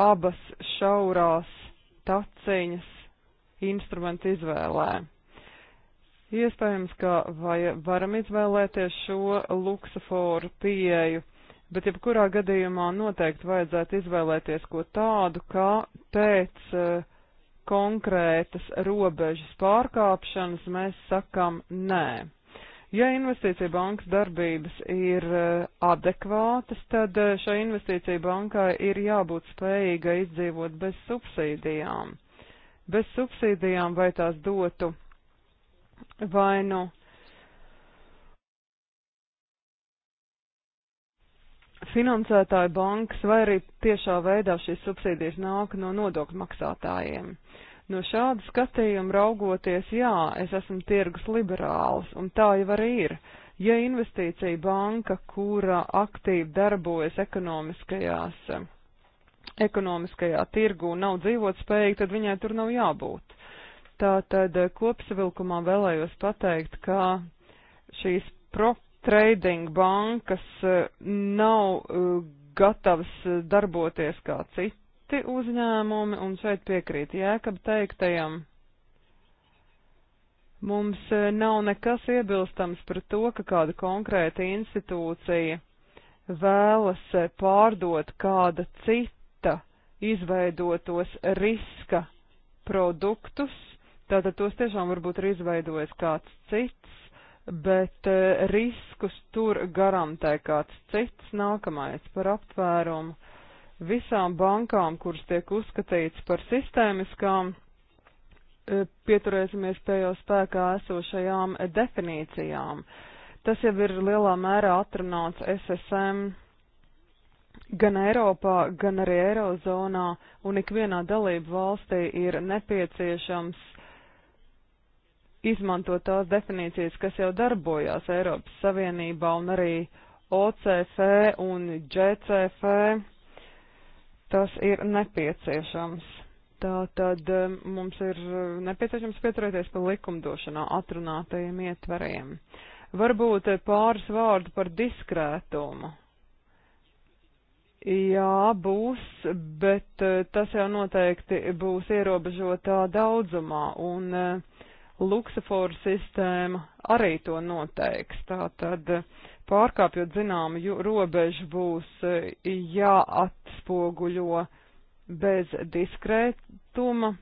abas šaurās taciņas instrumentu izvēlē. Iespējams, ka vai varam izvēlēties šo luksuforu pieeju, bet jebkurā gadījumā noteikti vajadzētu izvēlēties ko tādu, kā pēc uh, konkrētas robežas pārkāpšanas mēs sakam nē. Ja investīcija bankas darbības ir eh, adekvātas, tad eh, šai investīcija bankai ir jābūt spējīgai izdzīvot bez subsīdijām. Bez subsīdijām vai tās dotu vai nu finansētāju bankas, vai arī tiešā veidā šīs subsīdijas nāk no nodokļu maksātājiem. No šāda skatījuma raugoties, jā, es esmu tirgus liberāls, un tā jau arī ir. Ja investīcija banka, kura aktīvi darbojas ekonomiskajās, ekonomiskajā tirgu, nav dzīvotspējīga, tad viņai tur nav jābūt. Tātad kopsavilkumā vēlējos pateikt, ka šīs prop trading bankas e, nav e, gatavas darboties kā citi uzņēmumi, un šeit piekrīt Jēkab teiktajam. Mums e, nav nekas iebilstams par to, ka kāda konkrēta institūcija vēlas pārdot kāda cita izveidotos riska produktus, Tātad tos tiešām varbūt ir izveidojis kāds cits, bet e, riskus tur garantē kāds cits nākamais par aptvērumu. Visām bankām, kuras tiek uzskatīts par sistēmiskām, e, pieturēsimies pie jau spēkā esošajām definīcijām. Tas jau ir lielā mērā atrunāts SSM gan Eiropā, gan arī Eirozonā, un ikvienā dalību valstī ir nepieciešams izmanto tās definīcijas, kas jau darbojās Eiropas Savienībā un arī OCF un GCF. Tas ir nepieciešams. Tā tad um, mums ir uh, nepieciešams pieturēties pie likumdošanā atrunātajiem ietveriem. Varbūt pāris vārdu par diskrētumu. Jā, būs, bet uh, tas jau noteikti būs ierobežotā daudzumā, un uh, Luksafora sistēma arī to noteiks. Tātad pārkāpjot zināmu robežu būs e, jāatspoguļo bez diskrētuma,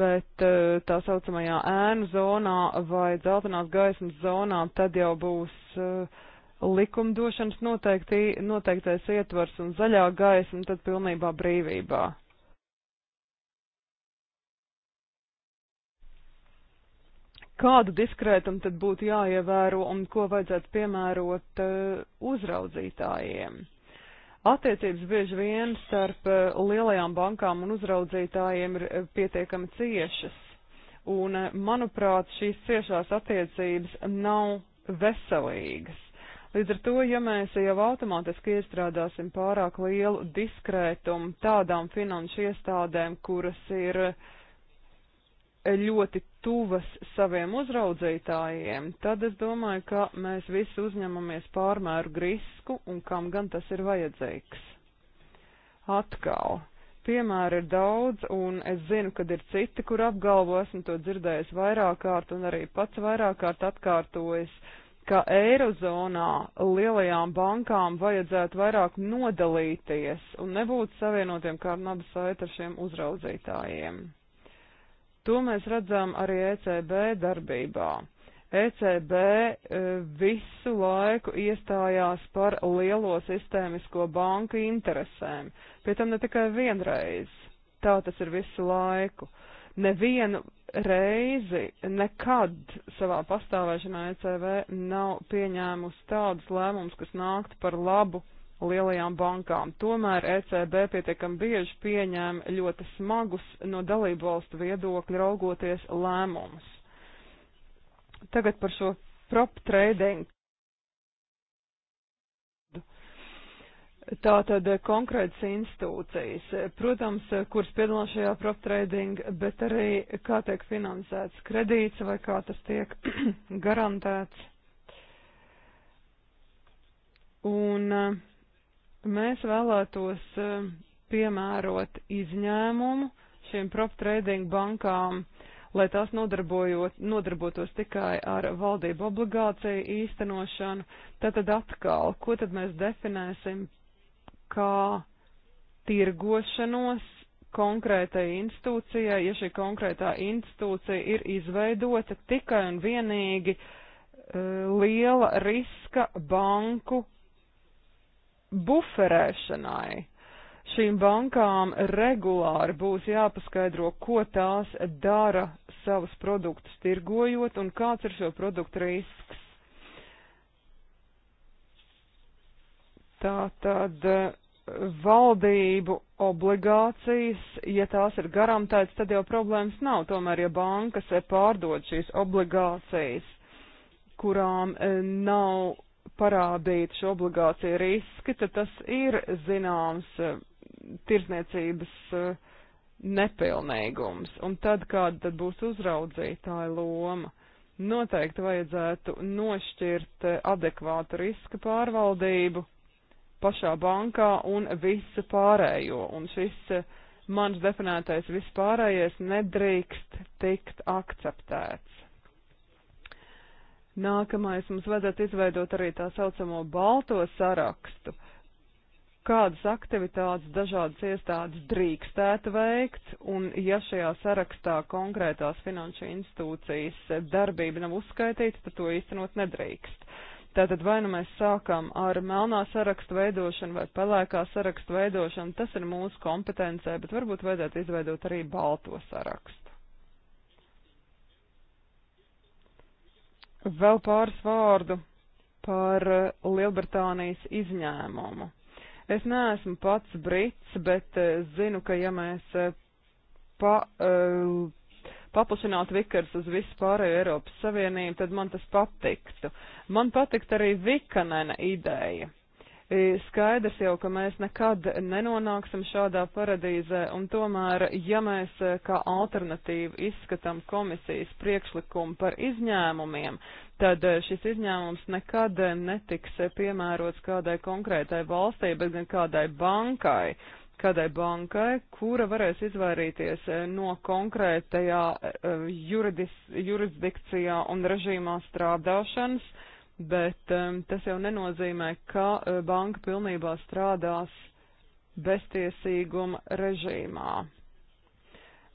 bet e, tā saucamajā ēnu zonā vai dzeltenās gaismas zonā tad jau būs e, likumdošanas noteikti, noteiktais ietvars un zaļā gaisma tad pilnībā brīvībā. kādu diskrētumu tad būtu jāievēro un ko vajadzētu piemērot eh, uzraudzītājiem. Attiecības bieži vien starp eh, lielajām bankām un uzraudzītājiem ir eh, pietiekami ciešas, un, manuprāt, šīs ciešās attiecības nav veselīgas. Līdz ar to, ja mēs jau automātiski iestrādāsim pārāk lielu diskrētumu tādām finanšu iestādēm, kuras ir uh, ļoti tuvas saviem uzraudzītājiem, tad es domāju, ka mēs visi uzņemamies pārmēru risku un kam gan tas ir vajadzīgs. Atkal. Piemēri ir daudz, un es zinu, kad ir citi, kur apgalvo, esmu to dzirdējis vairāk kārt un arī pats vairāk kārt atkārtojis, ka Eirozonā lielajām bankām vajadzētu vairāk nodalīties un nebūtu savienotiem kā ar nabu saiti ar šiem uzraudzītājiem. To mēs redzam arī ECB darbībā. ECB e, visu laiku iestājās par lielo sistēmisko banku interesēm, pie tam ne tikai vienreiz. Tā tas ir visu laiku. Nevienu reizi nekad savā pastāvēšanā ECB nav pieņēmusi tādus lēmumus, kas nāktu par labu lielajām bankām. Tomēr ECB pietiekam bieži pieņēma ļoti smagus no dalību valstu viedokļa raugoties lēmumus. Tagad par šo prop trading. Tātad konkrētas institūcijas, protams, kuras piedalās šajā prop trading, bet arī kā tiek finansēts kredīts vai kā tas tiek [clears throat] garantēts. Un uh, Mēs vēlētos eh, piemērot izņēmumu šīm prop trading bankām, lai tās nodarbotos tikai ar valdību obligāciju īstenošanu. Tātad atkal, ko tad mēs definēsim kā tirgošanos konkrētai institūcijai, ja šī konkrētā institūcija ir izveidota tikai un vienīgi uh, liela riska banku buferēšanai. Šīm bankām regulāri būs jāpaskaidro, ko tās dara savus produktus tirgojot un kāds ir šo produktu risks. Tā tad eh, valdību obligācijas, ja tās ir garantētas, tad jau problēmas nav. Tomēr, ja bankas eh, pārdod šīs obligācijas, kurām eh, nav parādīti šo obligāciju riski, tad tas ir zināms e, tirzniecības e, nepilnīgums. Un tad kāda tad būs uzraudzītāja loma? Noteikti vajadzētu nošķirt e, adekvātu riska pārvaldību pašā bankā un visu pārējo. Un šis mans definētais vispārējais nedrīkst tikt akceptēts. Nākamais mums vajadzētu izveidot arī tā saucamo balto sarakstu, kādas aktivitātes dažādas iestādes drīkstētu veikt, un ja šajā sarakstā konkrētās finanšu institūcijas darbība nav uzskaitīta, tad to īstenot nedrīkst. Tātad vai nu mēs sākam ar melnā sarakstu veidošanu vai pelēkā sarakstu veidošanu, tas ir mūsu kompetencē, bet varbūt vajadzētu izveidot arī balto sarakstu. Vēl pāris vārdu par eh, Lielbritānijas izņēmumu. Es neesmu pats brits, bet eh, zinu, ka ja mēs eh, pa, paplašinātu vikars uz visu pārējo Eiropas Savienību, tad man tas patiktu. Man patikt arī vikanena ideja. Skaidrs jau, ka mēs nekad nenonāksim šādā paradīzē, un tomēr, ja mēs eh, kā alternatīvu izskatām komisijas priekšlikumu par izņēmumiem, tad eh, šis izņēmums nekad netiks piemērots kādai konkrētai valstī, bet gan kādai bankai kādai bankai, kura varēs izvairīties eh, no konkrētajā juridis, jurisdikcijā un režīmā strādāšanas, uh, bet um, tas jau nenozīmē, ka uh, banka pilnībā strādās beztiesīguma režīmā.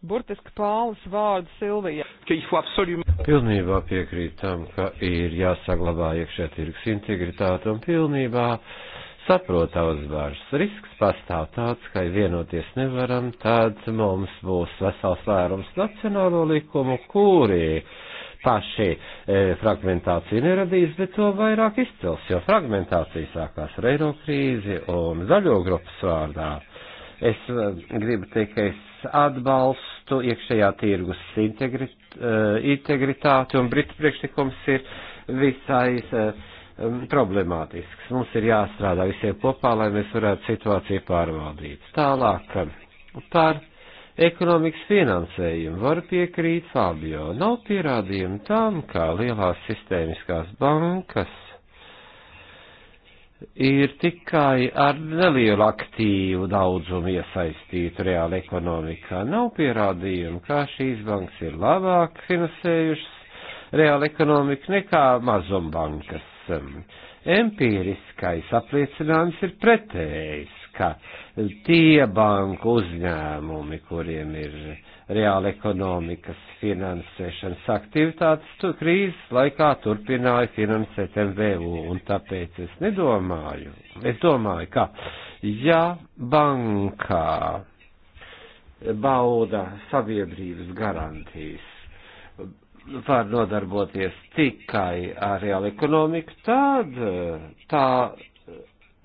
Burtiski pāles vārdu Silvija. Pilnībā piekrīt tam, ka ir jāsaglabā iekšē tirgus integritāte un pilnībā saprotams bārs. Risks pastāv tāds, ka ja vienoties nevaram, tad mums būs vesels vērums nacionālo likumu, kuri paši e, fragmentāciju neradīs, bet to vairāk izcels, jo fragmentācija sākās ar eiro krīzi un zaļo grupas vārdā. Es e, gribu teikt, ka es atbalstu iekšējā tirgus integrit, e, integritāti un Britu priekšlikums ir visai. E, problemātisks. Mums ir jāstrādā visiem kopā, lai mēs varētu situāciju pārvaldīt. Tālāk e, par ekonomikas finansējumu. Varu piekrīt Fabio. Nav pierādījumu tam, kā lielās sistēmiskās bankas ir tikai ar nelielu aktīvu daudzumu iesaistītu reāli ekonomikā. Nav pierādījumu, kā šīs bankas ir labāk finansējušas reāli ekonomiku nekā mazumbankas. Empīriskais apliecinājums ir pretējs, ka tie banku uzņēmumi, kuriem ir reāla ekonomikas finansēšanas aktivitātes, tu krīzes laikā turpināja finansēt MVU, un tāpēc es nedomāju, es domāju, ka ja bankā bauda sabiedrības garantijas, var nodarboties tikai ar reālu ekonomiku, tad tā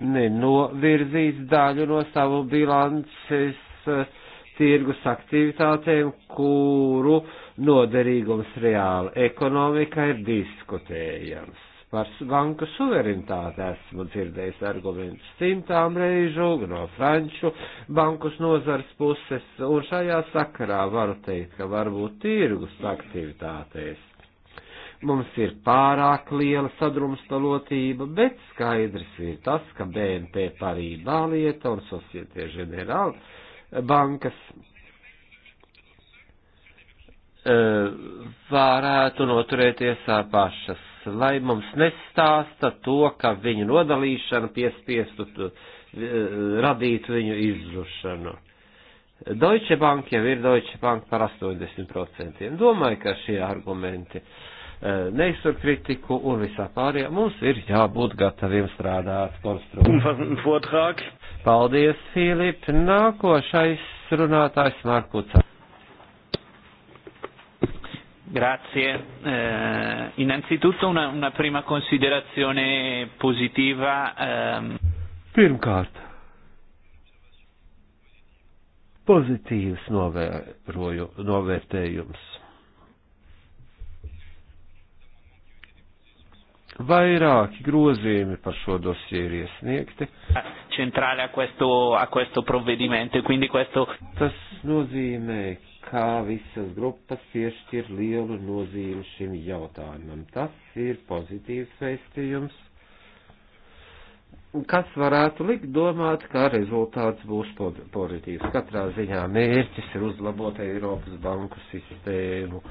nenovirzīs daļu no savu bilances eh, tirgus aktivitātēm, kuru noderīgums reāli ekonomika ir diskutējams. Par banku suverenitāti esmu dzirdējis argumentus simtām reižu no franču bankas nozars puses, un šajā sakarā varu teikt, ka varbūt tirgus aktivitātēs mums ir pārāk liela sadrumstalotība, bet skaidrs ir tas, ka BNP Parībā lieta un Societe Generāla bankas e, varētu noturēties ar pašas, lai mums nestāsta to, ka viņu nodalīšana piespiestu e, radītu viņu izzušanu. Deutsche Bank jau ir Deutsche Bank par 80%. Domāju, ka šie argumenti uh, Eh, neiztur kritiku un visā pārējā. Mums ir jābūt gataviem strādāt konstruktīvi. Paldies, Filip. Nākošais runātājs Markuca. Grazie. Eh, innanzitutto una, una prima considerazione positiva. Ehm. Pirmkārt, pozitīvs novēroju, novērtējums. Vairāki grozījumi par šo dosiju ir iesniegti. Centrāli a questo, a questo provvedimento, quindi questo... Tas nozīmē, kā visas grupas piešķir lielu nozīmi šim jautājumam. Tas ir pozitīvs veistījums, kas varētu likt domāt, ka rezultāts būs pozitīvs. Katrā ziņā mērķis ir uzlabot Eiropas banku sistēmu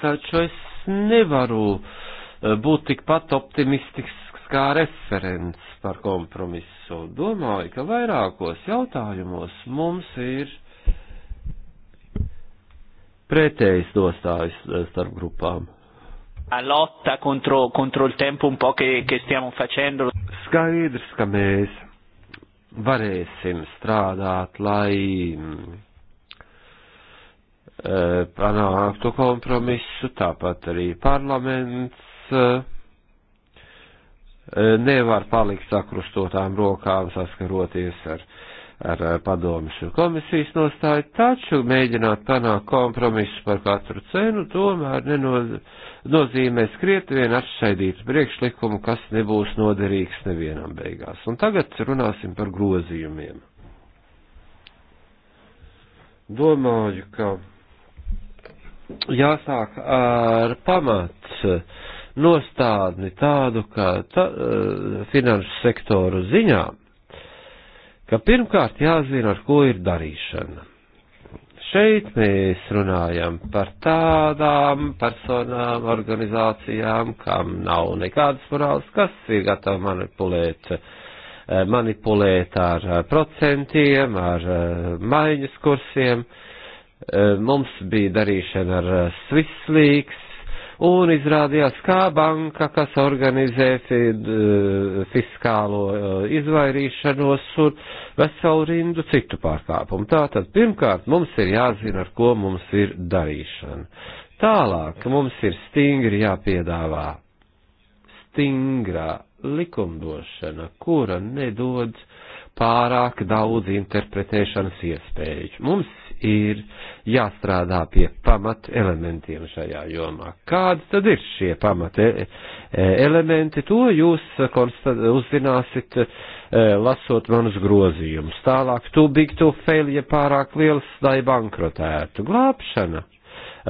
taču es nevaru eh, būt tikpat optimistisks kā referents par kompromisu. Domāju, ka vairākos jautājumos mums ir pretējs dostājs eh, starp grupām. A lotta contro, contro il tempo un po' che, che stiamo facendo. Skaidrs, ka mēs varēsim strādāt, lai mm, E, panāktu kompromisu, tāpat arī parlaments e, e, nevar palikt sakrustotām rokām saskaroties ar, ar padomis un komisijas nostāju, taču mēģināt panākt kompromisu par katru cenu tomēr nenozīmē skriet vien atšķaidītu priekšlikumu, kas nebūs noderīgs nevienam beigās. Un tagad runāsim par grozījumiem. Domāju, ka jāsāk ar pamats nostādni tādu, ka ta, eh, finanšu sektoru ziņā, ka pirmkārt jāzina, ar ko ir darīšana. Šeit mēs runājam par tādām personām, organizācijām, kam nav nekādas morāls, kas ir gatavi manipulēt uh, manipulēt ar eh, procentiem, ar maiņas kursiem, Eh, mums bija darīšana ar eh, Swisslīgs, un izrādījās, kā banka, kas organizē eh, fiskālo izvairīšanos un veselu rindu citu pārkāpumu. Tātad, pirmkārt, mums ir jāzina, ar ko mums ir darīšana. Tālāk mums ir stingri jāpiedāvā stingrā likumdošana, kura nedod pārāk daudz interpretēšanas iespēju. Mums ir jāstrādā pie pamat elementiem šajā jomā. Kādi tad ir šie pamat e, e, elementi? To jūs uzzināsiet, e, lasot manus grozījumus. Tālāk, tu big to fail, ja pārāk liels, lai bankrotētu. Glābšana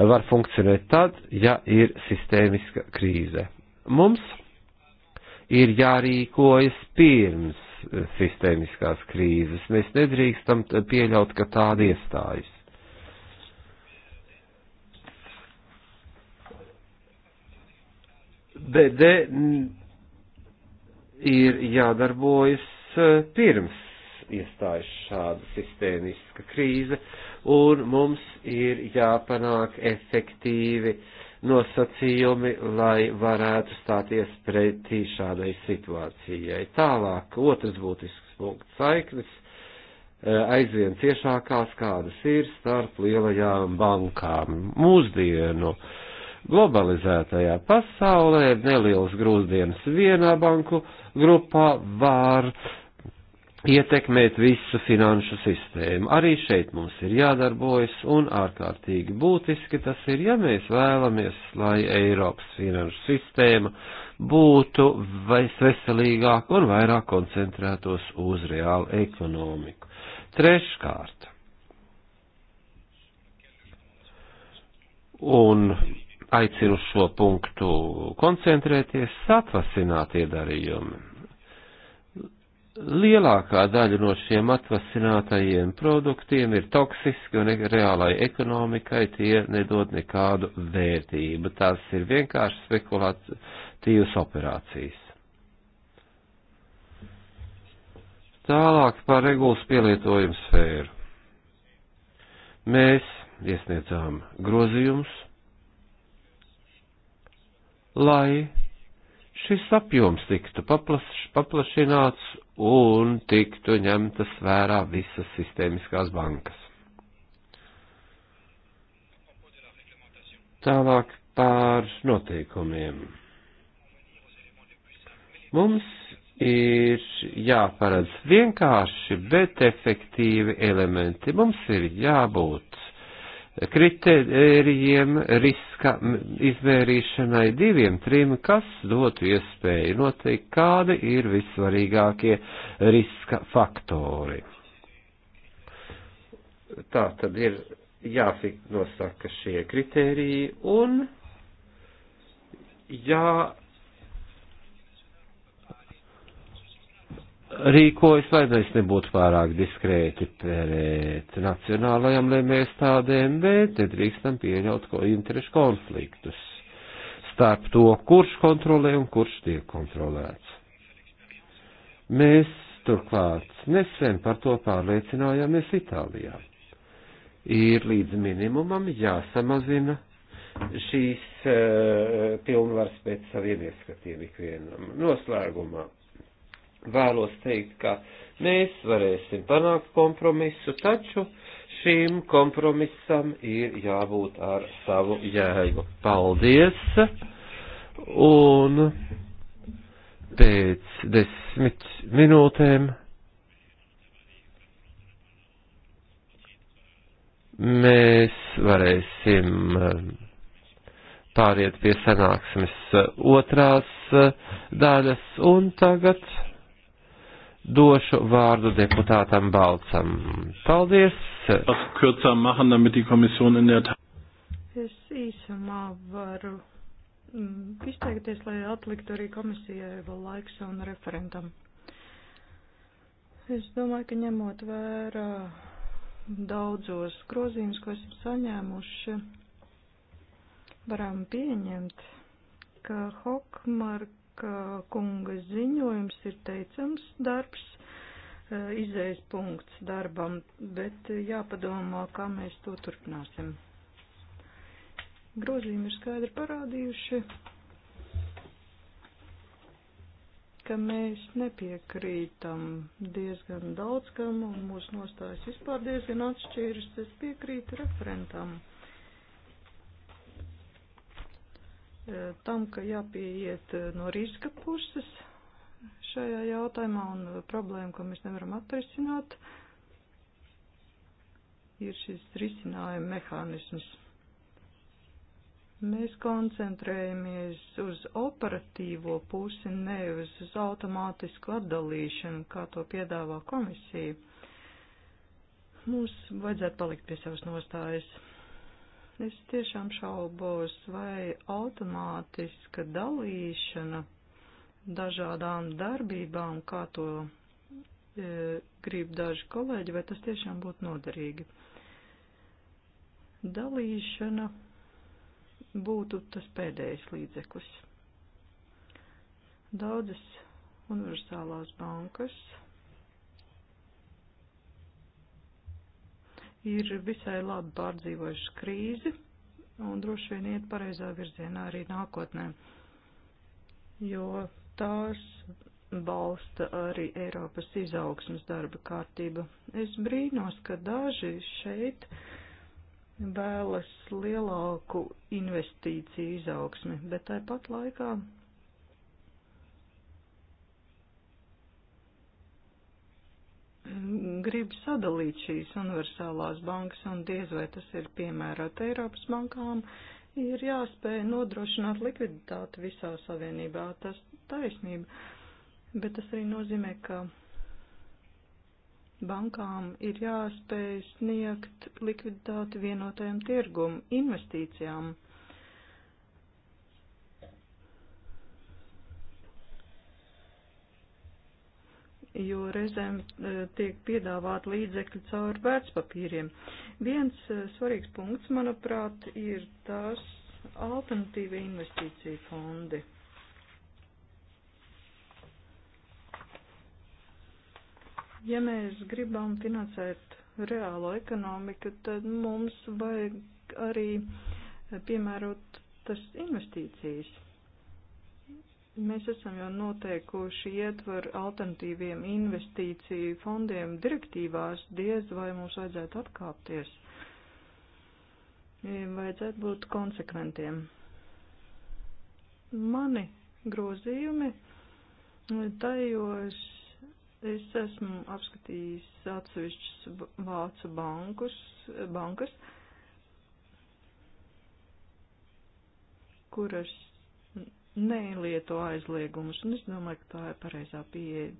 var funkcionēt tad, ja ir sistēmiska krīze. Mums ir jārīkojas pirms sistēmiskās krīzes. Mēs nedrīkstam pieļaut, ka tāda iestājas. BD ir jādarbojas e, pirms iestājas šāda sistēmiska krīze, un mums ir jāpanāk efektīvi uh, nosacījumi, lai varētu stāties pretī šādai situācijai. Tālāk, otrs būtisks punkts saiknes e, aizvien ciešākās, kādas ir starp lielajām bankām. Mūsdienu globalizētajā pasaulē neliels grūzdienas vienā banku grupā var uh, ietekmēt visu finanšu sistēmu. Arī šeit mums ir jādarbojas un ārkārtīgi būtiski tas ir, ja mēs vēlamies, lai Eiropas finanšu sistēma būtu veselīgāka un vairāk koncentrētos uz reālu ekonomiku. Treškārt. Un aicinu šo punktu koncentrēties, satvasināt iedarījumi Lielākā daļa no šiem atvasinātajiem produktiem ir toksiski un reālai ekonomikai tie nedod nekādu vērtību. Tās ir vienkārši spekulatīvas operācijas. Tālāk par regulas pielietojumu sfēru. Mēs iesniedzām grozījumus, lai šis apjoms tiktu paplaš, paplašināts un tiktu ņemtas vērā visas sistēmiskās bankas. Tālāk par noteikumiem. Mums ir jāparedz vienkārši, bet efektīvi elementi. Mums ir jābūt kritērijiem riska izmērīšanai diviem, trim, kas dotu iespēju noteikt, kādi ir vissvarīgākie riska faktori. Tā tad ir jāfik nosaka šie kritēriji un jā. Ja rīkojas, lai mēs nebūtu pārāk diskrēti pret nacionālajām lēmējstādēm, bet nedrīkstam pieļaut ko interešu konfliktus starp to, kurš kontrolē un kurš tiek kontrolēts. Mēs turklāt nesen par to pārliecinājāmies Itālijā. Ir līdz minimumam jāsamazina šīs uh, eh, pilnvars pēc saviem ieskatiem ikvienam noslēgumā vēlos teikt, ka mēs varēsim panākt kompromisu, taču šīm kompromisam ir jābūt ar savu jēgu. Paldies! Un pēc desmit minūtēm mēs varēsim pāriet pie sanāksmes otrās daļas un tagad došu vārdu deputātam Balcam. Paldies! Es īsumā varu mm, izteikties, lai atliktu arī komisijai vēl laiks un referentam. Es domāju, ka ņemot vērā daudzos grozījumus, ko esam saņēmuši, varam pieņemt, ka Hokmark ka kunga ziņojums ir teicams darbs, eh, izējas punkts darbam, bet eh, jāpadomā, kā mēs to turpināsim. Grozījumi ir skaidri parādījuši, ka mēs nepiekrītam diezgan daudz kam un mūsu nostājas vispār diezgan atšķīras. Es piekrītu referentam tam, ka jāpieiet eh, no riska puses šajā jautājumā un eh, problēma, ko mēs nevaram atrisināt, ir šis risinājuma mehānisms. Mēs koncentrējamies uz operatīvo pusi, nevis uz automātisku atdalīšanu, kā to piedāvā komisija. Mums vajadzētu palikt pie savas nostājas. Es tiešām šaubos, vai automātiska dalīšana dažādām darbībām, kā to e, grib daži kolēģi, vai tas tiešām būtu noderīgi. Dalīšana būtu tas pēdējais līdzeklis. Daudzas universālās bankas ir visai labi pārdzīvojuši krīzi un droši vien iet pareizā virzienā arī nākotnē, jo tās balsta arī Eiropas izaugsmas darba kārtība. Es brīnos, ka daži šeit vēlas lielāku investīciju izaugsmi, bet tāpat laikā grib sadalīt šīs universālās bankas un diez vai tas ir piemērot Eiropas bankām, ir jāspēj nodrošināt likviditāti visā savienībā, tas taisnība, bet tas arī nozīmē, ka bankām ir jāspēj sniegt likviditāti vienotajam tirgum, investīcijām. jo reizēm e, tiek piedāvāt līdzekļi caur vērtspapīriem. Viens e, svarīgs punkts, manuprāt, ir tās alternatīva investīcija fondi. Ja mēs gribam finansēt reālo ekonomiku, tad mums vajag arī piemērot tas investīcijas. Mēs esam jau noteikuši ietvaru alternatīviem investīciju fondiem direktīvās, diez vai mums vajadzētu atkāpties. Vajadzētu būt konsekventiem. Mani grozījumi, tajos es esmu apskatījis atsevišķas vācu bankus, bankas, kuras nelieto aizliegumus, un es domāju, ka tā ir pareizā pieeja.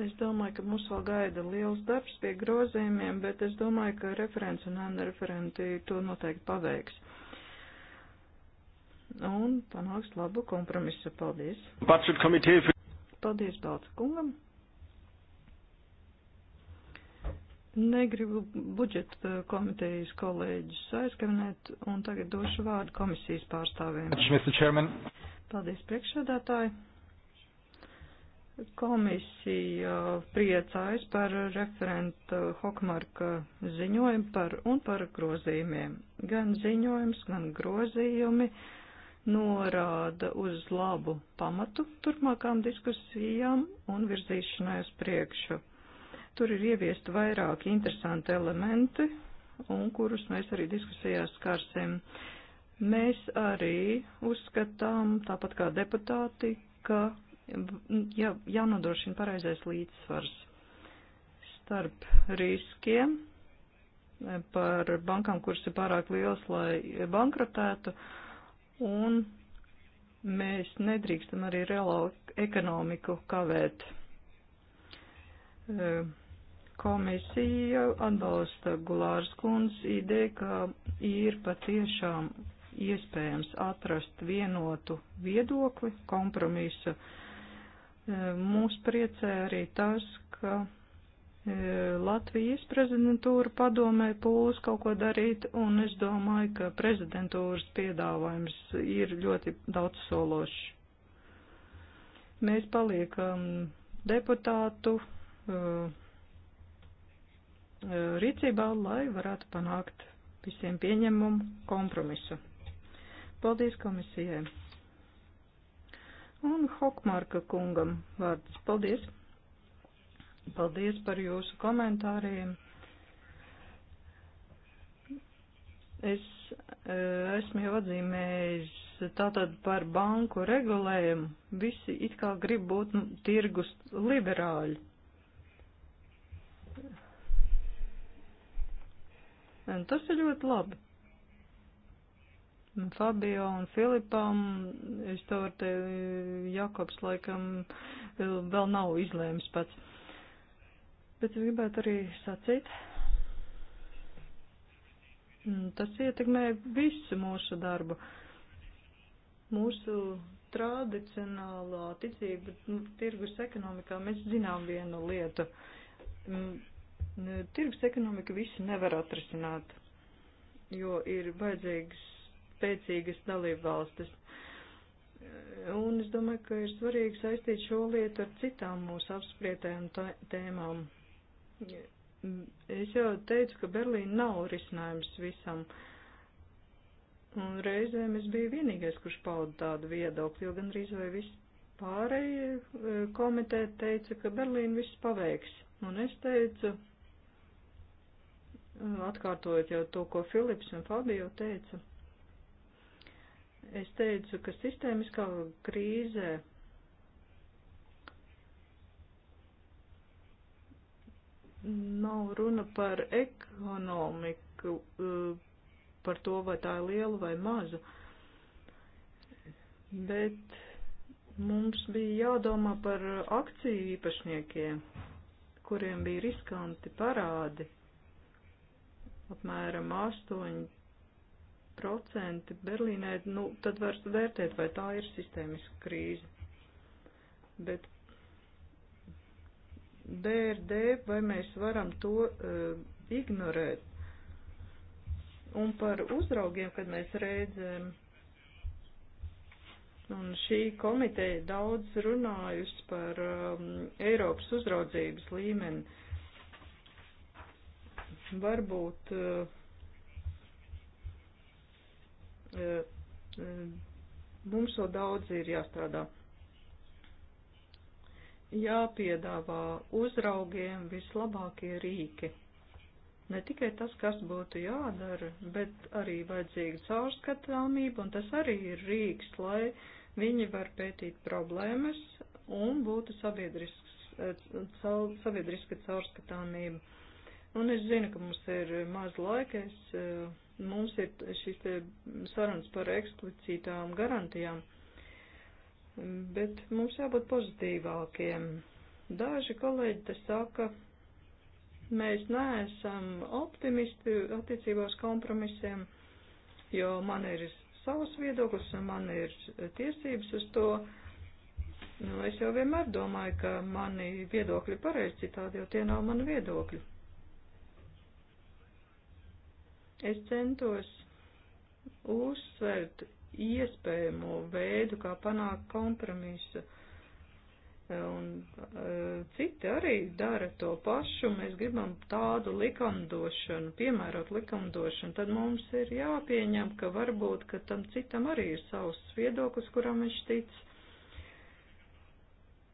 Es domāju, ka mūs vēl gaida liels darbs pie grozījumiem, bet es domāju, ka referents un anreferenti to noteikti paveiks. Un panāks labu kompromisu. Paldies. Paldies Balts kungam. Negribu budžeta komitejas kolēģis aizskavinēt, un tagad došu vārdu komisijas pārstāvjiem. Paldies, priekšsēdētāji. Komisija priecājas par referenta Hokmarka ziņojumu par un par grozījumiem. Gan ziņojums, gan grozījumi norāda uz labu pamatu turpmākām diskusijām un virzīšanai uz priekšu Tur ir ieviesti vairāki interesanti elementi, un kurus mēs arī diskusijās skarsim. Mēs arī uzskatām, tāpat kā deputāti, ka jā, jānodrošina pareizais līdzsvars starp riskiem par bankām, kuras ir pārāk liels, lai bankrotētu, un mēs nedrīkstam arī reālo ekonomiku kavēt. Uh, Komisija atbalsta Gulārs kundz ideju, ka ir patiešām iespējams atrast vienotu viedokli, kompromisu. E, mūs priecē arī tas, ka e, Latvijas prezidentūra padomē pūs kaut ko darīt, un es domāju, ka prezidentūras piedāvājums ir ļoti daudz sološs. Mēs paliekam deputātu uh, E, rīcībā, lai varētu panākt visiem pieņemumu kompromisu. Paldies komisijai. Un Hokmarka kungam vārds. Paldies. Paldies par jūsu komentāriem. Es e, esmu jau atzīmējis tātad par banku regulējumu. Visi it kā grib būt tirgus liberāļi. Un tas ir ļoti labi. Fabio un Filipam, es to varu te, Jakobs laikam vēl nav izlēmis pats. Bet es gribētu arī sacīt, tas ietekmē visu mūsu darbu. Mūsu tradicionālā ticība nu, tirgus ekonomikā mēs zinām vienu lietu mm, Tirgus ekonomika visu nevar atrisināt, jo ir vajadzīgas spēcīgas dalību valstis. Un es domāju, ka ir svarīgi saistīt šo lietu ar citām mūsu apsprietējām tēmām. Es jau teicu, ka Berlīna nav risinājums visam. Un reizēm es biju vienīgais, kurš pauda tādu viedokli, jo gandrīz vai viss pārējie eh, komitē teica, ka Berlīna viss paveiks. Un es teicu, atkārtojot jau to, ko Filips un Fabio teica. Es teicu, ka sistēmiskā krīzē nav runa par ekonomiku, par to, vai tā ir liela vai maza, bet mums bija jādomā par akciju īpašniekiem, kuriem bija riskanti parādi apmēram 8% Berlīnē, nu, tad var vērtēt, vai tā ir sistēmiska krīze. Bet BRD, vai mēs varam to uh, ignorēt? Un par uzraugiem, kad mēs redzam, un šī komiteja daudz runājusi par um, Eiropas uzraudzības līmeni, varbūt eh, eh, eh, mums vēl daudz ir jāstrādā. Jāpiedāvā uzraugiem vislabākie rīki. Ne tikai tas, kas būtu jādara, bet arī vajadzīga caurskatāmība, un tas arī ir rīks, lai viņi var pētīt problēmas un būtu sabiedriska caurskatāmība. Un es zinu, ka mums ir maz laika, es, eh, mums ir šis te sarunas par eksplicītām garantijām, bet mums jābūt pozitīvākiem. Daži kolēģi te saka, mēs neesam optimisti attiecībā uz kompromisiem, jo man ir savs viedoklis un man ir tiesības uz to. Nu, es jau vienmēr domāju, ka mani viedokļi pareizi citādi, jo tie nav mani viedokļi. Es centos uzsvērt iespējamo veidu, kā panākt kompromisu. Un eh, citi arī dara to pašu. Mēs gribam tādu likumdošanu, piemērot likumdošanu. Tad mums ir jāpieņem, ka varbūt, ka tam citam arī ir savs viedoklis, kuram viņš tic.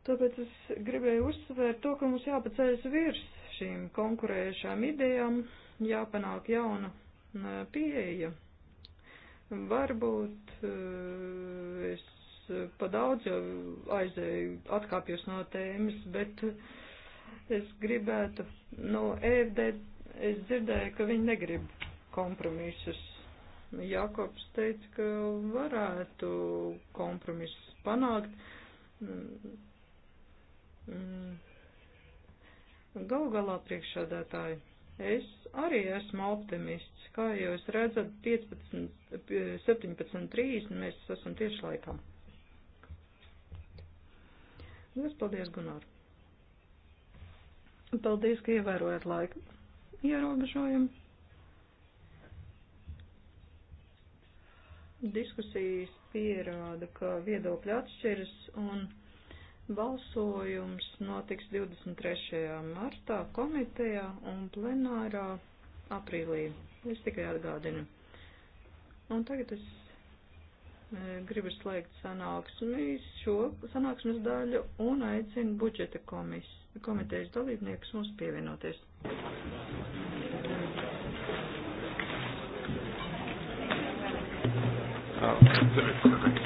Tāpēc es gribēju uzsvērt to, ka mums jāpaceļas virs šīm konkurējušām idejām, jāpanāk jauna Uh, pieeja. Varbūt uh, es uh, pa daudz jau aizēju, atkāpjos no tēmas, bet es gribētu, no EFD es dzirdēju, ka viņi negrib kompromisus. Jakobs teica, ka varētu kompromisus panākt. Mm, mm. Gal galā priekšādātāji Es arī esmu optimists. Kā jūs redzat, 15, 17.30 mēs esam tieši laikā. Lielas paldies, Gunār. Paldies, ka ievērojat laiku ierobežojumu. Diskusijas pierāda, ka viedokļi atšķiras un Balsojums notiks 23. martā komitejā un plenārā aprīlī. Es tikai atgādinu. Un tagad es e, gribu slēgt sanāksmes, šo sanāksmes daļu un aicinu budžeta komis, komitejas dalībniekus mums pievienoties. Oh,